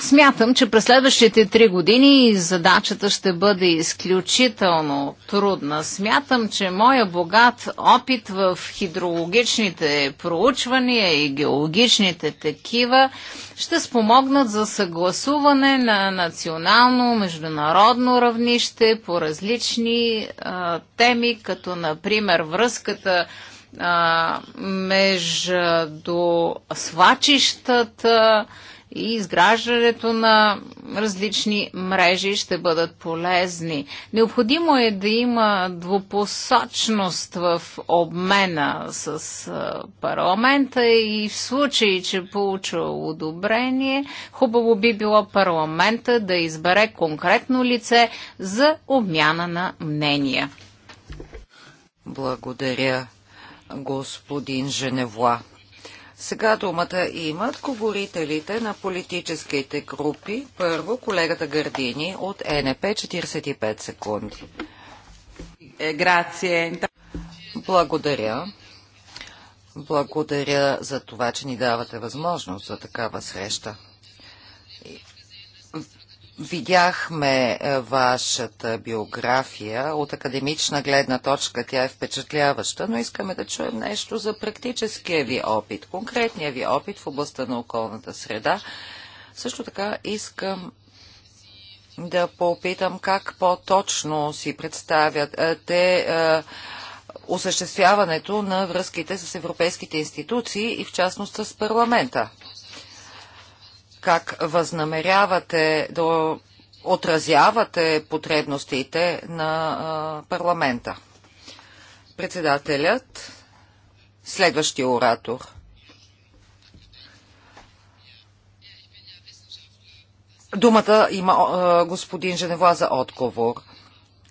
смятам, че през следващите три години задачата ще бъде изключително трудна. Смятам, че моя богат опит в хидрологичните проучвания и геологичните такива ще спомогнат за съгласуване на национално, международно равнище по различни а, е, теми, като например връзката е, между свачищата, и изграждането на различни мрежи ще бъдат полезни. Необходимо е да има двупосочност в обмена с парламента и в случай, че получа одобрение, хубаво би било парламента да избере конкретно лице за обмяна на мнения. Благодаря, господин Женевла. Сега думата имат говорителите на политическите групи. Първо колегата Гърдини от НП 45 секунди. Е, Благодаря. Благодаря за това, че ни давате възможност за такава среща. Видяхме е, вашата биография. От академична гледна точка тя е впечатляваща, но искаме да чуем нещо за практическия ви опит, конкретния ви опит в областта на околната среда. Също така искам да попитам как по-точно си представят е, те е, осъществяването на връзките с европейските институции и в частност с парламента как възнамерявате да отразявате потребностите на парламента. Председателят, следващия оратор. Думата има господин Женева за отговор.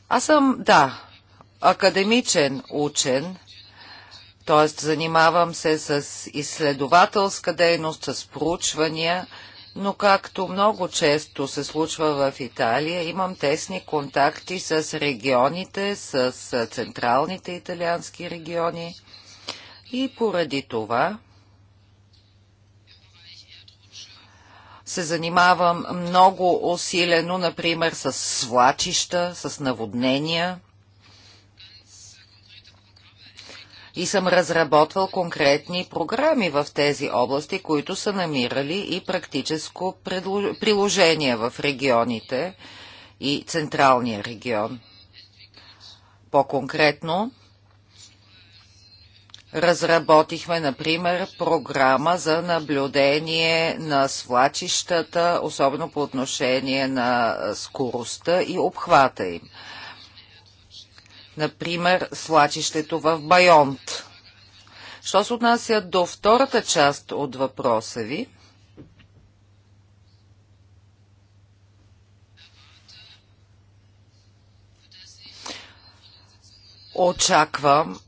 Аз съм, да, академичен учен, т.е. занимавам се с изследователска дейност, с проучвания – но както много често се случва в Италия, имам тесни контакти с регионите, с централните италиански региони и поради това се занимавам много усилено, например, с свлачища, с наводнения – и съм разработвал конкретни програми в тези области, които са намирали и практическо приложение в регионите и Централния регион. По-конкретно, разработихме, например, програма за наблюдение на свлачищата, особено по отношение на скоростта и обхвата им. Например, свлачището в Байонт. Що се отнася до втората част от въпроса ви, очаквам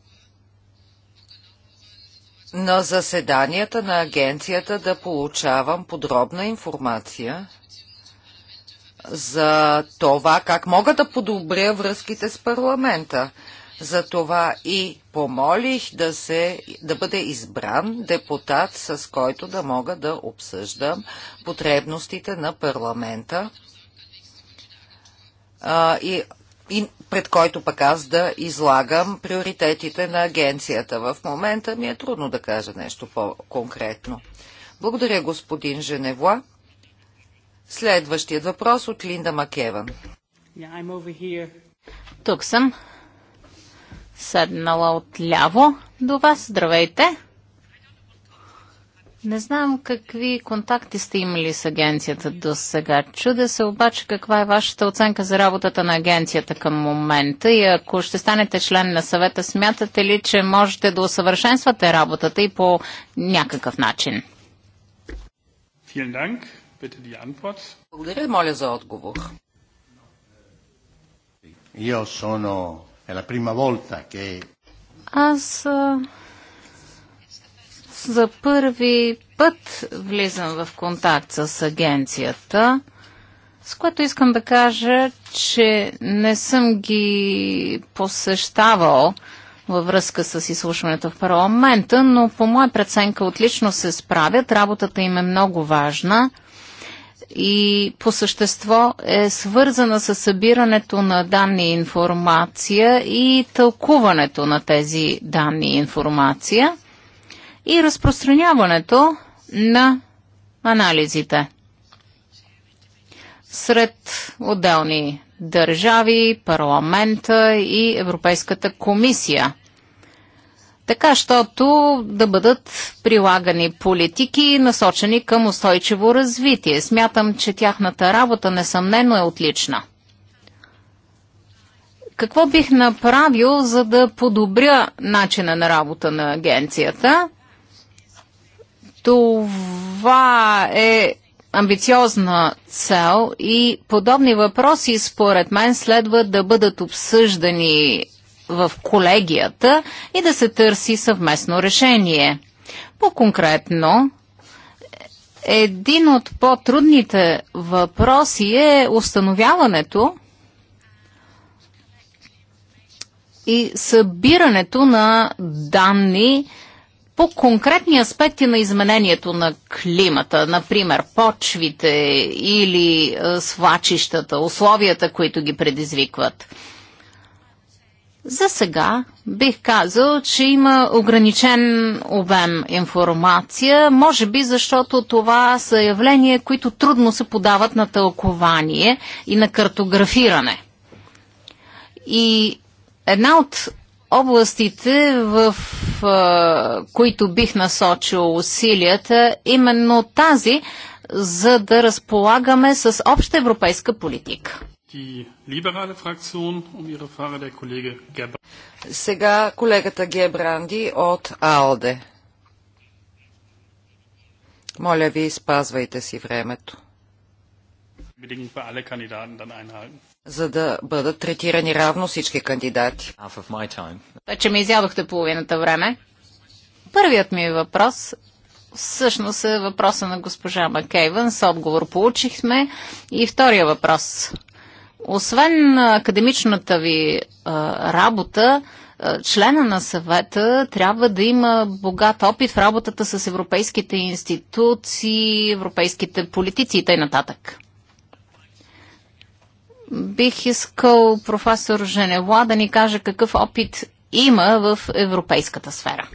на заседанията на агенцията да получавам подробна информация – за това как мога да подобря връзките с парламента. За това и помолих да, се, да бъде избран депутат, с който да мога да обсъждам потребностите на парламента а, и, и пред който пък аз да излагам приоритетите на агенцията. В момента ми е трудно да кажа нещо по-конкретно. Благодаря, господин Женевла. Следващият въпрос от Линда Макеван. Yeah, Тук съм. Седнала от ляво до вас. Здравейте! Не знам какви контакти сте имали с агенцията до сега. Чуде се обаче каква е вашата оценка за работата на агенцията към момента и ако ще станете член на съвета, смятате ли, че можете да усъвършенствате работата и по някакъв начин? Благодаря, моля за отговор. Аз за първи път влизам в контакт с агенцията, с което искам да кажа, че не съм ги посещавал във връзка с изслушването в парламента, но по моя преценка отлично се справят. Работата им е много важна – и по същество е свързана с събирането на данни и информация и тълкуването на тези данни и информация и разпространяването на анализите сред отделни държави, парламента и Европейската комисия така, щото да бъдат прилагани политики, насочени към устойчиво развитие. Смятам, че тяхната работа несъмнено е отлична. Какво бих направил, за да подобря начина на работа на агенцията? Това е амбициозна цел и подобни въпроси, според мен, следва да бъдат обсъждани в колегията и да се търси съвместно решение. По-конкретно, един от по-трудните въпроси е установяването и събирането на данни по конкретни аспекти на изменението на климата, например почвите или свачищата, условията, които ги предизвикват. За сега бих казал, че има ограничен обем информация, може би защото това са явления, които трудно се подават на тълкование и на картографиране. И една от областите, в е, които бих насочил усилията, именно тази, за да разполагаме с обща европейска политика. Um Сега колегата Гебранди от АЛДЕ. Моля ви, спазвайте си времето. За да бъдат третирани равно всички кандидати. Вече ми изядохте половината време. Първият ми въпрос всъщност е въпроса на госпожа Макейвен. С отговор получихме. И втория въпрос – освен академичната ви а, работа, члена на съвета трябва да има богат опит в работата с европейските институции, европейските политици и т.н. Бих искал професор Женева да ни каже какъв опит има в европейската сфера.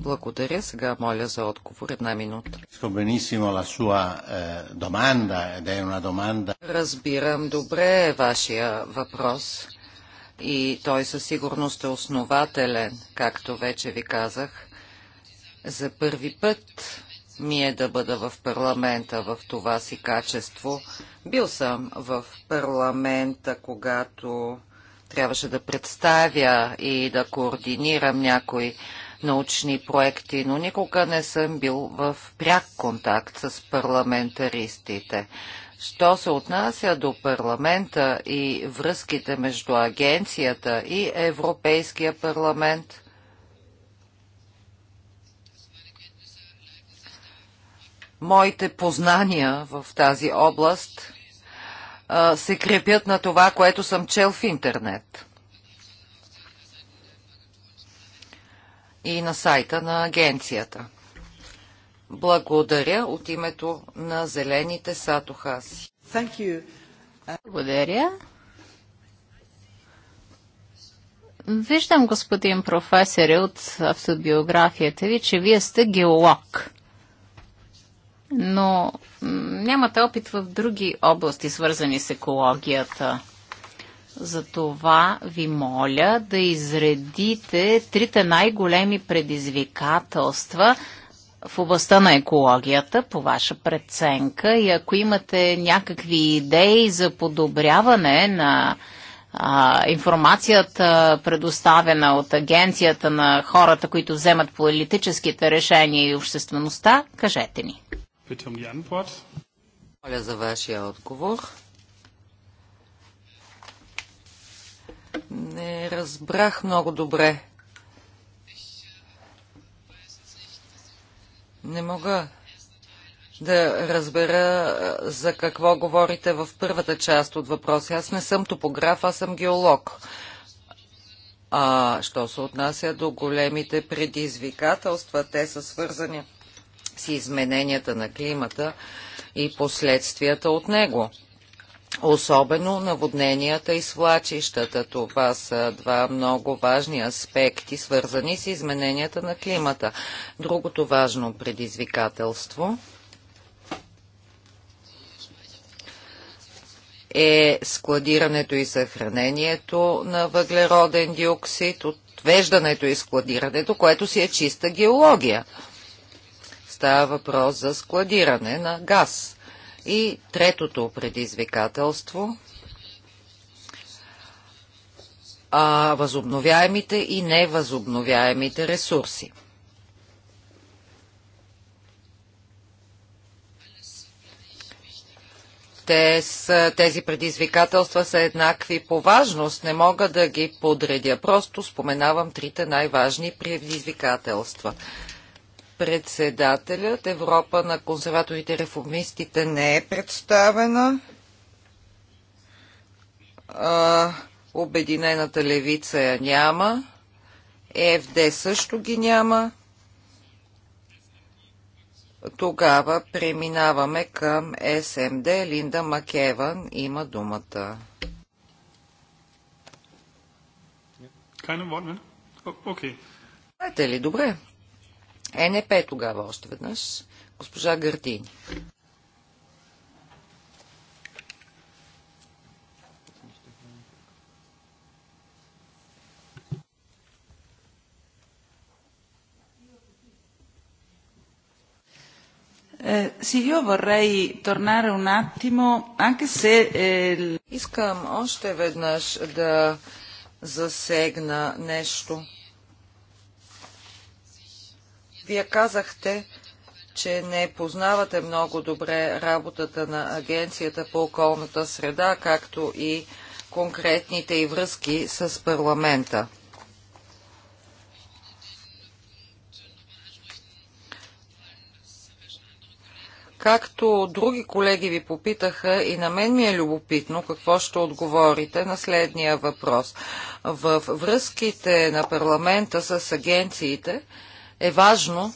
Благодаря. Сега моля за отговор. Една минута. Eh, Разбирам добре вашия въпрос и той със сигурност е основателен, както вече ви казах. За първи път ми е да бъда в парламента в това си качество. Бил съм в парламента, когато трябваше да представя и да координирам някои научни проекти, но никога не съм бил в пряк контакт с парламентаристите. Що се отнася до парламента и връзките между агенцията и Европейския парламент, моите познания в тази област се крепят на това, което съм чел в интернет. и на сайта на агенцията. Благодаря от името на Зелените сатохаси. Благодаря. Виждам, господин професор, от автобиографията ви, че вие сте геолог. Но нямате опит в други области, свързани с екологията. Затова ви моля да изредите трите най-големи предизвикателства в областта на екологията, по ваша преценка, и ако имате някакви идеи за подобряване на а, информацията, предоставена от агенцията на хората, които вземат политическите решения и обществеността, кажете ни. Um моля за вашия отговор. Не разбрах много добре. Не мога да разбера за какво говорите в първата част от въпроса. Аз не съм топограф, аз съм геолог. А що се отнася до големите предизвикателства, те са свързани с измененията на климата и последствията от него особено наводненията и свлачищата. Това са два много важни аспекти, свързани с измененията на климата. Другото важно предизвикателство е складирането и съхранението на въглероден диоксид, отвеждането и складирането, което си е чиста геология. Става въпрос за складиране на газ и третото предизвикателство а, възобновяемите и невъзобновяемите ресурси. те с, тези предизвикателства са еднакви по важност. Не мога да ги подредя. Просто споменавам трите най-важни предизвикателства председателят. Европа на консерваторите и реформистите не е представена. А, обединената левица я няма. ЕФД също ги няма. Тогава преминаваме към СМД. Линда Макеван има думата. Keine Знаете ли, добре. ЕНП тогава още веднъж. Госпожа Гардини. Е, е, Искам още веднъж да засегна нещо. Вие казахте, че не познавате много добре работата на Агенцията по околната среда, както и конкретните и връзки с парламента. Както други колеги ви попитаха, и на мен ми е любопитно какво ще отговорите на следния въпрос. В връзките на парламента с агенциите, е важно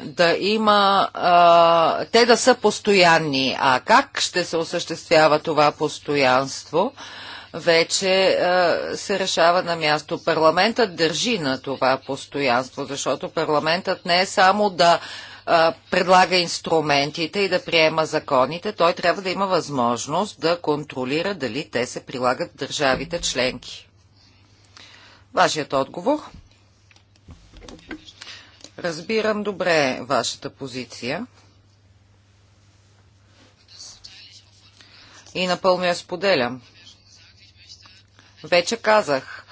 да има, а, те да са постоянни. А как ще се осъществява това постоянство, вече а, се решава на място. Парламентът държи на това постоянство, защото парламентът не е само да а, предлага инструментите и да приема законите, той трябва да има възможност да контролира дали те се прилагат в държавите членки. Вашият отговор. Разбирам добре вашата позиция. И напълно я споделям. Вече казах,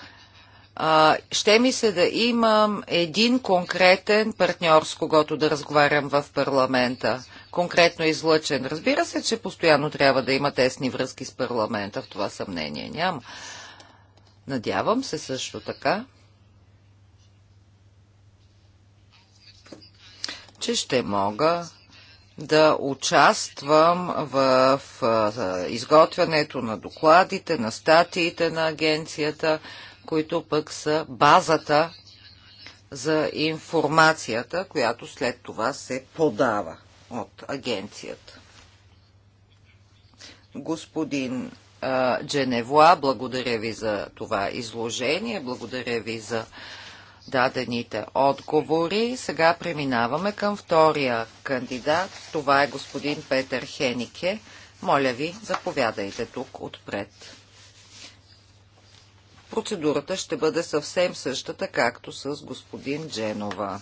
а, ще ми се да имам един конкретен партньор, с когото да разговарям в парламента. Конкретно излъчен. Разбира се, че постоянно трябва да има тесни връзки с парламента, в това съмнение няма. Надявам се също така, че ще мога да участвам в изготвянето на докладите, на статиите на агенцията, които пък са базата за информацията, която след това се подава от агенцията. Господин Дженевла. Благодаря ви за това изложение. Благодаря ви за дадените отговори. Сега преминаваме към втория кандидат. Това е господин Петър Хенике. Моля ви, заповядайте тук отпред. Процедурата ще бъде съвсем същата, както с господин Дженова.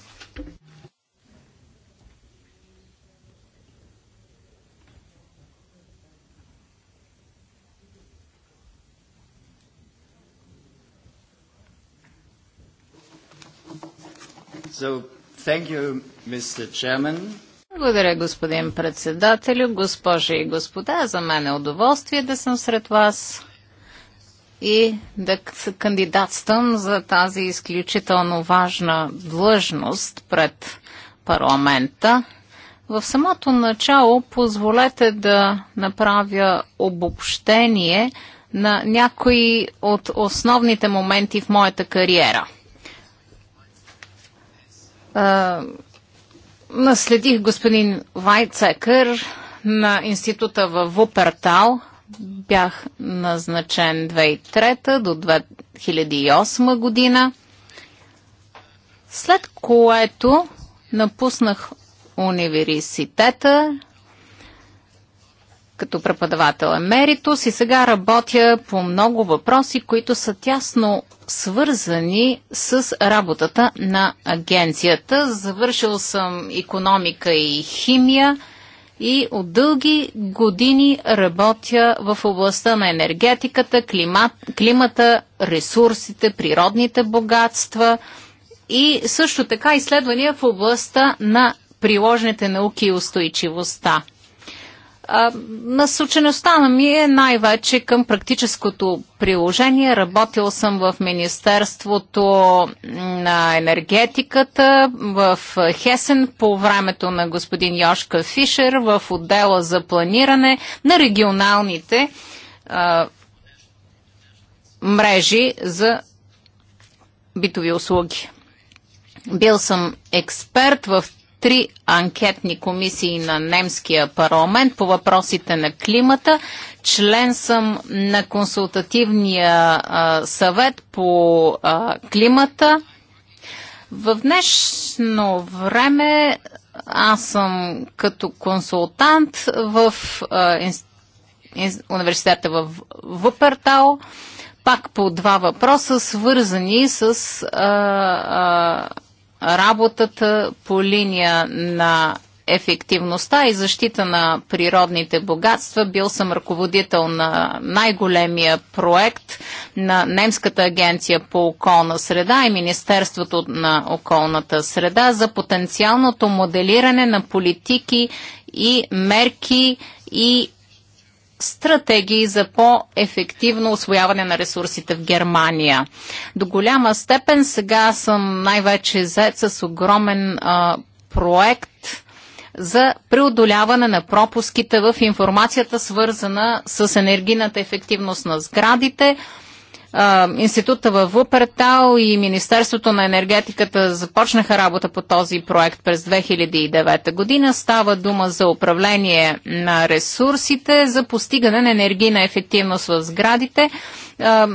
Благодаря, господин председателю, госпожи и господа. За мен е удоволствие да съм сред вас и да кандидатствам за тази изключително важна длъжност пред парламента. В самото начало позволете да направя обобщение на някои от основните моменти в моята кариера – наследих господин Вайцекър на института в Вупертал. Бях назначен 2003 до 2008 година, след което напуснах университета като преподавател емеритус и сега работя по много въпроси, които са тясно свързани с работата на агенцията. Завършил съм економика и химия и от дълги години работя в областта на енергетиката, климат, климата, ресурсите, природните богатства и също така изследвания в областта на приложните науки и устойчивостта. Насочеността на ми е най-вече към практическото приложение. Работил съм в Министерството на енергетиката в Хесен по времето на господин Йошка Фишер в отдела за планиране на регионалните а, мрежи за битови услуги. Бил съм експерт в три анкетни комисии на немския парламент по въпросите на климата. Член съм на консултативния а, съвет по а, климата. В днешно време аз съм като консултант в а, университета в Въпертал пак по два въпроса, свързани с а, а, работата по линия на ефективността и защита на природните богатства. Бил съм ръководител на най-големия проект на Немската агенция по околна среда и Министерството на околната среда за потенциалното моделиране на политики и мерки и стратегии за по-ефективно освояване на ресурсите в Германия. До голяма степен сега съм най-вече заед с огромен а, проект за преодоляване на пропуските в информацията, свързана с енергийната ефективност на сградите а, института в Вупертал и Министерството на енергетиката започнаха работа по този проект през 2009 година. Става дума за управление на ресурсите, за постигане на енергийна ефективност в сградите. А,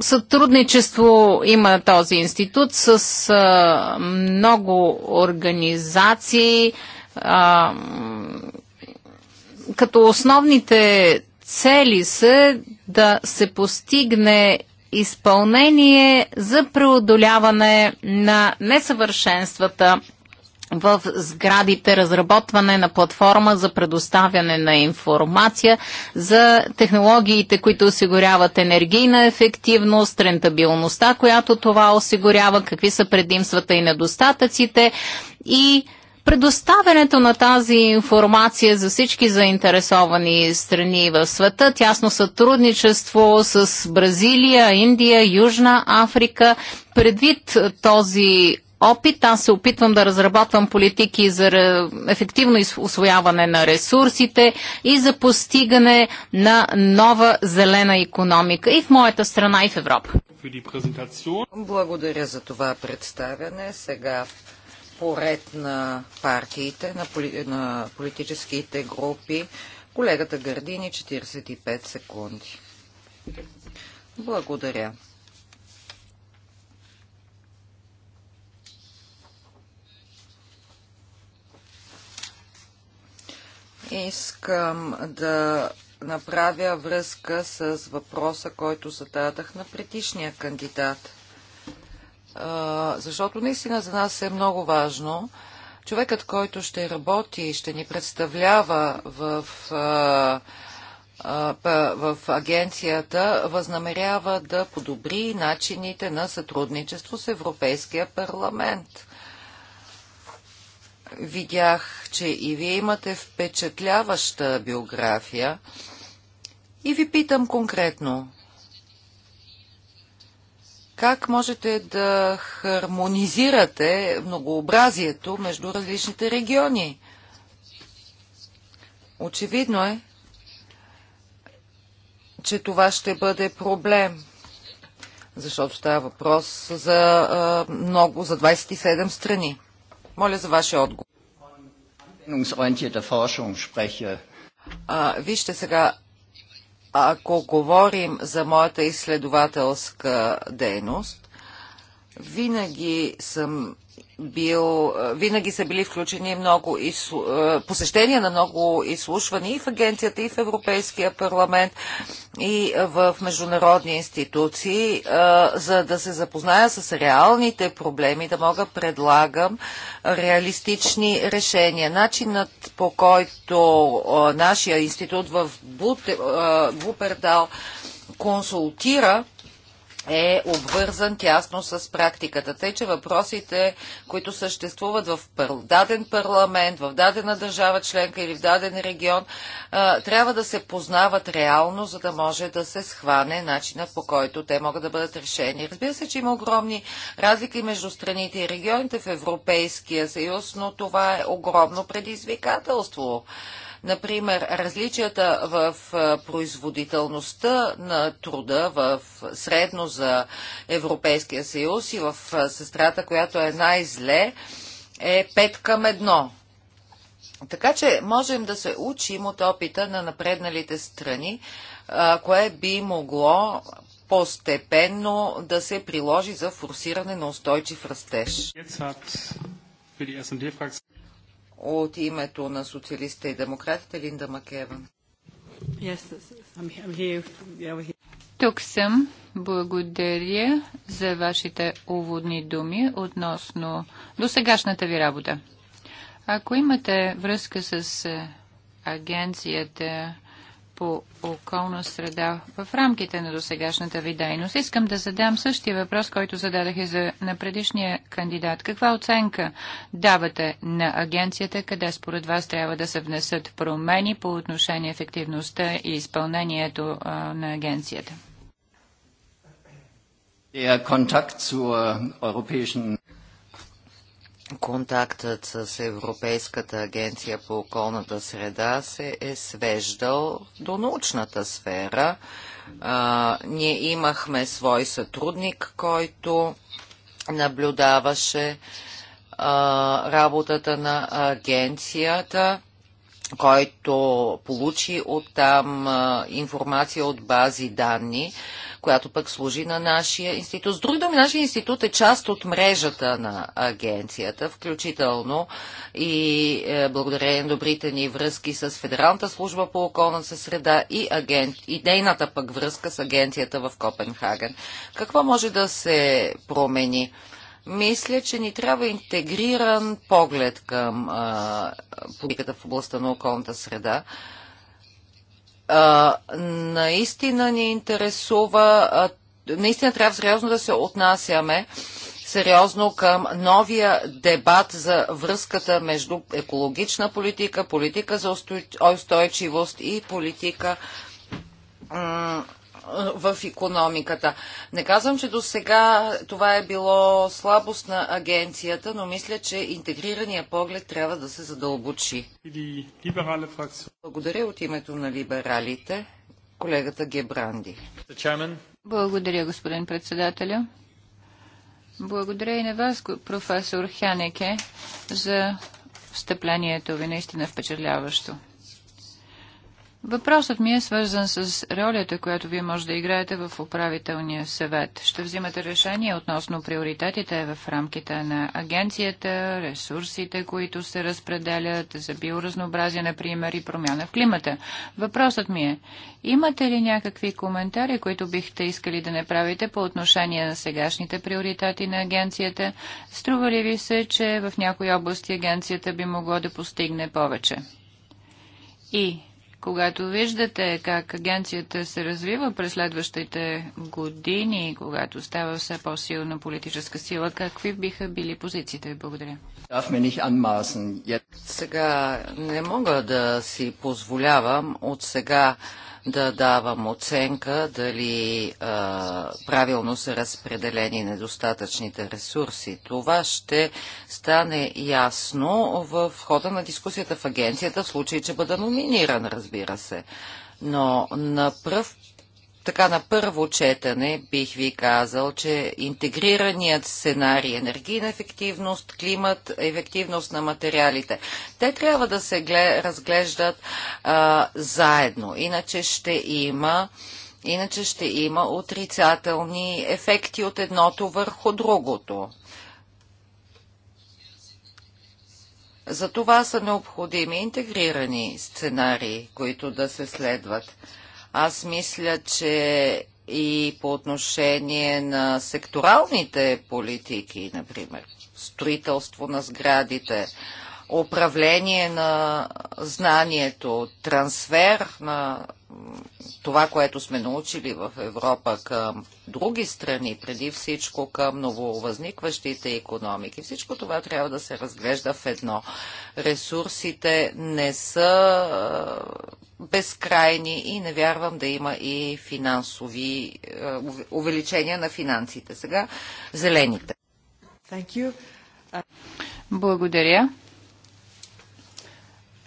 сътрудничество има този институт с а, много организации, а, като основните цели са да се постигне изпълнение за преодоляване на несъвършенствата в сградите, разработване на платформа за предоставяне на информация за технологиите, които осигуряват енергийна ефективност, рентабилността, която това осигурява, какви са предимствата и недостатъците и Предоставянето на тази информация за всички заинтересовани страни в света, тясно сътрудничество с Бразилия, Индия, Южна Африка, предвид този опит. Аз се опитвам да разработвам политики за ефективно освояване на ресурсите и за постигане на нова зелена економика и в моята страна, и в Европа. Благодаря за това представяне. Сега поред на партиите, на, поли, на политическите групи. Колегата Гърдини, 45 секунди. Благодаря. Искам да направя връзка с въпроса, който зададах на предишния кандидат защото наистина за нас е много важно човекът, който ще работи и ще ни представлява в, в агенцията, възнамерява да подобри начините на сътрудничество с Европейския парламент. Видях, че и вие имате впечатляваща биография и ви питам конкретно, как можете да хармонизирате многообразието между различните региони? Очевидно е, че това ще бъде проблем, защото става въпрос за много, за 27 страни. Моля за вашия отговор. вижте сега, ако говорим за моята изследователска дейност, винаги съм бил, винаги са били включени много изслу... посещения на много изслушвания и в агенцията, и в Европейския парламент, и в международни институции, за да се запозная с реалните проблеми, да мога предлагам реалистични решения. Начинът по който нашия институт в Бупердал консултира е обвързан тясно с практиката. Тъй, че въпросите, които съществуват в даден парламент, в дадена държава членка или в даден регион, трябва да се познават реално, за да може да се схване начина по който те могат да бъдат решени. Разбира се, че има огромни разлики между страните и регионите в Европейския съюз, но това е огромно предизвикателство. Например, различията в производителността на труда в средно за Европейския съюз и в сестрата, която е най-зле, е 5 към 1. Така че можем да се учим от опита на напредналите страни, кое би могло постепенно да се приложи за форсиране на устойчив растеж от името на социалистите и демократите Линда Макеван. Тук съм. Благодаря за вашите уводни думи относно досегашната ви работа. Ако имате връзка с е, агенцията по околна среда в рамките на досегашната ви дейност. Искам да задам същия въпрос, който зададах и за, на предишния кандидат. Каква оценка давате на агенцията, къде според вас трябва да се внесат промени по отношение ефективността и изпълнението а, на агенцията? Е, контакт с Европейския контактът с Европейската агенция по околната среда се е свеждал до научната сфера. А, ние имахме свой сътрудник, който наблюдаваше а, работата на агенцията, който получи оттам а, информация от бази данни, която пък служи на нашия институт. С други думи, нашия институт е част от мрежата на агенцията, включително и е, благодарение на добрите ни връзки с Федералната служба по околната среда и, агент, пък връзка с агенцията в Копенхаген. Какво може да се промени? мисля, че ни трябва интегриран поглед към а, е, политиката в областта на околната среда а, наистина ни интересува, а, наистина трябва сериозно да се отнасяме сериозно към новия дебат за връзката между екологична политика, политика за устойчивост и политика в економиката. Не казвам, че до сега това е било слабост на агенцията, но мисля, че интегрирания поглед трябва да се задълбочи. Благодаря от името на либералите, колегата Гебранди. Благодаря, господин председателя. Благодаря и на вас, професор Хянеке, за встъплението ви. Наистина впечатляващо. Въпросът ми е свързан с ролята, която вие може да играете в управителния съвет. Ще взимате решение относно приоритетите в рамките на агенцията, ресурсите, които се разпределят за биоразнообразие, например, и промяна в климата. Въпросът ми е, имате ли някакви коментари, които бихте искали да направите по отношение на сегашните приоритети на агенцията? Струва ли ви се, че в някои области агенцията би могло да постигне повече? И когато виждате как агенцията се развива през следващите години, когато става все по-силна политическа сила, какви биха били позициите? Благодаря. Сега не мога да си позволявам от сега да давам оценка дали а, правилно са разпределени недостатъчните ресурси. Това ще стане ясно в хода на дискусията в агенцията, в случай, че бъда номиниран, разбира се. Но на пръв така на първо четене бих ви казал, че интегрираният сценарий енергийна ефективност, климат, ефективност на материалите, те трябва да се глед, разглеждат а, заедно. Иначе ще има Иначе ще има отрицателни ефекти от едното върху другото. За това са необходими интегрирани сценарии, които да се следват. Аз мисля, че и по отношение на секторалните политики, например, строителство на сградите, управление на знанието, трансфер на това, което сме научили в Европа към други страни, преди всичко към нововъзникващите економики. Всичко това трябва да се разглежда в едно. Ресурсите не са безкрайни и не вярвам да има и финансови увеличения на финансите. Сега зелените. Благодаря.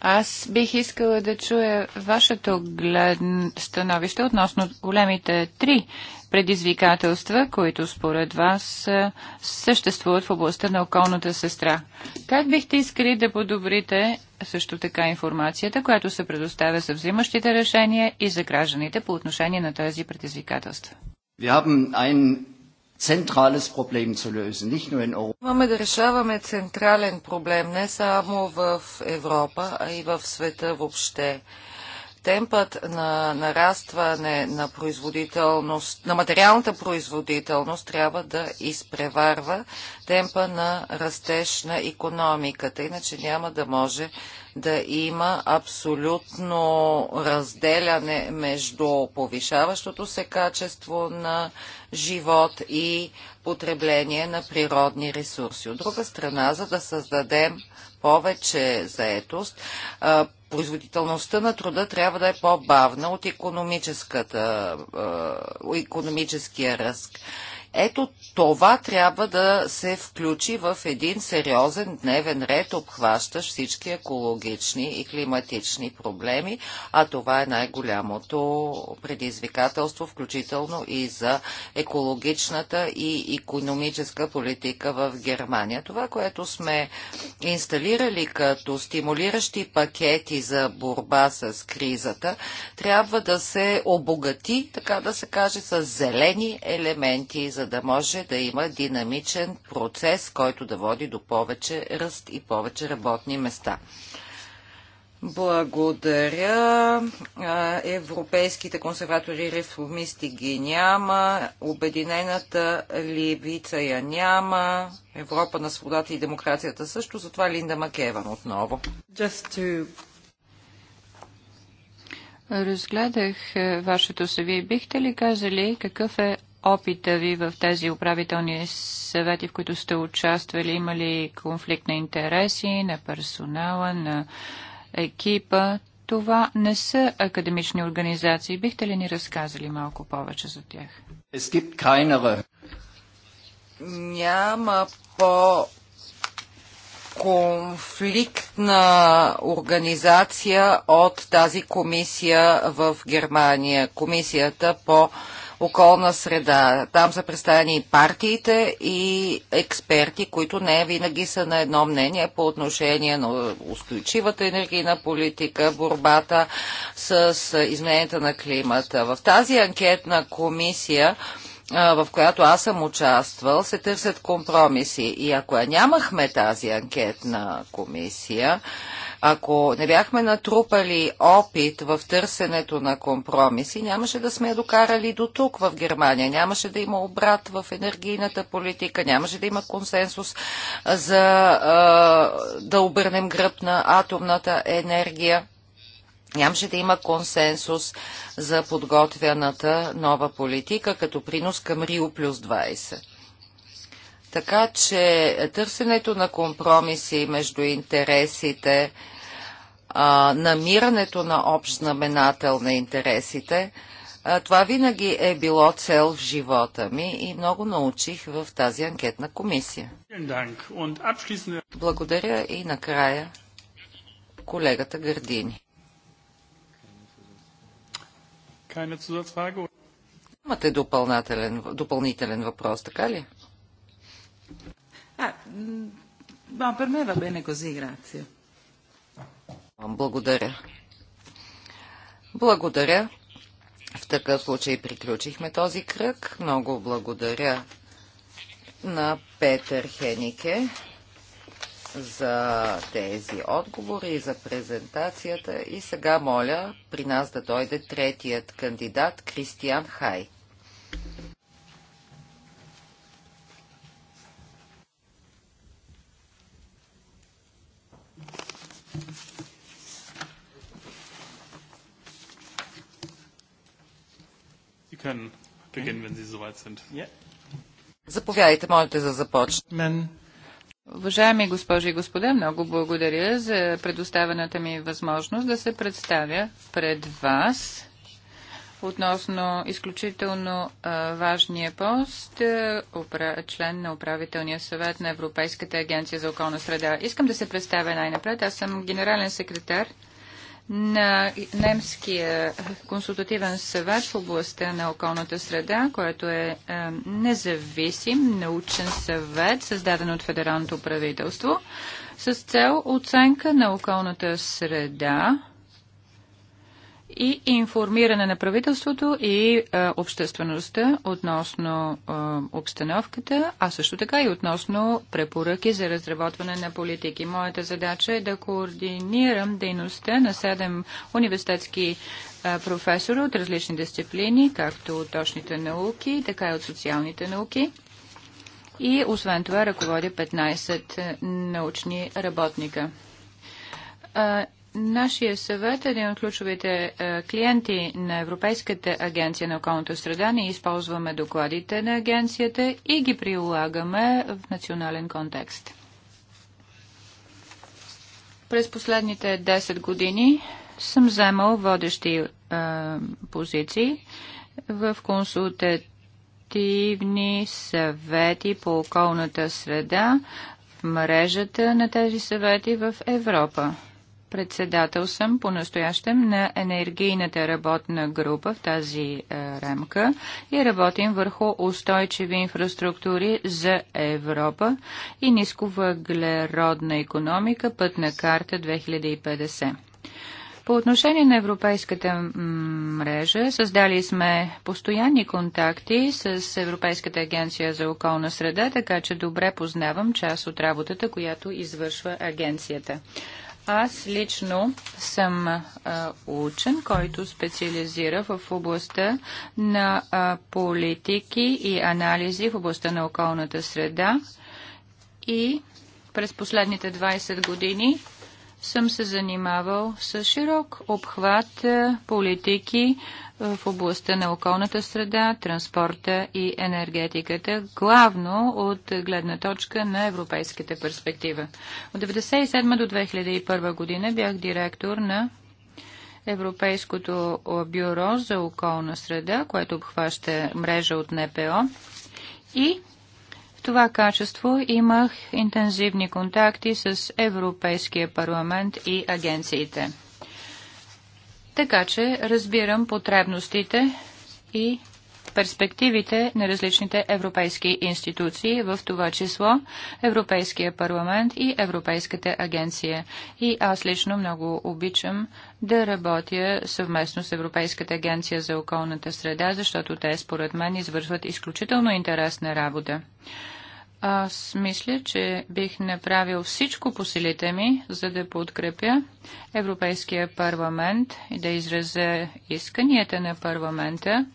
Аз бих искала да чуя вашето гледно становище относно големите три предизвикателства, които според вас съществуват в областта на околната сестра. Как бихте искали да подобрите също така информацията, която се предоставя за взимащите решения и за гражданите по отношение на тези предизвикателства? haben ein централен проблем zu lösen, не само в Европа. Имаме да решаваме централен проблем не само в Европа, а и в света въобще. Темпът на нарастване на производителност, на материалната производителност трябва да изпреварва темпа на растеж на економиката, иначе няма да може да има абсолютно разделяне между повишаващото се качество на живот и потребление на природни ресурси. От друга страна, за да създадем повече заетост, производителността на труда трябва да е по-бавна от економическия ръст. Ето това трябва да се включи в един сериозен дневен ред, обхващащ всички екологични и климатични проблеми, а това е най-голямото предизвикателство, включително и за екологичната и економическа политика в Германия. Това, което сме инсталирали като стимулиращи пакети за борба с кризата, трябва да се обогати, така да се каже, с зелени елементи за да може да има динамичен процес, който да води до повече ръст и повече работни места. Благодаря. Европейските консерватори и реформисти ги няма. Обединената либица я няма. Европа на свободата и демокрацията също. Затова Линда Макеван отново. To... Разгледах е, вашето се. Вие бихте ли казали какъв е опита ви в тези управителни съвети, в които сте участвали? Има ли конфликт на интереси, на персонала, на екипа? Това не са академични организации. Бихте ли ни разказали малко повече за тях? Няма по конфликтна организация от тази комисия в Германия. Комисията по околна среда. Там са представени и партиите, и експерти, които не винаги са на едно мнение по отношение на устойчивата енергийна политика, борбата с измененията на климата. В тази анкетна комисия в която аз съм участвал, се търсят компромиси. И ако я нямахме тази анкетна комисия, ако не бяхме натрупали опит в търсенето на компромиси, нямаше да сме я докарали до тук в Германия. Нямаше да има обрат в енергийната политика, нямаше да има консенсус за а, да обърнем гръб на атомната енергия. Нямаше да има консенсус за подготвяната нова политика като принос към Рио плюс 20. Така че търсенето на компромиси между интересите, а, намирането на общ знаменател на интересите, а, това винаги е било цел в живота ми и много научих в тази анкетна комисия. Благодаря и накрая колегата Гърдини. Имате допълнителен въпрос, така ли? А, а, per me va bene così, grazie. Благодаря. Благодаря. В такъв случай приключихме този кръг. Много благодаря на Петър Хенике за тези отговори и за презентацията. И сега моля при нас да дойде третият кандидат Кристиан Хай. können beginnen, wenn Sie soweit sind. Заповядайте, можете да започнете. Уважаеми госпожи и господа, много благодаря за предоставената ми възможност да се представя пред вас относно изключително важния пост член на управителния съвет на Европейската агенция за околна среда. Искам да се представя най-напред. Аз съм генерален секретар на Немския консултативен съвет в областта на околната среда, което е, е независим научен съвет, създаден от федералното правителство, с цел оценка на околната среда и информиране на правителството и а, е, обществеността относно а, е, обстановката, а също така и относно препоръки за разработване на политики. Моята задача е да координирам дейността на седем университетски е, а, от различни дисциплини, както от точните науки, така и от социалните науки. И освен това ръководя 15 научни работника Нашия съвет, един от ключовите е, клиенти на Европейската агенция на околната среда, ние използваме докладите на агенцията и ги прилагаме в национален контекст. През последните 10 години съм вземал водещи е, позиции в консултативни съвети по околната среда в мрежата на тези съвети в Европа. Председател съм по-настоящем на енергийната работна група в тази е, рамка и работим върху устойчиви инфраструктури за Европа и нисковъглеродна економика пътна карта 2050. По отношение на европейската мрежа, създали сме постоянни контакти с Европейската агенция за околна среда, така че добре познавам част от работата, която извършва агенцията. Аз лично съм а, учен, който специализира в областта на а, политики и анализи в областта на околната среда и през последните 20 години съм се занимавал с широк обхват е, политики е, в областта на околната среда, транспорта и енергетиката, главно от гледна точка на европейската перспектива. От 1997 до 2001 година бях директор на Европейското бюро за околна среда, което обхваща мрежа от НПО и това качество имах интензивни контакти с Европейския парламент и агенциите. Така че разбирам потребностите и перспективите на различните европейски институции, в това число Европейския парламент и Европейската агенция. И аз лично много обичам да работя съвместно с Европейската агенция за околната среда, защото те според мен извършват изключително интересна работа. Аз мисля, че бих направил всичко по силите ми, за да подкрепя Европейския парламент и да изразя исканията на парламента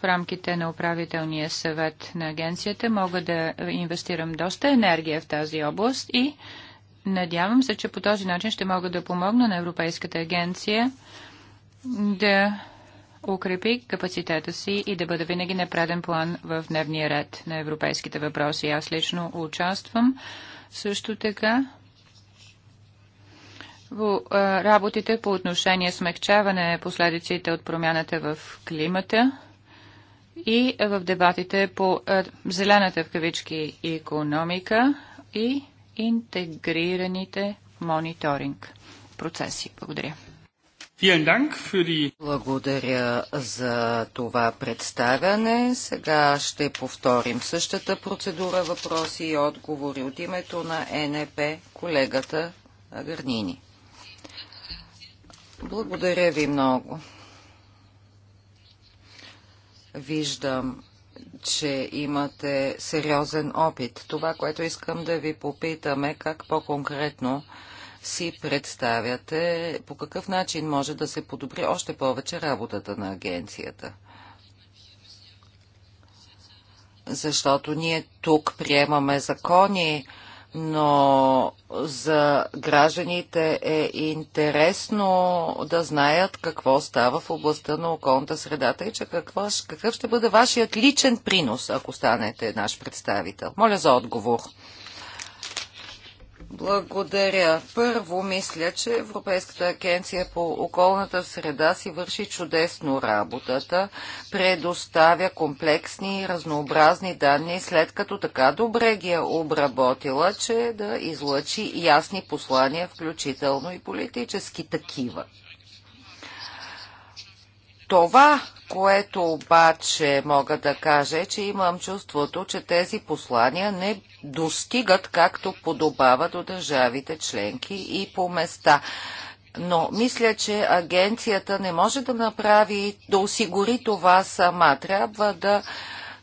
в рамките на управителния съвет на агенцията. Мога да инвестирам доста енергия в тази област и надявам се, че по този начин ще мога да помогна на Европейската агенция да укрепи капацитета си и да бъде винаги на преден план в дневния ред на европейските въпроси. Аз лично участвам също така в работите по отношение смягчаване последиците от промяната в климата и в дебатите по зелената в кавички економика и интегрираните мониторинг процеси. Благодаря. Благодаря за това представяне. Сега ще повторим същата процедура въпроси и отговори от името на НП колегата Гърнини. Благодаря ви много. Виждам, че имате сериозен опит. Това, което искам да ви попитаме, как по-конкретно си представяте по какъв начин може да се подобри още повече работата на агенцията? Защото ние тук приемаме закони, но за гражданите е интересно да знаят какво става в областта на околната средата и че какво, какъв ще бъде вашият личен принос, ако станете наш представител. Моля за отговор. Благодаря. Първо, мисля, че Европейската агенция по околната среда си върши чудесно работата, предоставя комплексни и разнообразни данни, след като така добре ги е обработила, че да излъчи ясни послания, включително и политически такива. Това, което обаче мога да кажа е, че имам чувството, че тези послания не достигат както подобава до държавите членки и по места. Но мисля, че агенцията не може да направи, да осигури това сама. Трябва да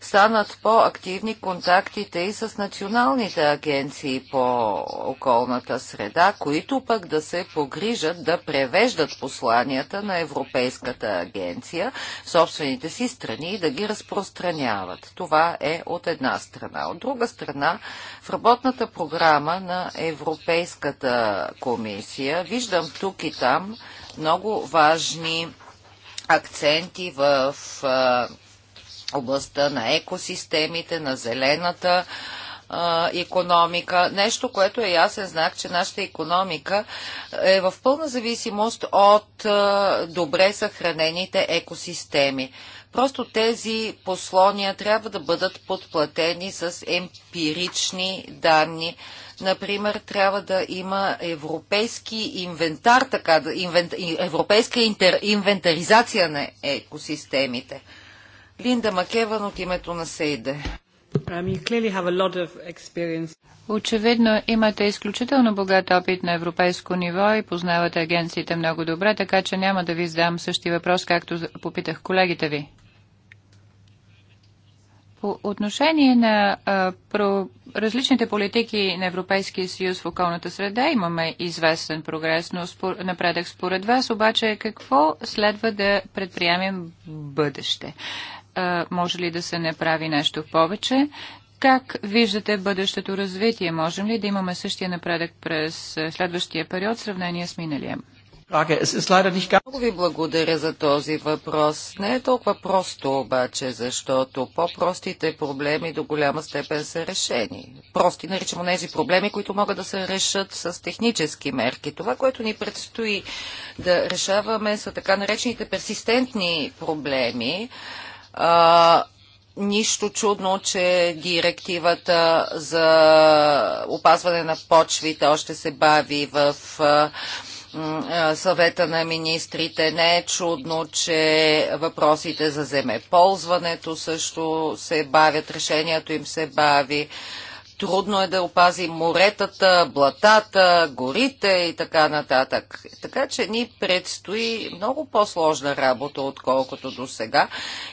станат по-активни контактите и с националните агенции по околната среда, които пък да се погрижат да превеждат посланията на Европейската агенция в собствените си страни и да ги разпространяват. Това е от една страна. От друга страна, в работната програма на Европейската комисия виждам тук и там много важни акценти в областта на екосистемите, на зелената економика. Нещо, което е ясен знак, че нашата економика е в пълна зависимост от добре съхранените екосистеми. Просто тези послония трябва да бъдат подплатени с емпирични данни. Например, трябва да има европейски инвентар, така, инвент, европейска интер, инвентаризация на екосистемите. Линда Макеван от името на Сейде. Um, Очевидно имате изключително богат опит на европейско ниво и познавате агенциите много добре, така че няма да ви задам същия въпрос, както попитах колегите ви. По отношение на а, про различните политики на Европейския съюз в околната среда имаме известен прогрес, но спор, напредък според вас обаче какво следва да предприемем бъдеще? може ли да се направи нещо повече? Как виждате бъдещето развитие? Можем ли да имаме същия напредък през следващия период в сравнение с миналия? Много ви благодаря за този въпрос. Не е толкова просто обаче, защото по-простите проблеми до голяма степен са решени. Прости наричам тези проблеми, които могат да се решат с технически мерки. Това, което ни предстои да решаваме са така наречените персистентни проблеми, а, нищо чудно, че директивата за опазване на почвите още се бави в а, съвета на министрите. Не е чудно, че въпросите за земеползването също се бавят, решението им се бави. Трудно е да опазим моретата, блатата, горите и така нататък. Така че ни предстои много по-сложна работа, отколкото до сега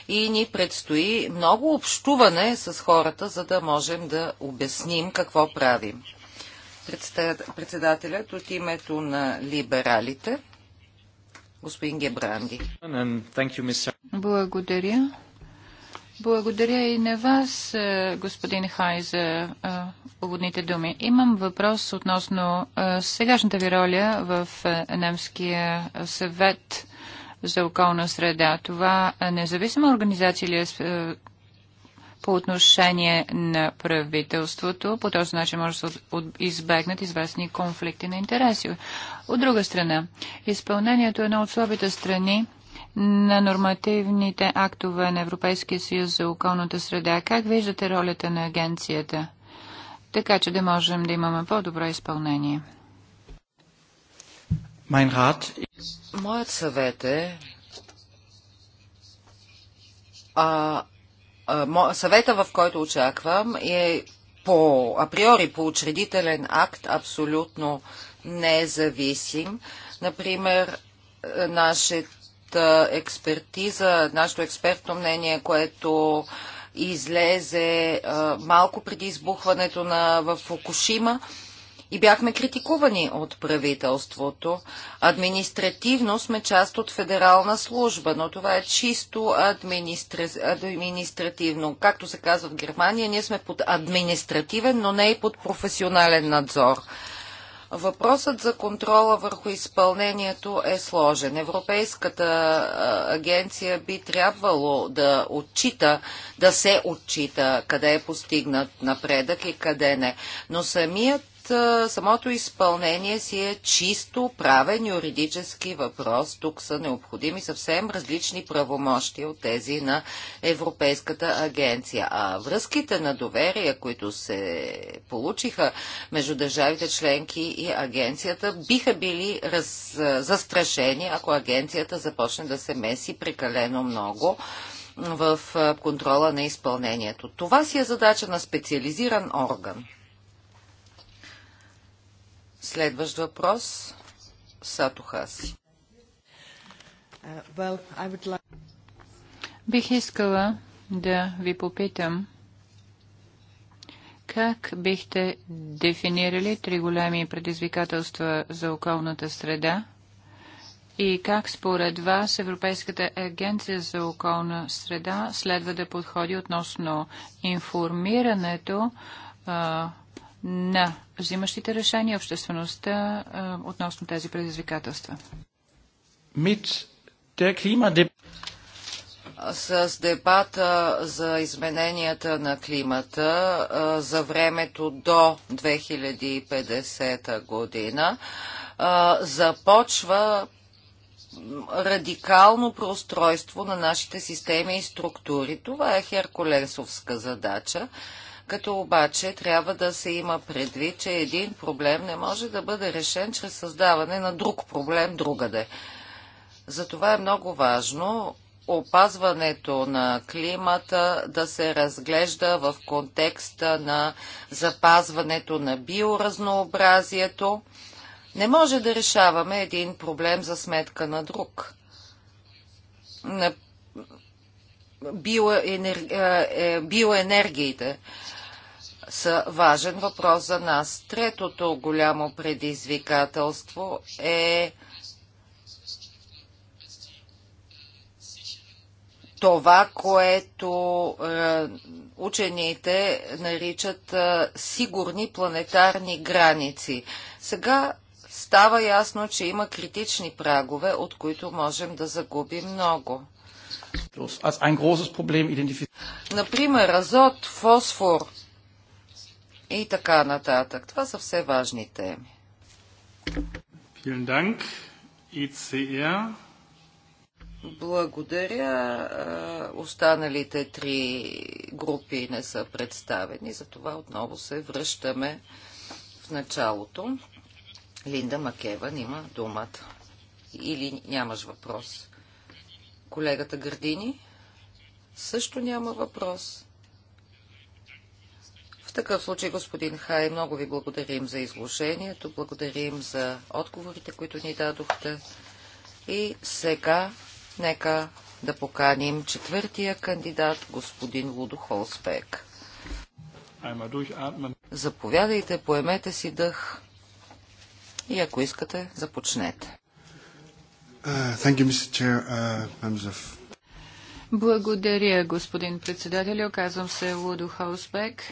и ни предстои много общуване с хората, за да можем да обясним какво правим. Председателят от името на либералите, господин Гебранди. Благодаря. Благодаря и на вас, е, господин Хай, за е, уводните думи. Имам въпрос относно е, сегашната ви роля в Немския съвет за околна среда. Това независима организация ли е по отношение на правителството? По този начин може да се избегнат известни конфликти на интереси. От друга страна, изпълнението е едно от слабите страни на нормативните актове на Европейския съюз за околната среда. Как виждате ролята на агенцията, така че да можем да имаме по-добро изпълнение? Моят съвет е а, а, съвета, в който очаквам, е по априори по учредителен акт абсолютно независим. Например, е, нашето нашата експертиза, нашето експертно мнение, което излезе а, малко преди избухването на в Фукушима и бяхме критикувани от правителството. Административно сме част от федерална служба, но това е чисто администра... административно. Както се казва в Германия, ние сме под административен, но не и под професионален надзор. Въпросът за контрола върху изпълнението е сложен. Европейската агенция би трябвало да отчита, да се отчита къде е постигнат напредък и къде не. Но самият самото изпълнение си е чисто правен юридически въпрос. Тук са необходими съвсем различни правомощи от тези на Европейската агенция. А връзките на доверие, които се получиха между държавите членки и агенцията, биха били раз... застрашени, ако агенцията започне да се меси прекалено много в контрола на изпълнението. Това си е задача на специализиран орган. Следващ въпрос. Сато Хаси. Uh, Бих искала да ви попитам как бихте дефинирали три големи предизвикателства за околната среда и как според вас Европейската агенция за околна среда следва да подходи относно информирането а, на взимащите решения обществеността относно тези предизвикателства? С дебата за измененията на климата за времето до 2050 година започва радикално проустройство на нашите системи и структури. Това е Херкуленсовска задача като обаче трябва да се има предвид, че един проблем не може да бъде решен чрез създаване на друг проблем другаде. Затова е много важно опазването на климата да се разглежда в контекста на запазването на биоразнообразието. Не може да решаваме един проблем за сметка на друг. На биоенер... Е, е, биоенергиите са важен въпрос за нас. Третото голямо предизвикателство е това, което е, учените наричат е, сигурни планетарни граници. Сега става ясно, че има критични прагове, от които можем да загубим много. Например, азот, фосфор, и така нататък. Това са все важни теми. E Благодаря. Останалите три групи не са представени, затова отново се връщаме в началото. Линда Макеван има думата. Или нямаш въпрос? Колегата Гърдини също няма въпрос такъв случай, господин Хай, много ви благодарим за изложението, благодарим за отговорите, които ни дадохте. И сега нека да поканим четвъртия кандидат, господин Лудо Холсбек. Заповядайте, поемете си дъх и ако искате, започнете. Uh, uh, Благодаря, господин председател. Оказвам се Лудо Холсбек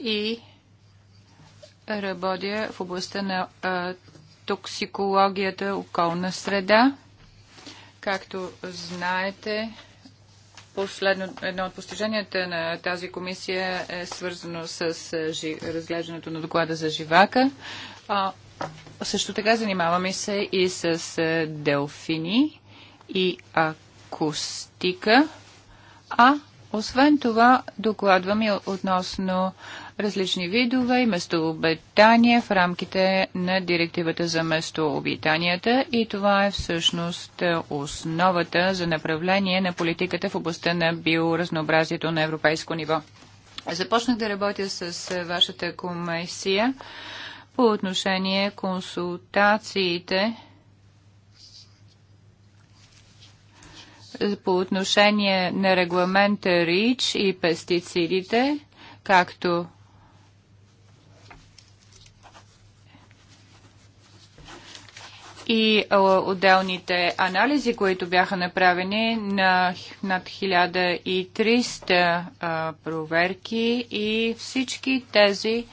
и работя в областта на а, токсикологията, околна среда. Както знаете, последно, едно от постиженията на тази комисия е свързано с жи, разглеждането на доклада за живака. А, също така занимаваме се и с делфини и акустика. А освен това докладвам и относно различни видове и местообитания в рамките на директивата за местообитанията и това е всъщност е, основата за направление на политиката в областта на биоразнообразието на европейско ниво. Започнах да работя с е, вашата комисия по отношение консултациите по отношение на регламента РИЧ и пестицидите, както и отделните анализи, които бяха направени на над 1300 проверки и всички тези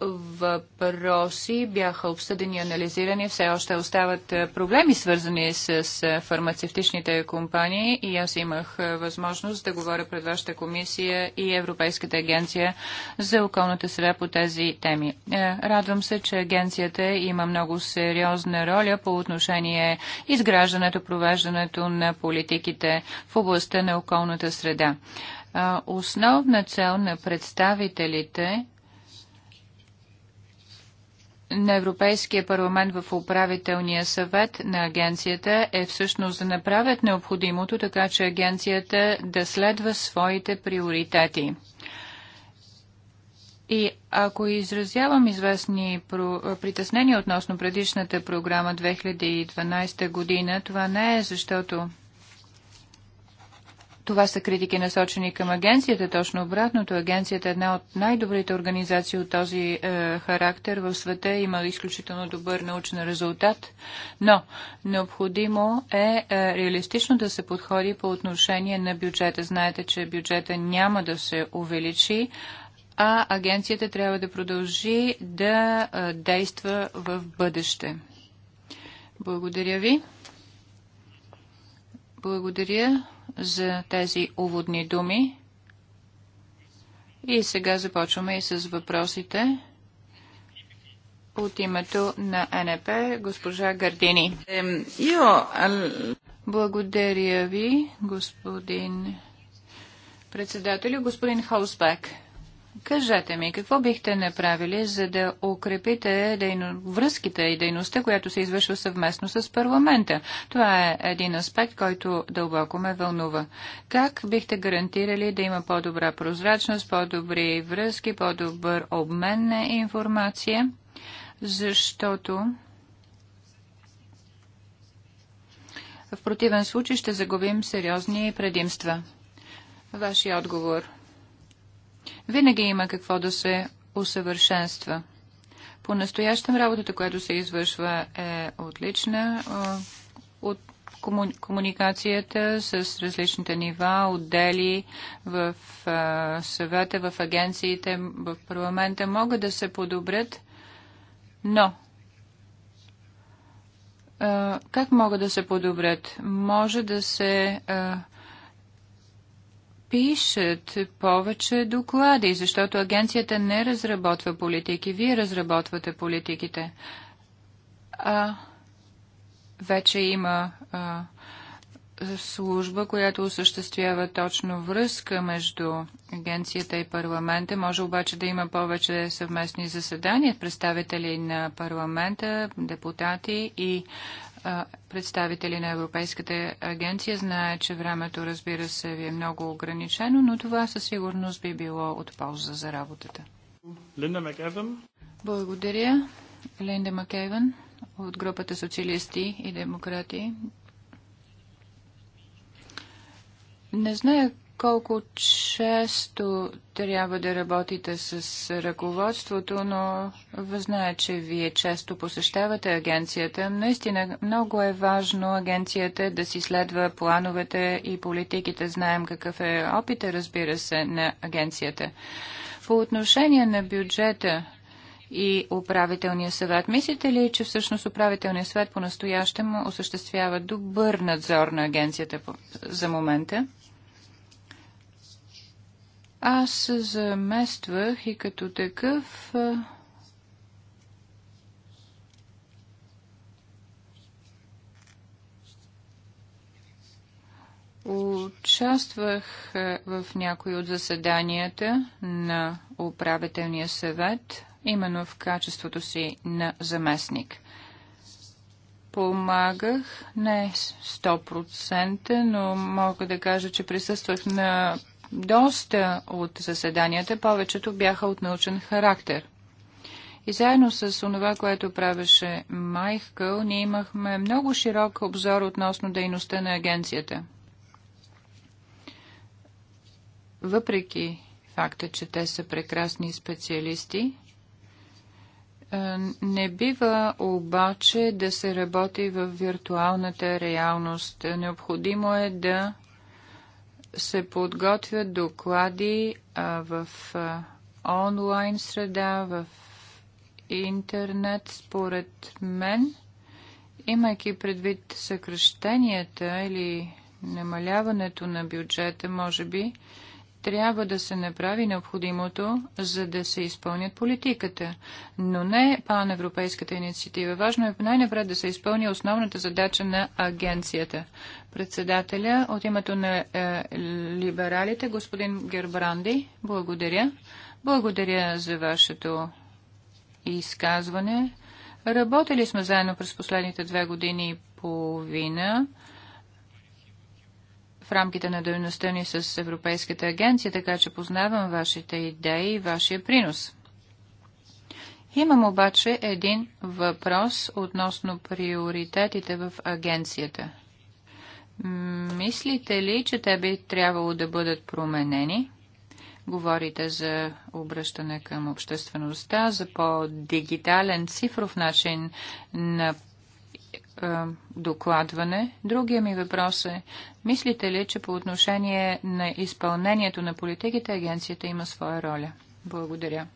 въпроси бяха обсъдени и анализирани. Все още остават е, проблеми, свързани с е, фармацевтичните компании и аз имах е, възможност да говоря пред вашата комисия и Европейската агенция за околната среда по тези теми. Радвам се, че агенцията има много сериозна роля по отношение изграждането, провеждането на политиките в областта на околната среда. Основна цел на представителите на Европейския парламент в управителния съвет на агенцията е всъщност да направят необходимото, така че агенцията да следва своите приоритети. И ако изразявам известни притеснения относно предишната програма 2012 година, това не е защото това са критики насочени към агенцията, точно обратното. Агенцията е една от най-добрите организации от този е, характер в света, има изключително добър научен резултат, но необходимо е, е реалистично да се подходи по отношение на бюджета. Знаете, че бюджета няма да се увеличи, а агенцията трябва да продължи да е, действа в бъдеще. Благодаря ви. Благодаря за тези уводни думи. И сега започваме и с въпросите от името на НП, госпожа Гардини. Благодаря ви, господин председател, господин Хаусбек. Кажете ми, какво бихте направили, за да укрепите дейно... връзките и дейността, която се извършва съвместно с парламента? Това е един аспект, който дълбоко ме вълнува. Как бихте гарантирали да има по-добра прозрачност, по-добри връзки, по-добър обмен на информация? Защото в противен случай ще загубим сериозни предимства. Вашия отговор – винаги има какво да се усъвършенства. По-настоящем работата, която се извършва е отлична. От кому... комуникацията с различните нива, отдели в съвета, в агенциите, в парламента могат да се подобрят, но как могат да се подобрят? Може да се а, пишат повече доклади, защото агенцията не разработва политики. Вие разработвате политиките. А вече има а, служба, която осъществява точно връзка между агенцията и парламента. Може обаче да има повече съвместни заседания, представители на парламента, депутати и представители на Европейската агенция. Знае, че времето, разбира се, ви е много ограничено, но това със сигурност би било от полза за работата. Линда Макевен. Благодаря. Линда Макевен от групата Социалисти и Демократи. Не знаех колко често трябва да работите с ръководството, но знае, че вие често посещавате агенцията. Наистина много е важно агенцията да си следва плановете и политиките. Знаем какъв е опита, разбира се, на агенцията. По отношение на бюджета и управителния съвет. Мислите ли, че всъщност управителният съвет по настоящему осъществява добър надзор на агенцията за момента? Аз замествах и като такъв Участвах в някои от заседанията на управителния съвет, именно в качеството си на заместник. Помагах не 100%, но мога да кажа, че присъствах на доста от заседанията, повечето бяха от научен характер. И заедно с това, което правеше Майхкъл, ние имахме много широк обзор относно дейността на агенцията. Въпреки факта, че те са прекрасни специалисти, е, не бива обаче да се работи в виртуалната реалност. Необходимо е да се подготвят доклади а, в а, онлайн среда, в интернет, според мен, имайки предвид съкръщенията или намаляването на бюджета, може би, трябва да се направи необходимото, за да се изпълнят политиката. Но не паневропейската инициатива. Важно е най-напред да се изпълни основната задача на агенцията председателя. От името на е, либералите, господин Гербранди, благодаря. Благодаря за вашето изказване. Работили сме заедно през последните две години и половина в рамките на дейността ни с Европейската агенция, така че познавам вашите идеи и вашия принос. Имам обаче един въпрос относно приоритетите в агенцията – Мислите ли, че те би трябвало да бъдат променени? Говорите за обръщане към обществеността, за по-дигитален цифров начин на е, докладване. Другия ми въпрос е, мислите ли, че по отношение на изпълнението на политиките агенцията има своя роля? Благодаря.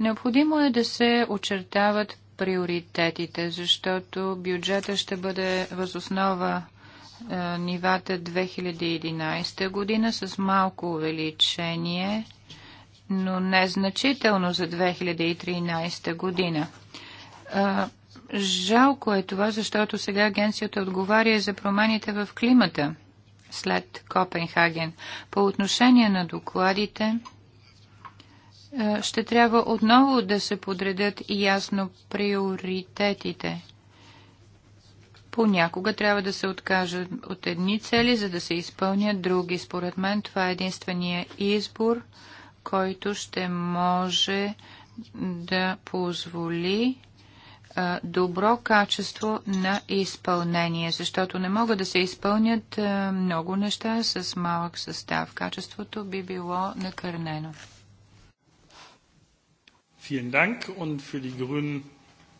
Необходимо е да се очертават приоритетите, защото бюджета ще бъде възоснова е, нивата 2011 година с малко увеличение, но незначително за 2013 година. Е, жалко е това, защото сега агенцията отговаря за промените в климата след Копенхаген. По отношение на докладите, е, ще трябва отново да се подредят ясно приоритетите. Понякога трябва да се откажат от едни цели, за да се изпълнят други. Според мен това е единствения избор, който ще може да позволи а, е, добро качество на изпълнение, защото не могат да се изпълнят а, е, много неща с малък състав. Качеството би било накърнено. Vielen Dank und für die Grünen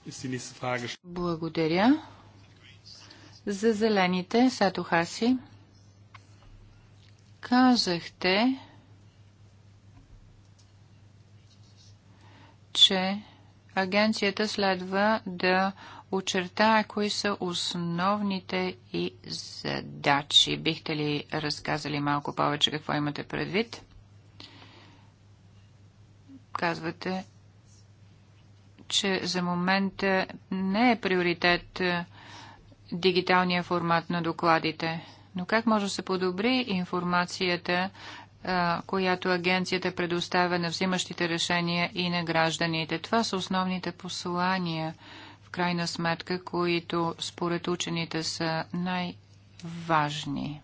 ist die nächste Frage. Благодаря. За зелените, Сато Хаси, казахте, че агенцията следва да очертая кои са основните и задачи. Бихте ли разказали малко повече какво имате предвид? Казвате, че за момента не е приоритет е, дигиталния формат на докладите. Но как може да се подобри информацията, е, която агенцията предоставя на взимащите решения и на гражданите? Това са основните послания, в крайна сметка, които според учените са най-важни.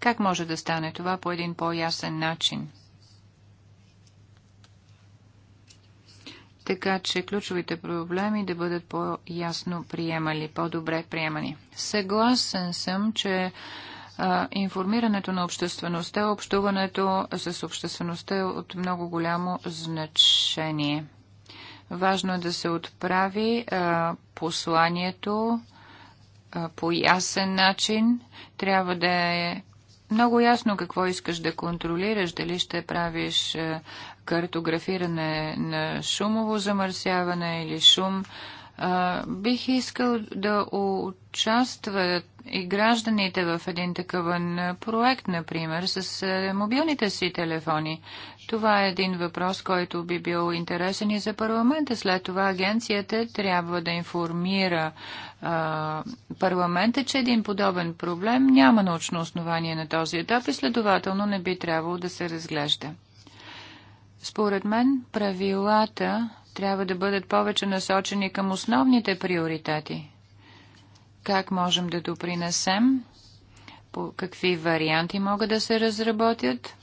Как може да стане това по един по-ясен начин? така че ключовите проблеми да бъдат по-ясно приемали, по-добре приемани. Съгласен съм, че а, информирането на обществеността, общуването с обществеността е от много голямо значение. Важно е да се отправи а, посланието а, по ясен начин. Трябва да е много ясно какво искаш да контролираш, дали ще правиш картографиране на шумово замърсяване или шум. А, бих искал да участват и гражданите в един такъв проект, например, с мобилните си телефони. Това е един въпрос, който би бил интересен и за парламента. След това агенцията трябва да информира а, парламента, че един подобен проблем няма научно основание на този етап и следователно не би трябвало да се разглежда. Според мен правилата трябва да бъдат повече насочени към основните приоритети. Как можем да допринесем? По какви варианти могат да се разработят?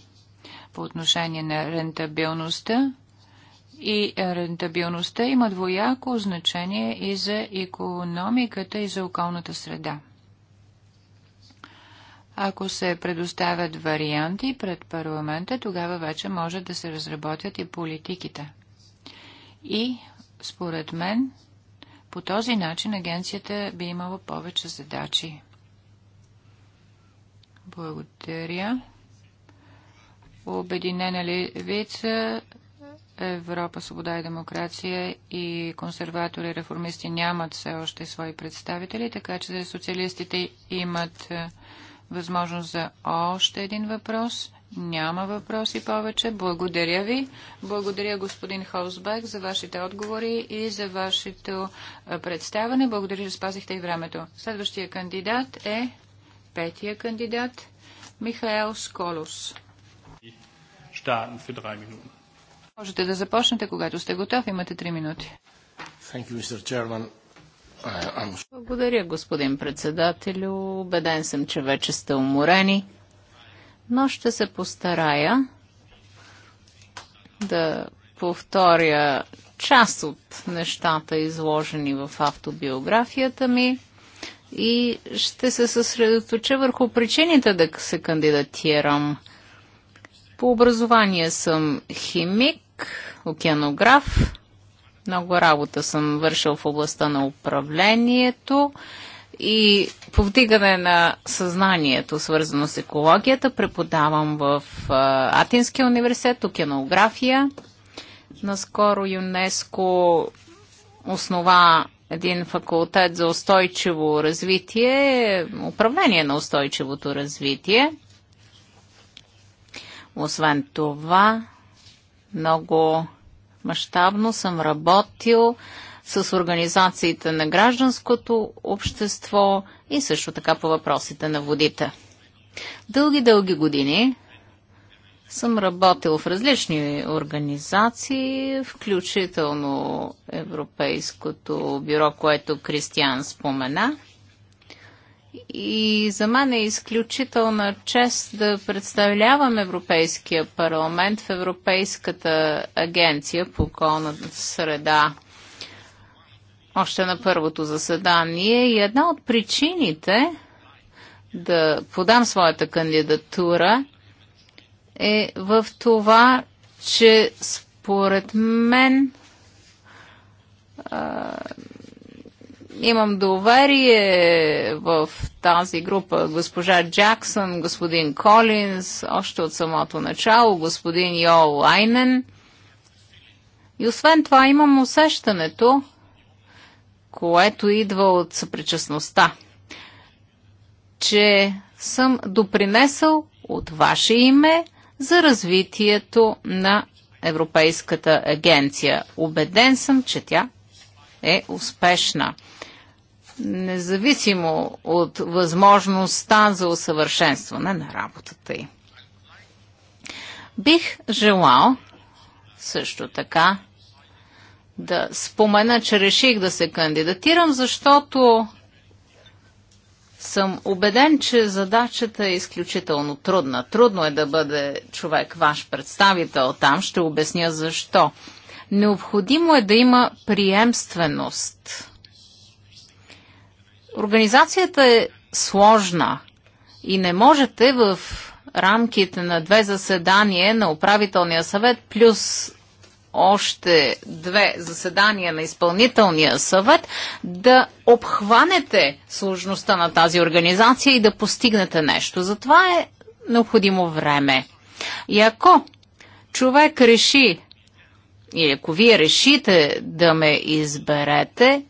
По отношение на рентабилността и рентабилността има двояко значение и за економиката и за околната среда. Ако се предоставят варианти пред парламента, тогава вече може да се разработят и политиките. И, според мен, по този начин агенцията би имала повече задачи. Благодаря. Обединена левица, Европа, свобода и демокрация и консерватори и реформисти нямат все още свои представители, така че социалистите имат възможност за още един въпрос. Няма въпроси повече. Благодаря ви. Благодаря господин Холсбек за вашите отговори и за вашето представане. Благодаря, че спазихте и времето. Следващия кандидат е петия кандидат Михаел Сколус. Можете да започнете, когато сте готов. Имате три минути. You, благодаря, господин председателю. Обеден съм, че вече сте уморени, но ще се постарая да повторя част от нещата, изложени в автобиографията ми и ще се съсредоточа върху причините да се кандидатирам. По образование съм химик, океанограф, много работа съм вършил в областта на управлението и повдигане на съзнанието, свързано с екологията. Преподавам в Атинския университет, океанография. Наскоро ЮНЕСКо основа един факултет за устойчиво развитие, управление на устойчивото развитие. Освен това, много мащабно съм работил с организациите на гражданското общество и също така по въпросите на водите. Дълги-дълги години съм работил в различни организации, включително Европейското бюро, което Кристиан спомена – и за мен е изключителна чест да представлявам Европейския парламент в Европейската агенция по околната среда още на първото заседание. И една от причините да подам своята кандидатура е в това, че според мен имам доверие в тази група. Госпожа Джаксън, господин Колинс, още от самото начало, господин Йо Лайнен. И освен това имам усещането, което идва от съпричастността, че съм допринесъл от ваше име за развитието на Европейската агенция. Обеден съм, че тя е успешна независимо от възможността за усъвършенстване на работата й. Бих желал също така да спомена, че реших да се кандидатирам, защото съм убеден, че задачата е изключително трудна. Трудно е да бъде човек ваш представител там. Ще обясня защо. Необходимо е да има приемственост Организацията е сложна и не можете в рамките на две заседания на управителния съвет плюс още две заседания на изпълнителния съвет да обхванете сложността на тази организация и да постигнете нещо. Затова е необходимо време. И ако човек реши, или ако вие решите да ме изберете,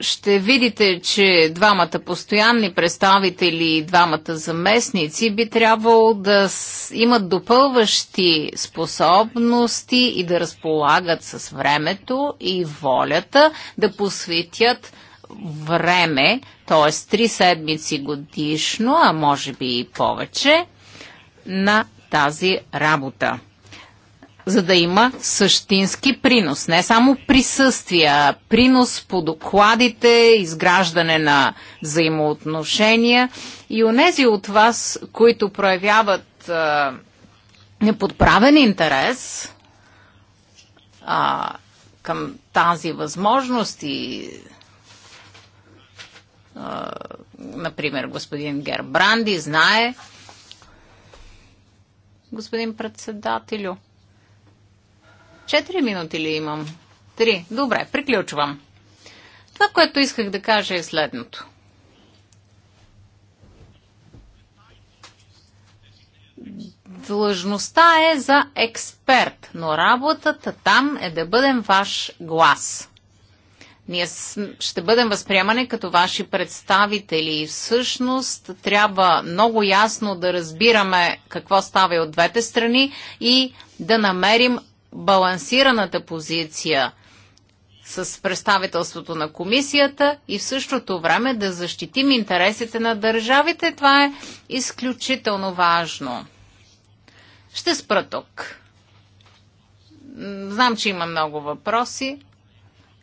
ще видите, че двамата постоянни представители и двамата заместници би трябвало да имат допълващи способности и да разполагат с времето и волята да посветят време, т.е. три седмици годишно, а може би и повече, на тази работа за да има същински принос. Не само присъствие, а принос по докладите, изграждане на взаимоотношения. И онези от вас, които проявяват а, неподправен интерес а, към тази възможност и а, например господин Гербранди знае господин председателю. Четири минути ли имам? Три. Добре, приключвам. Това, което исках да кажа е следното. Длъжността е за експерт, но работата там е да бъдем ваш глас. Ние ще бъдем възприемани като ваши представители и всъщност трябва много ясно да разбираме какво става и от двете страни и да намерим балансираната позиция с представителството на комисията и в същото време да защитим интересите на държавите. Това е изключително важно. Ще спра тук. Знам, че има много въпроси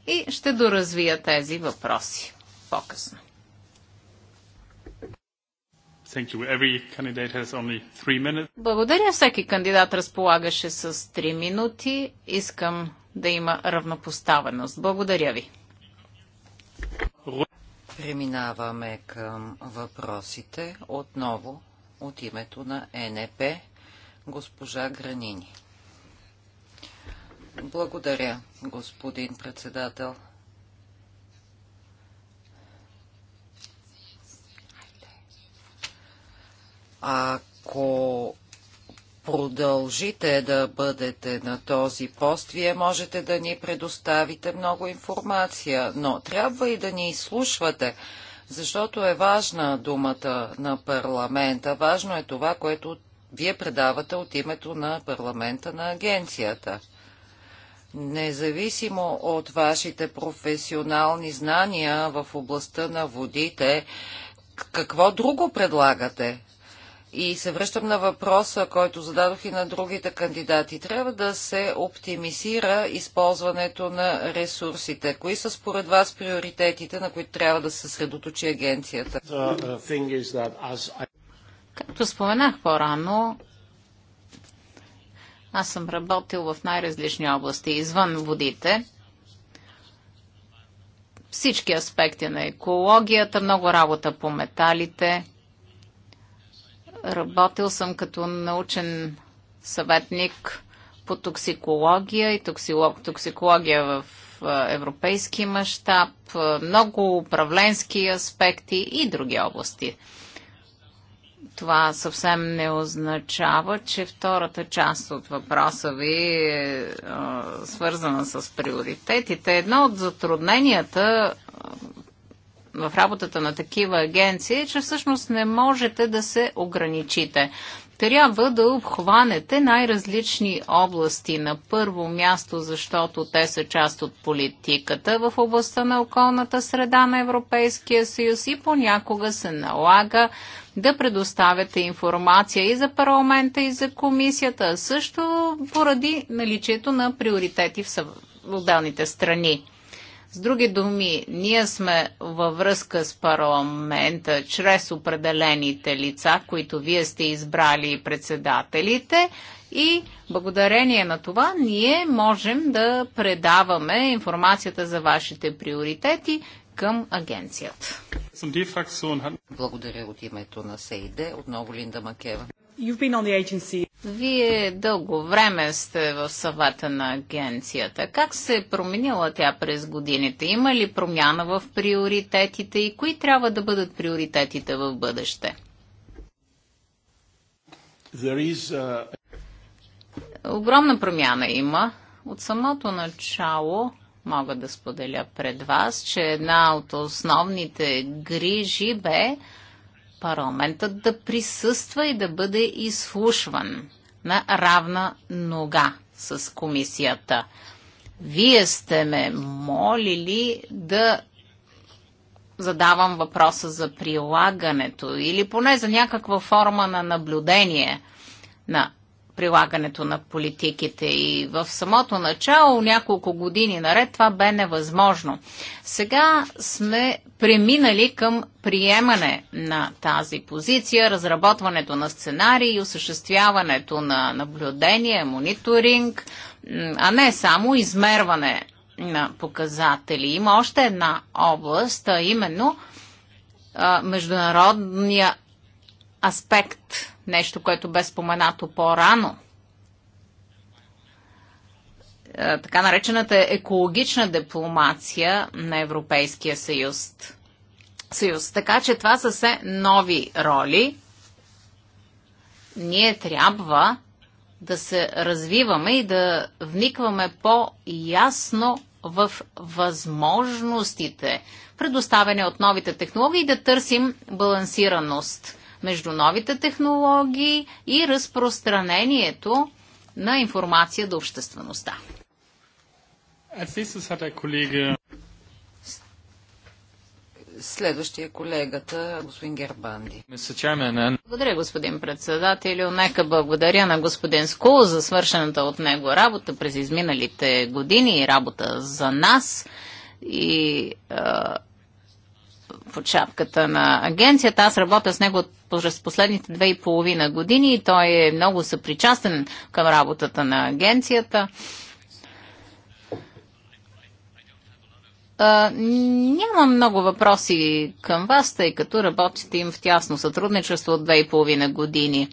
и ще доразвия тези въпроси по-късно. Благодаря. Всеки кандидат разполагаше с 3 минути. Искам да има равнопоставеност. Благодаря ви. Преминаваме към въпросите отново от името на НП госпожа Гранини. Благодаря, господин председател. Ако продължите да бъдете на този пост, вие можете да ни предоставите много информация, но трябва и да ни изслушвате, защото е важна думата на парламента. Важно е това, което вие предавате от името на парламента на агенцията. Независимо от вашите професионални знания в областта на водите, какво друго предлагате? И се връщам на въпроса, който зададох и на другите кандидати. Трябва да се оптимизира използването на ресурсите. Кои са според вас приоритетите, на които трябва да се съсредоточи агенцията? Uh, Както споменах по-рано, аз съм работил в най-различни области извън водите. Всички аспекти на екологията, много работа по металите, Работил съм като научен съветник по токсикология и токсилог, токсикология в европейски мащаб, много управленски аспекти и други области. Това съвсем не означава, че втората част от въпроса ви е свързана с приоритетите. Едно от затрудненията в работата на такива агенции е, че всъщност не можете да се ограничите. Трябва да обхванете най-различни области на първо място, защото те са част от политиката в областта на околната среда на Европейския съюз и понякога се налага да предоставяте информация и за парламента, и за комисията, също поради наличието на приоритети в отделните страни. С други думи, ние сме във връзка с парламента чрез определените лица, които вие сте избрали и председателите и благодарение на това ние можем да предаваме информацията за вашите приоритети към агенцията. Благодаря от името на СЕИДЕ, отново Линда Макева. Вие дълго време сте в съвата на агенцията. Как се е променила тя през годините? Има ли промяна в приоритетите и кои трябва да бъдат приоритетите в бъдеще? A... Uh, Огромна промяна има. От самото начало мога да споделя пред вас, че една от основните грижи бе парламентът да присъства и да бъде изслушван на равна нога с комисията. Вие сте ме молили да задавам въпроса за прилагането или поне за някаква форма на наблюдение на прилагането на политиките. И в самото начало, няколко години наред, това бе невъзможно. Сега сме преминали към приемане на тази позиция, разработването на сценарии, осъществяването на наблюдение, мониторинг, а не само измерване на показатели. Има още една област, а именно а, международния аспект нещо, което бе споменато по-рано. Е, така наречената екологична дипломация на Европейския съюз. съюз. Така че това са се нови роли. Ние трябва да се развиваме и да вникваме по-ясно в възможностите, предоставени от новите технологии, да търсим балансираност между новите технологии и разпространението на информация до обществеността. Uh, Следващия колегата, господин Гербанди. Благодаря, господин председател, Нека благодаря на господин Скул за свършената от него работа през изминалите години и работа за нас. И а, под шапката на агенцията. Аз работя с него през последните две и половина години и той е много съпричастен към работата на агенцията. няма много въпроси към вас, тъй като работите им в тясно сътрудничество от две и половина години.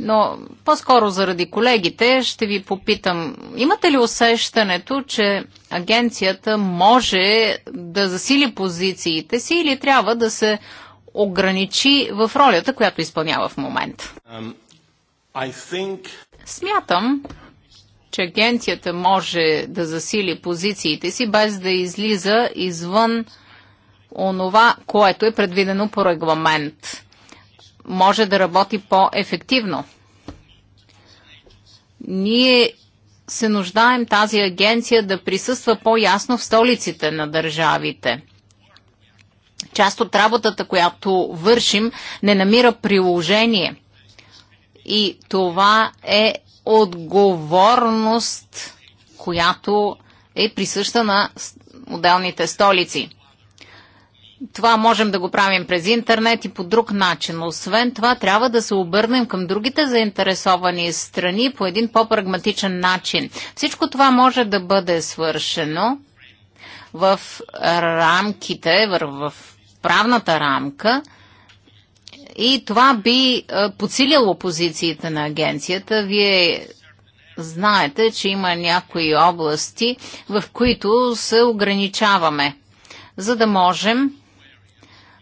Но по-скоро заради колегите ще ви попитам, имате ли усещането, че агенцията може да засили позициите си или трябва да се ограничи в ролята, която изпълнява в момента? Um, think... Смятам, че агенцията може да засили позициите си без да излиза извън онова, което е предвидено по регламент може да работи по-ефективно. Ние се нуждаем тази агенция да присъства по-ясно в столиците на държавите. Част от работата, която вършим, не намира приложение. И това е отговорност, която е присъща на отделните столици това можем да го правим през интернет и по друг начин. Освен това, трябва да се обърнем към другите заинтересовани страни по един по-прагматичен начин. Всичко това може да бъде свършено в рамките, в правната рамка и това би е, подсилило позициите на агенцията. Вие знаете, че има някои области, в които се ограничаваме, за да можем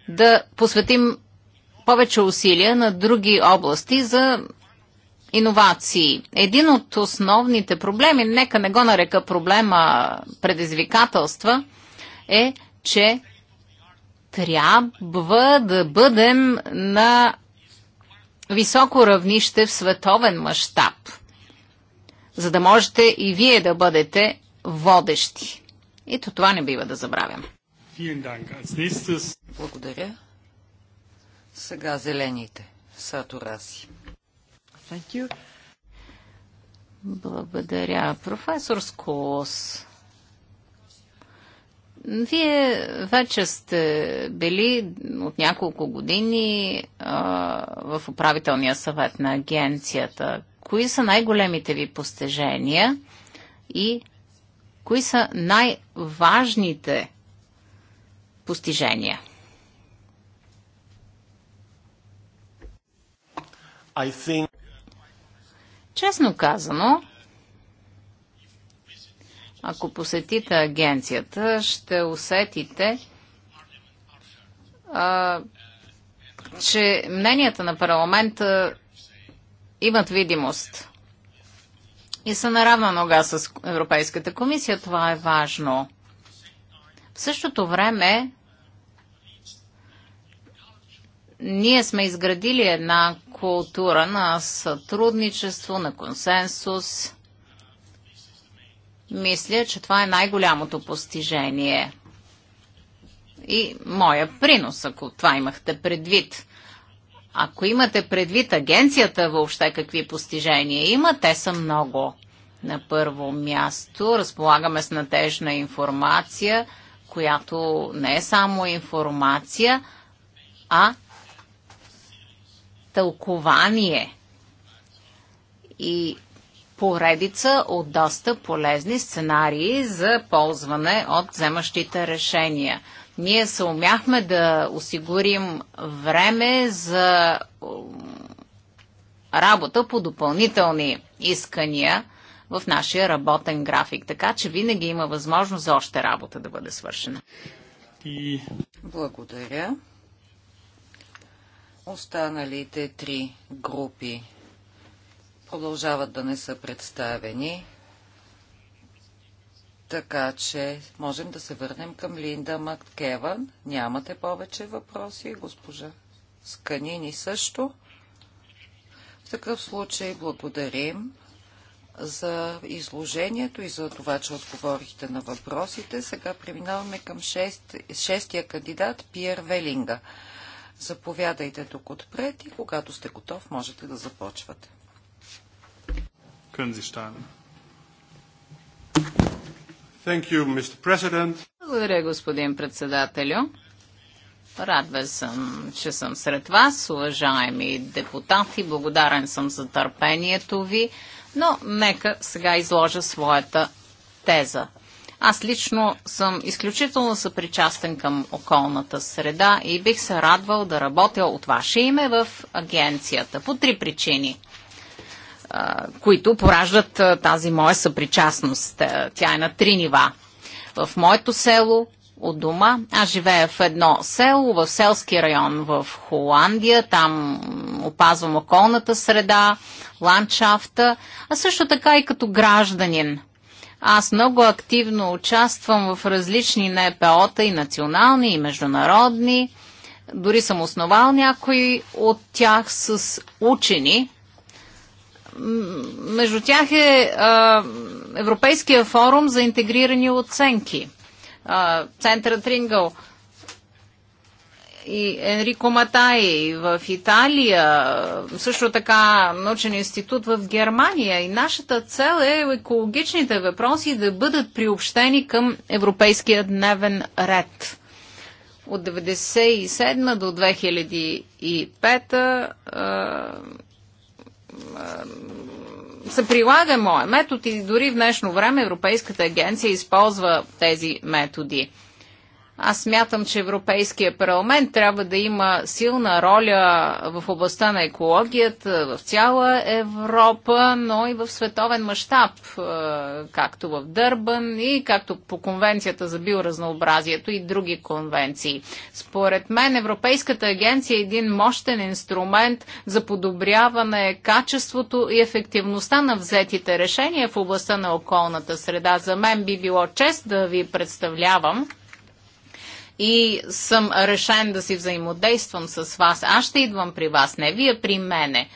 да посветим повече усилия на други области за иновации. Един от основните проблеми, нека не го нарека проблема предизвикателства, е, че трябва да бъдем на високо равнище в световен мащаб, за да можете и вие да бъдете водещи. Ето това не бива да забравям. Благодаря. Сега зелените. Сато Благодаря. Професор Сколос, вие вече сте били от няколко години а, в управителния съвет на агенцията. Кои са най-големите ви постижения и кои са най-важните постижения. Think... Честно казано, ако посетите агенцията, ще усетите, а, че мненията на парламента имат видимост и са на равна нога с Европейската комисия. Това е важно. В същото време ние сме изградили една култура на сътрудничество, на консенсус. Мисля, че това е най-голямото постижение. И моя принос, ако това имахте предвид. Ако имате предвид агенцията въобще какви постижения има, те са много. На първо място разполагаме с надежна информация – която не е само информация, а тълкование и поредица от доста полезни сценарии за ползване от вземащите решения. Ние се умяхме да осигурим време за работа по допълнителни искания – в нашия работен график. Така че винаги има възможност за още работа да бъде свършена. И... Благодаря. Останалите три групи продължават да не са представени. Така че можем да се върнем към Линда Маккеван. Нямате повече въпроси, госпожа Сканини също. В такъв случай благодарим за изложението и за това, че отговорихте на въпросите. Сега преминаваме към шест, шестия кандидат Пиер Велинга. Заповядайте тук отпред и когато сте готов, можете да започвате. You, Благодаря, господин председателю. Радва съм, че съм сред вас, уважаеми депутати. Благодарен съм за търпението ви. Но нека сега изложа своята теза. Аз лично съм изключително съпричастен към околната среда и бих се радвал да работя от ваше име в агенцията по три причини, които пораждат тази моя съпричастност. Тя е на три нива. В моето село от дома. Аз живея в едно село, в селски район в Холандия. Там опазвам околната среда, ландшафта, а също така и като гражданин. Аз много активно участвам в различни НПО-та и национални, и международни. Дори съм основал някои от тях с учени. Между тях е а, Европейския форум за интегрирани оценки – центъра Трингъл и Енрико Матай в Италия, също така научен институт в Германия. И нашата цел е екологичните въпроси да бъдат приобщени към европейския дневен ред. От 1997 до 2005 се прилага моят метод и дори в днешно време Европейската агенция използва тези методи. Аз смятам, че Европейския парламент трябва да има силна роля в областта на екологията в цяла Европа, но и в световен мащаб, е, както в Дърбан и както по Конвенцията за биоразнообразието и други конвенции. Според мен Европейската агенция е един мощен инструмент за подобряване качеството и ефективността на взетите решения в областта на околната среда. За мен би било чест да ви представлявам и съм решен да си взаимодействам с вас. Аз ще идвам при вас, не вие при мене.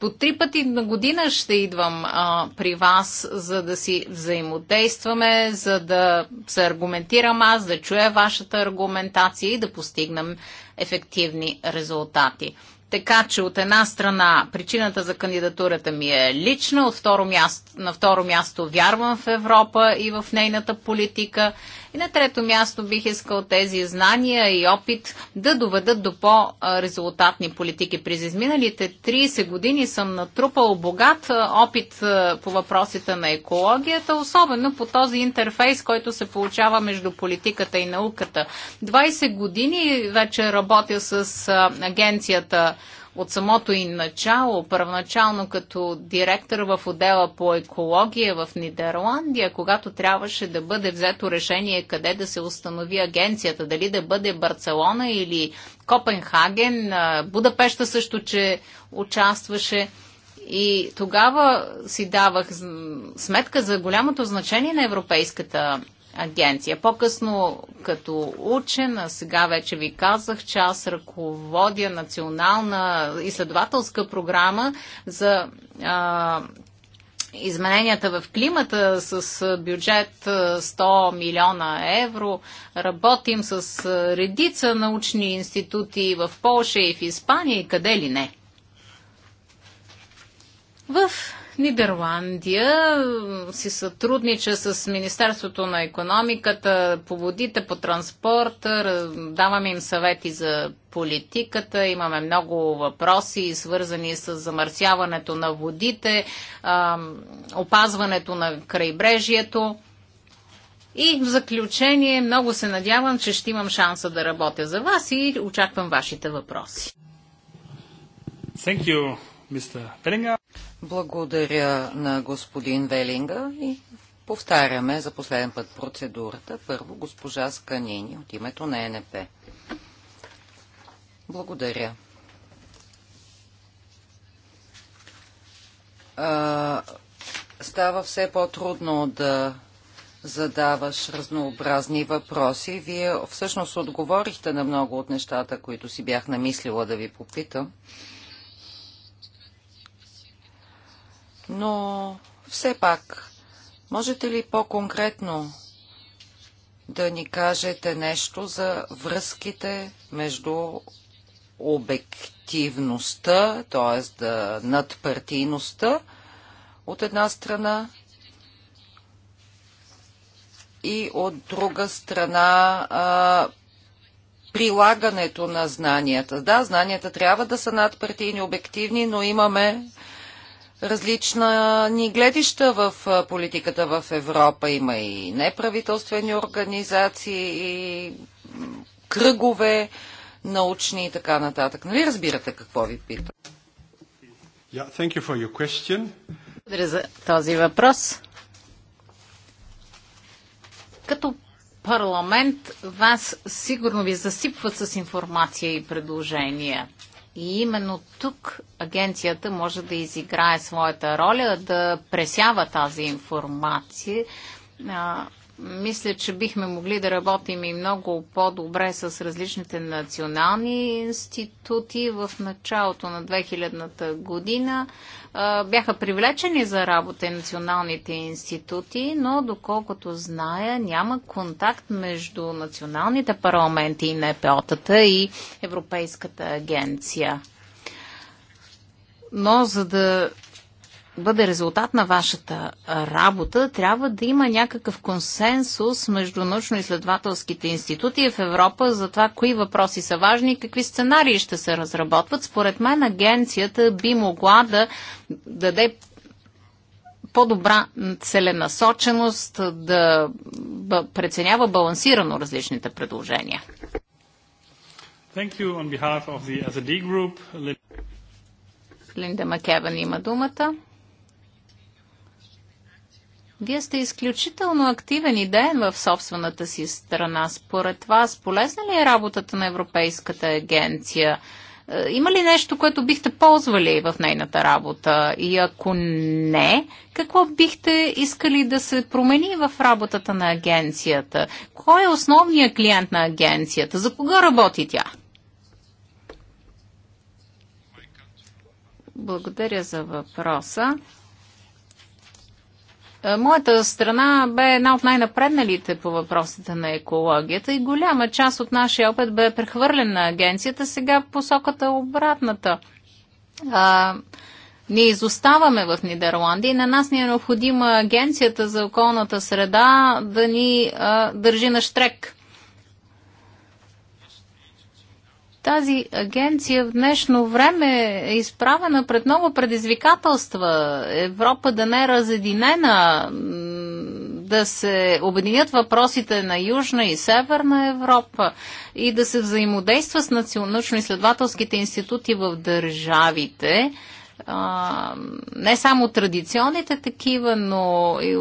По три пъти на година ще идвам а, при вас, за да си взаимодействаме, за да се аргументирам аз, да чуя вашата аргументация и да постигнем ефективни резултати. Така че от една страна причината за кандидатурата ми е лична, от второ място, на второ място вярвам в Европа и в нейната политика и на трето място бих искал тези знания и опит да доведат до по-резултатни политики. През изминалите 30 години съм натрупал богат опит по въпросите на екологията, особено по този интерфейс, който се получава между политиката и науката. 20 години вече работя с агенцията от самото и начало, първоначално като директор в отдела по екология в Нидерландия, когато трябваше да бъде взето решение къде да се установи агенцията, дали да бъде Барселона или Копенхаген, Будапешта също, че участваше. И тогава си давах сметка за голямото значение на Европейската агенция. По-късно като учен, а сега вече ви казах, че аз ръководя национална изследователска програма за а, измененията в климата с бюджет 100 милиона евро. Работим с редица научни институти в Польша и в Испания и къде ли не. В Нидерландия си сътруднича с Министерството на економиката по водите, по транспорта, даваме им съвети за политиката, имаме много въпроси, свързани с замърсяването на водите, опазването на крайбрежието. И в заключение, много се надявам, че ще имам шанса да работя за вас и очаквам вашите въпроси. Thank you. Благодаря на господин Велинга и повтаряме за последен път процедурата. Първо госпожа Сканини от името на ЕНП. Благодаря. А, става все по-трудно да задаваш разнообразни въпроси. Вие всъщност отговорихте на много от нещата, които си бях намислила да ви попитам. Но все пак, можете ли по-конкретно да ни кажете нещо за връзките между обективността, т.е. Да надпартийността от една страна и от друга страна а, прилагането на знанията. Да, знанията трябва да са надпартийни, обективни, но имаме различна ни гледища в политиката в Европа. Има и неправителствени организации, и кръгове, научни и така нататък. Нали разбирате какво ви питам? Yeah, thank you for your question. Благодаря за този въпрос. Като парламент вас сигурно ви засипват с информация и предложения. И именно тук агенцията може да изиграе своята роля, да пресява тази информация мисля, че бихме могли да работим и много по-добре с различните национални институти. В началото на 2000-та година бяха привлечени за работа и националните институти, но доколкото зная, няма контакт между националните парламенти и НПО-тата и Европейската агенция. Но за да бъде резултат на вашата работа, трябва да има някакъв консенсус между научно-изследователските институти в Европа за това кои въпроси са важни и какви сценарии ще се разработват. Според мен агенцията би могла да даде по-добра целенасоченост, да преценява балансирано различните предложения. Thank you on behalf of the group. Линда Макеван има думата. Вие сте изключително активен и ден в собствената си страна. Според вас, полезна ли е работата на Европейската агенция? Е, има ли нещо, което бихте ползвали в нейната работа? И ако не, какво бихте искали да се промени в работата на агенцията? Кой е основният клиент на агенцията? За кого работи тя? Благодаря за въпроса. Е, моята страна бе една от най-напредналите по въпросите на екологията и голяма част от нашия опит бе прехвърлен на агенцията, сега посоката обратната. А, ние изоставаме в Нидерландия и на нас ни е необходима агенцията за околната среда да ни а, държи на штрек. Тази агенция в днешно време е изправена пред много предизвикателства. Европа да не е разединена, да се обединят въпросите на Южна и Северна Европа и да се взаимодейства с научно-изследователските институти в държавите а, не само традиционните такива, но и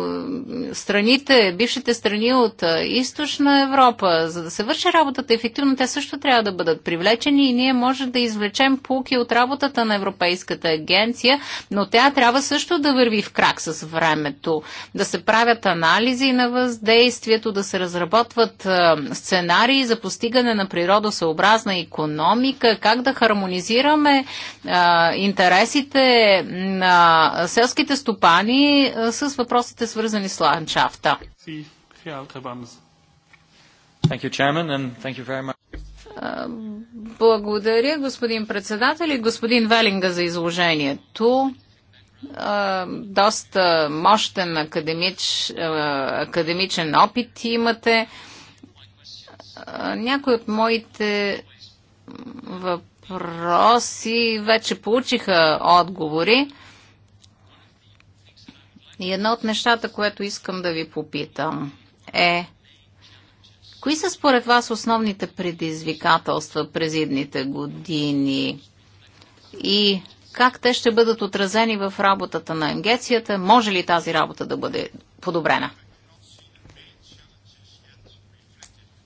страните, бившите страни от източна Европа, за да се върши работата ефективно, те също трябва да бъдат привлечени и ние може да извлечем полки от работата на Европейската агенция, но тя трябва също да върви в крак с времето, да се правят анализи на въздействието, да се разработват сценарии за постигане на природосъобразна економика, как да хармонизираме а, интересите въпросите на селските стопани с въпросите свързани с ландшафта. Благодаря, господин председател и господин Велинга за изложението доста мощен академич, академичен опит имате. Някои от моите въпроси въпроси вече получиха отговори. И едно от нещата, което искам да ви попитам е кои са според вас основните предизвикателства през идните години и как те ще бъдат отразени в работата на Енгецията? Може ли тази работа да бъде подобрена?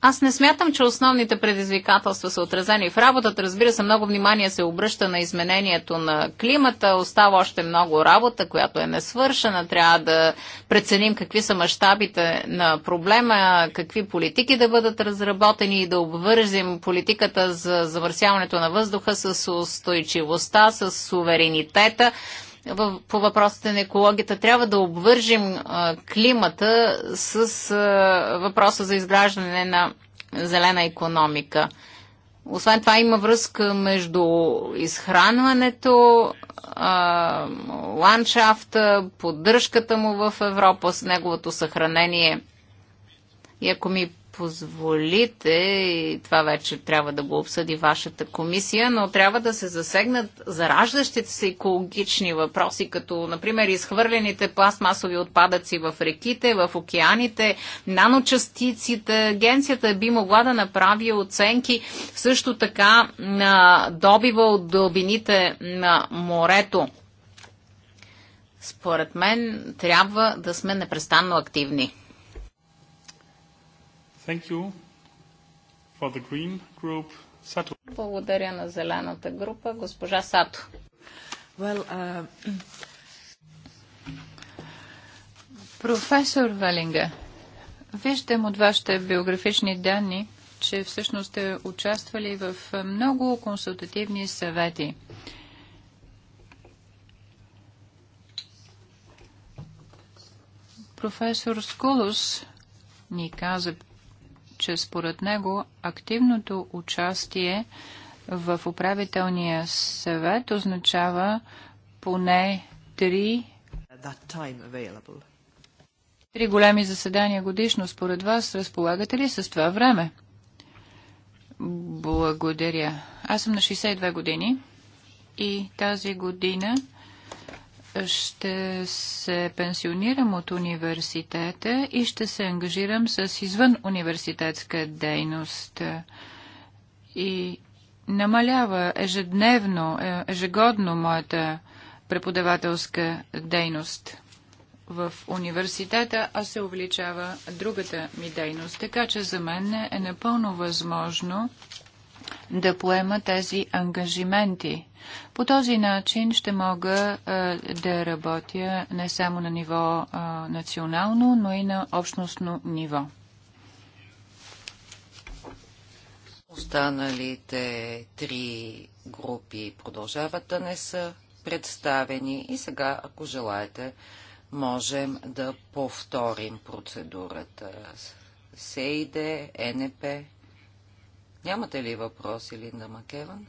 Аз не смятам, че основните предизвикателства са отразени в работата. Разбира се, много внимание се обръща на изменението на климата. Остава още много работа, която е несвършена. Трябва да преценим какви са мащабите на проблема, какви политики да бъдат разработени и да обвържим политиката за завърсяването на въздуха с устойчивостта, с суверенитета по въпросите на екологията. Трябва да обвържим климата с въпроса за изграждане на зелена економика. Освен това има връзка между изхранването, ландшафта, поддръжката му в Европа с неговото съхранение. И ако ми позволите, и това вече трябва да го обсъди вашата комисия, но трябва да се засегнат зараждащите се екологични въпроси, като например изхвърлените пластмасови отпадъци в реките, в океаните, наночастиците. Агенцията би могла да направи оценки също така на добива от дълбините на морето. Според мен трябва да сме непрестанно активни. Thank you for the green group. Sato. Благодаря на зелената група, госпожа Сато. Well, uh... Професор Велинга, виждам от вашите биографични данни, че всъщност сте участвали в много консултативни съвети. Професор Скулус ни каза че според него активното участие в управителния съвет означава поне три Три големи заседания годишно според вас разполагате ли с това време? Благодаря. Аз съм на 62 години и тази година ще се пенсионирам от университета и ще се ангажирам с извън университетска дейност. И намалява ежедневно, е, ежегодно моята преподавателска дейност в университета, а се увеличава другата ми дейност. Така че за мен е напълно възможно да поема тези ангажименти по този начин ще мога а, да работя не само на ниво а, национално, но и на общностно ниво. Останалите три групи продължават да не са представени и сега, ако желаете, можем да повторим процедурата. СЕИДЕ, НП. Нямате ли въпрос, Линда Макеван?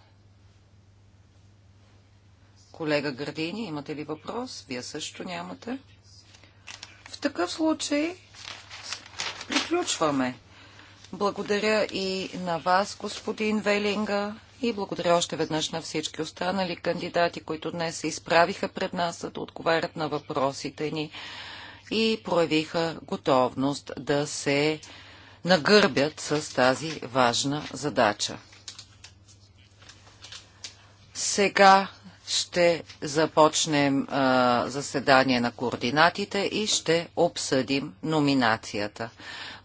Колега Градини, имате ли въпрос? Вие също нямате. В такъв случай приключваме. Благодаря и на вас, господин Велинга, и благодаря още веднъж на всички останали кандидати, които днес се изправиха пред нас, за да отговарят на въпросите ни и проявиха готовност да се нагърбят с тази важна задача. Сега ще започнем а, заседание на координатите и ще обсъдим номинацията.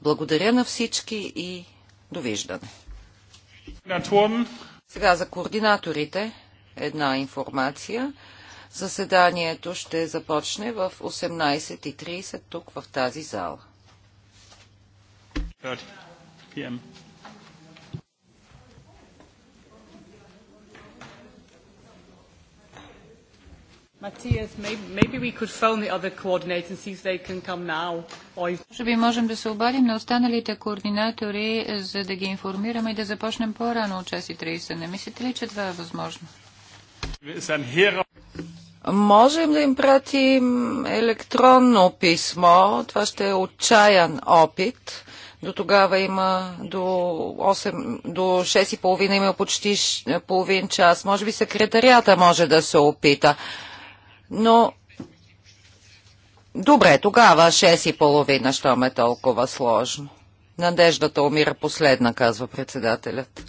Благодаря на всички и довиждане. Сега за координаторите една информация. Заседанието ще започне в 18.30 тук в тази зала. 30 p.m. Може би можем да се обадим на останалите координатори, за да ги информираме и да започнем по-рано от 30. Не мислите ли, че това е възможно? Можем да им пратим електронно писмо. Това ще е отчаян опит. До тогава има до 8, до 6 и половина има почти половин час. Може би секретарията може да се опита. Но добре, тогава 6 и половина, що ме толкова сложно. Надеждата умира последна, казва председателят.